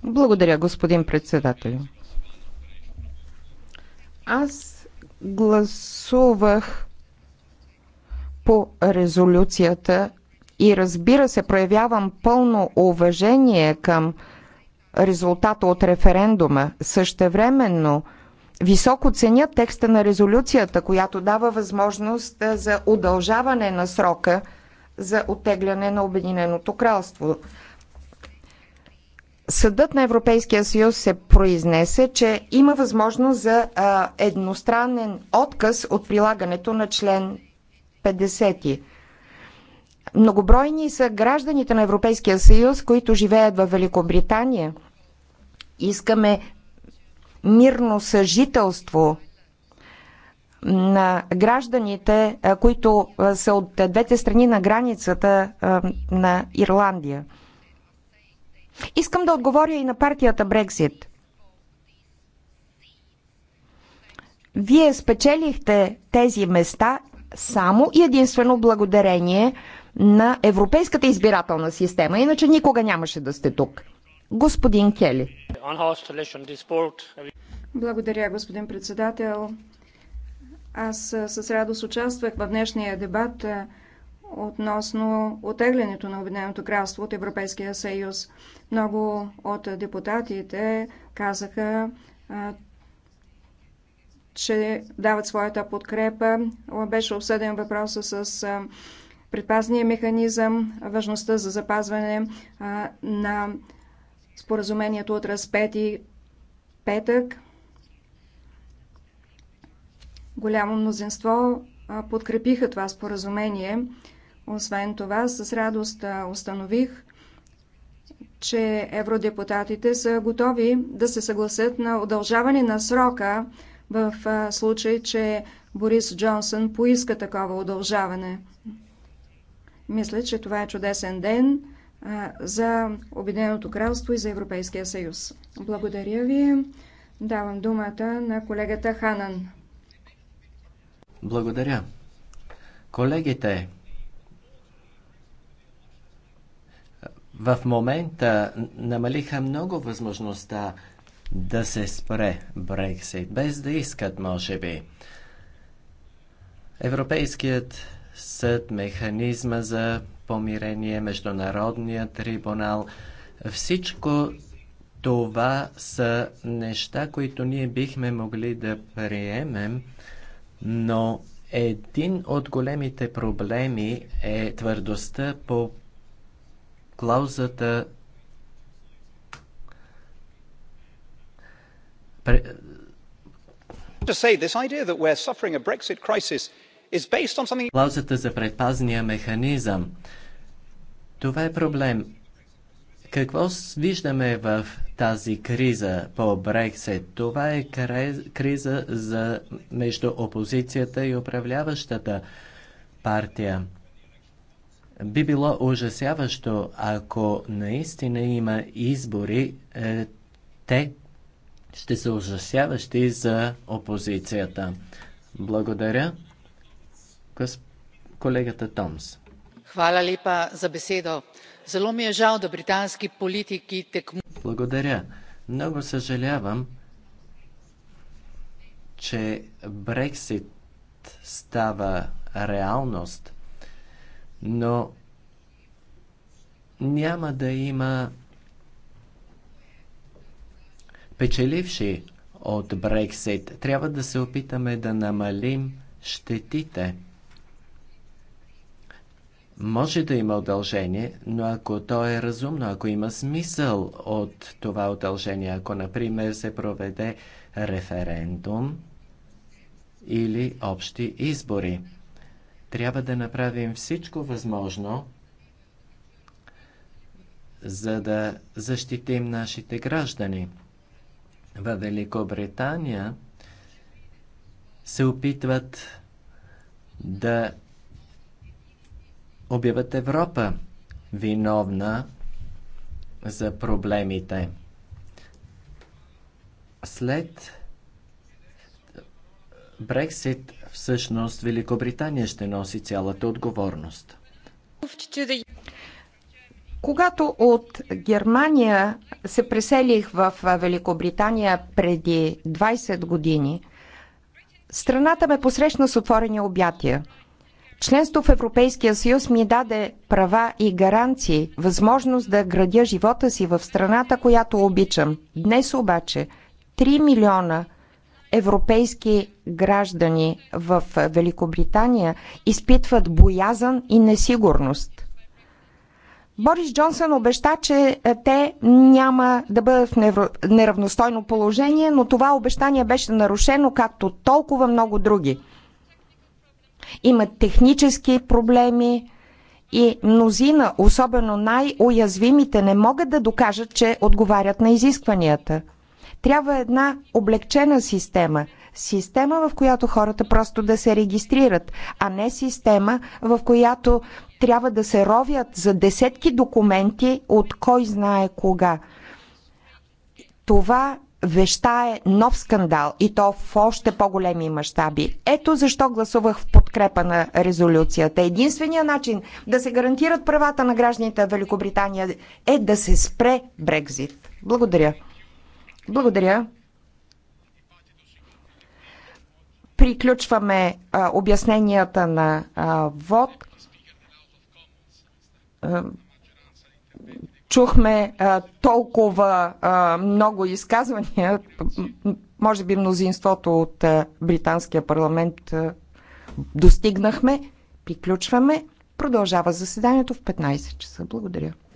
Благодаря, господин председател. Аз гласувах по резолюцията и разбира се, проявявам пълно уважение към резултата от референдума. Същевременно високо ценя текста на резолюцията, която дава възможност за удължаване на срока за оттегляне на Обединеното кралство. Съдът на Европейския съюз се произнесе, че има възможност за а, едностранен отказ от прилагането на член 50. Многобройни са гражданите на Европейския съюз, които живеят в Великобритания. Искаме мирно съжителство на гражданите, които са от двете страни на границата на Ирландия. Искам да отговоря и на партията Брекзит. Вие спечелихте тези места само и единствено благодарение на Европейската избирателна система, иначе никога нямаше да сте тук. Господин Кели. Благодаря, господин председател. Аз с радост участвах в днешния дебат относно отеглянето на Обединеното кралство от Европейския съюз. Много от депутатите казаха, че дават своята подкрепа. Беше обсъден въпроса с предпазния механизъм, важността за запазване на споразумението от разпети петък. Голямо мнозинство подкрепиха това споразумение. Освен това, с радост установих, че евродепутатите са готови да се съгласят на удължаване на срока в случай, че Борис Джонсън поиска такова удължаване. Мисля, че това е чудесен ден за Обединеното кралство и за Европейския съюз. Благодаря ви. Давам думата на колегата Ханан. Благодаря. Колегите в момента намалиха много възможността да се спре Брексит, без да искат, може би. Европейският съд, механизма за помирение, Международният трибунал, всичко това са неща, които ние бихме могли да приемем, но един от големите проблеми е твърдостта по клаузата Клаузата за предпазния механизъм. Това е проблем. Какво виждаме в тази криза по Брексит? Това е криза за между опозицията и управляващата партия. Би било ужасяващо, ако наистина има избори, е, те ще са ужасяващи за опозицията. Благодаря. Колегата Томс. Хвала lepa за беседо. Зело ми е жал да британски политики tekmujejo. Благодаря. Много съжалявам, че Брексит става реалност – но няма да има печеливши от Брексит. Трябва да се опитаме да намалим щетите. Може да има удължение, но ако то е разумно, ако има смисъл от това удължение, ако, например, се проведе референдум или общи избори. Трябва да направим всичко възможно, за да защитим нашите граждани. В Великобритания се опитват да обяват Европа виновна за проблемите. След Брексит всъщност Великобритания ще носи цялата отговорност. Когато от Германия се преселих в Великобритания преди 20 години, страната ме посрещна с отворени обятия. Членство в Европейския съюз ми даде права и гаранции, възможност да градя живота си в страната, която обичам. Днес обаче 3 милиона – европейски граждани в Великобритания изпитват боязън и несигурност. Борис Джонсън обеща, че е, те няма да бъдат в неравностойно положение, но това обещание беше нарушено, както толкова много други. Имат технически проблеми и мнозина, особено най-уязвимите, не могат да докажат, че отговарят на изискванията – трябва една облегчена система. Система, в която хората просто да се регистрират, а не система, в която трябва да се ровят за десетки документи от кой знае кога. Това веща е нов скандал и то в още по-големи мащаби. Ето защо гласувах в подкрепа на резолюцията. Единственият начин да се гарантират правата на гражданите в Великобритания е да се спре Брекзит. Благодаря. Благодаря. Приключваме а, обясненията на а, ВОД. А, чухме а, толкова а, много изказвания. Може би мнозинството от а, британския парламент а, достигнахме. Приключваме. Продължава заседанието в 15 часа. Благодаря.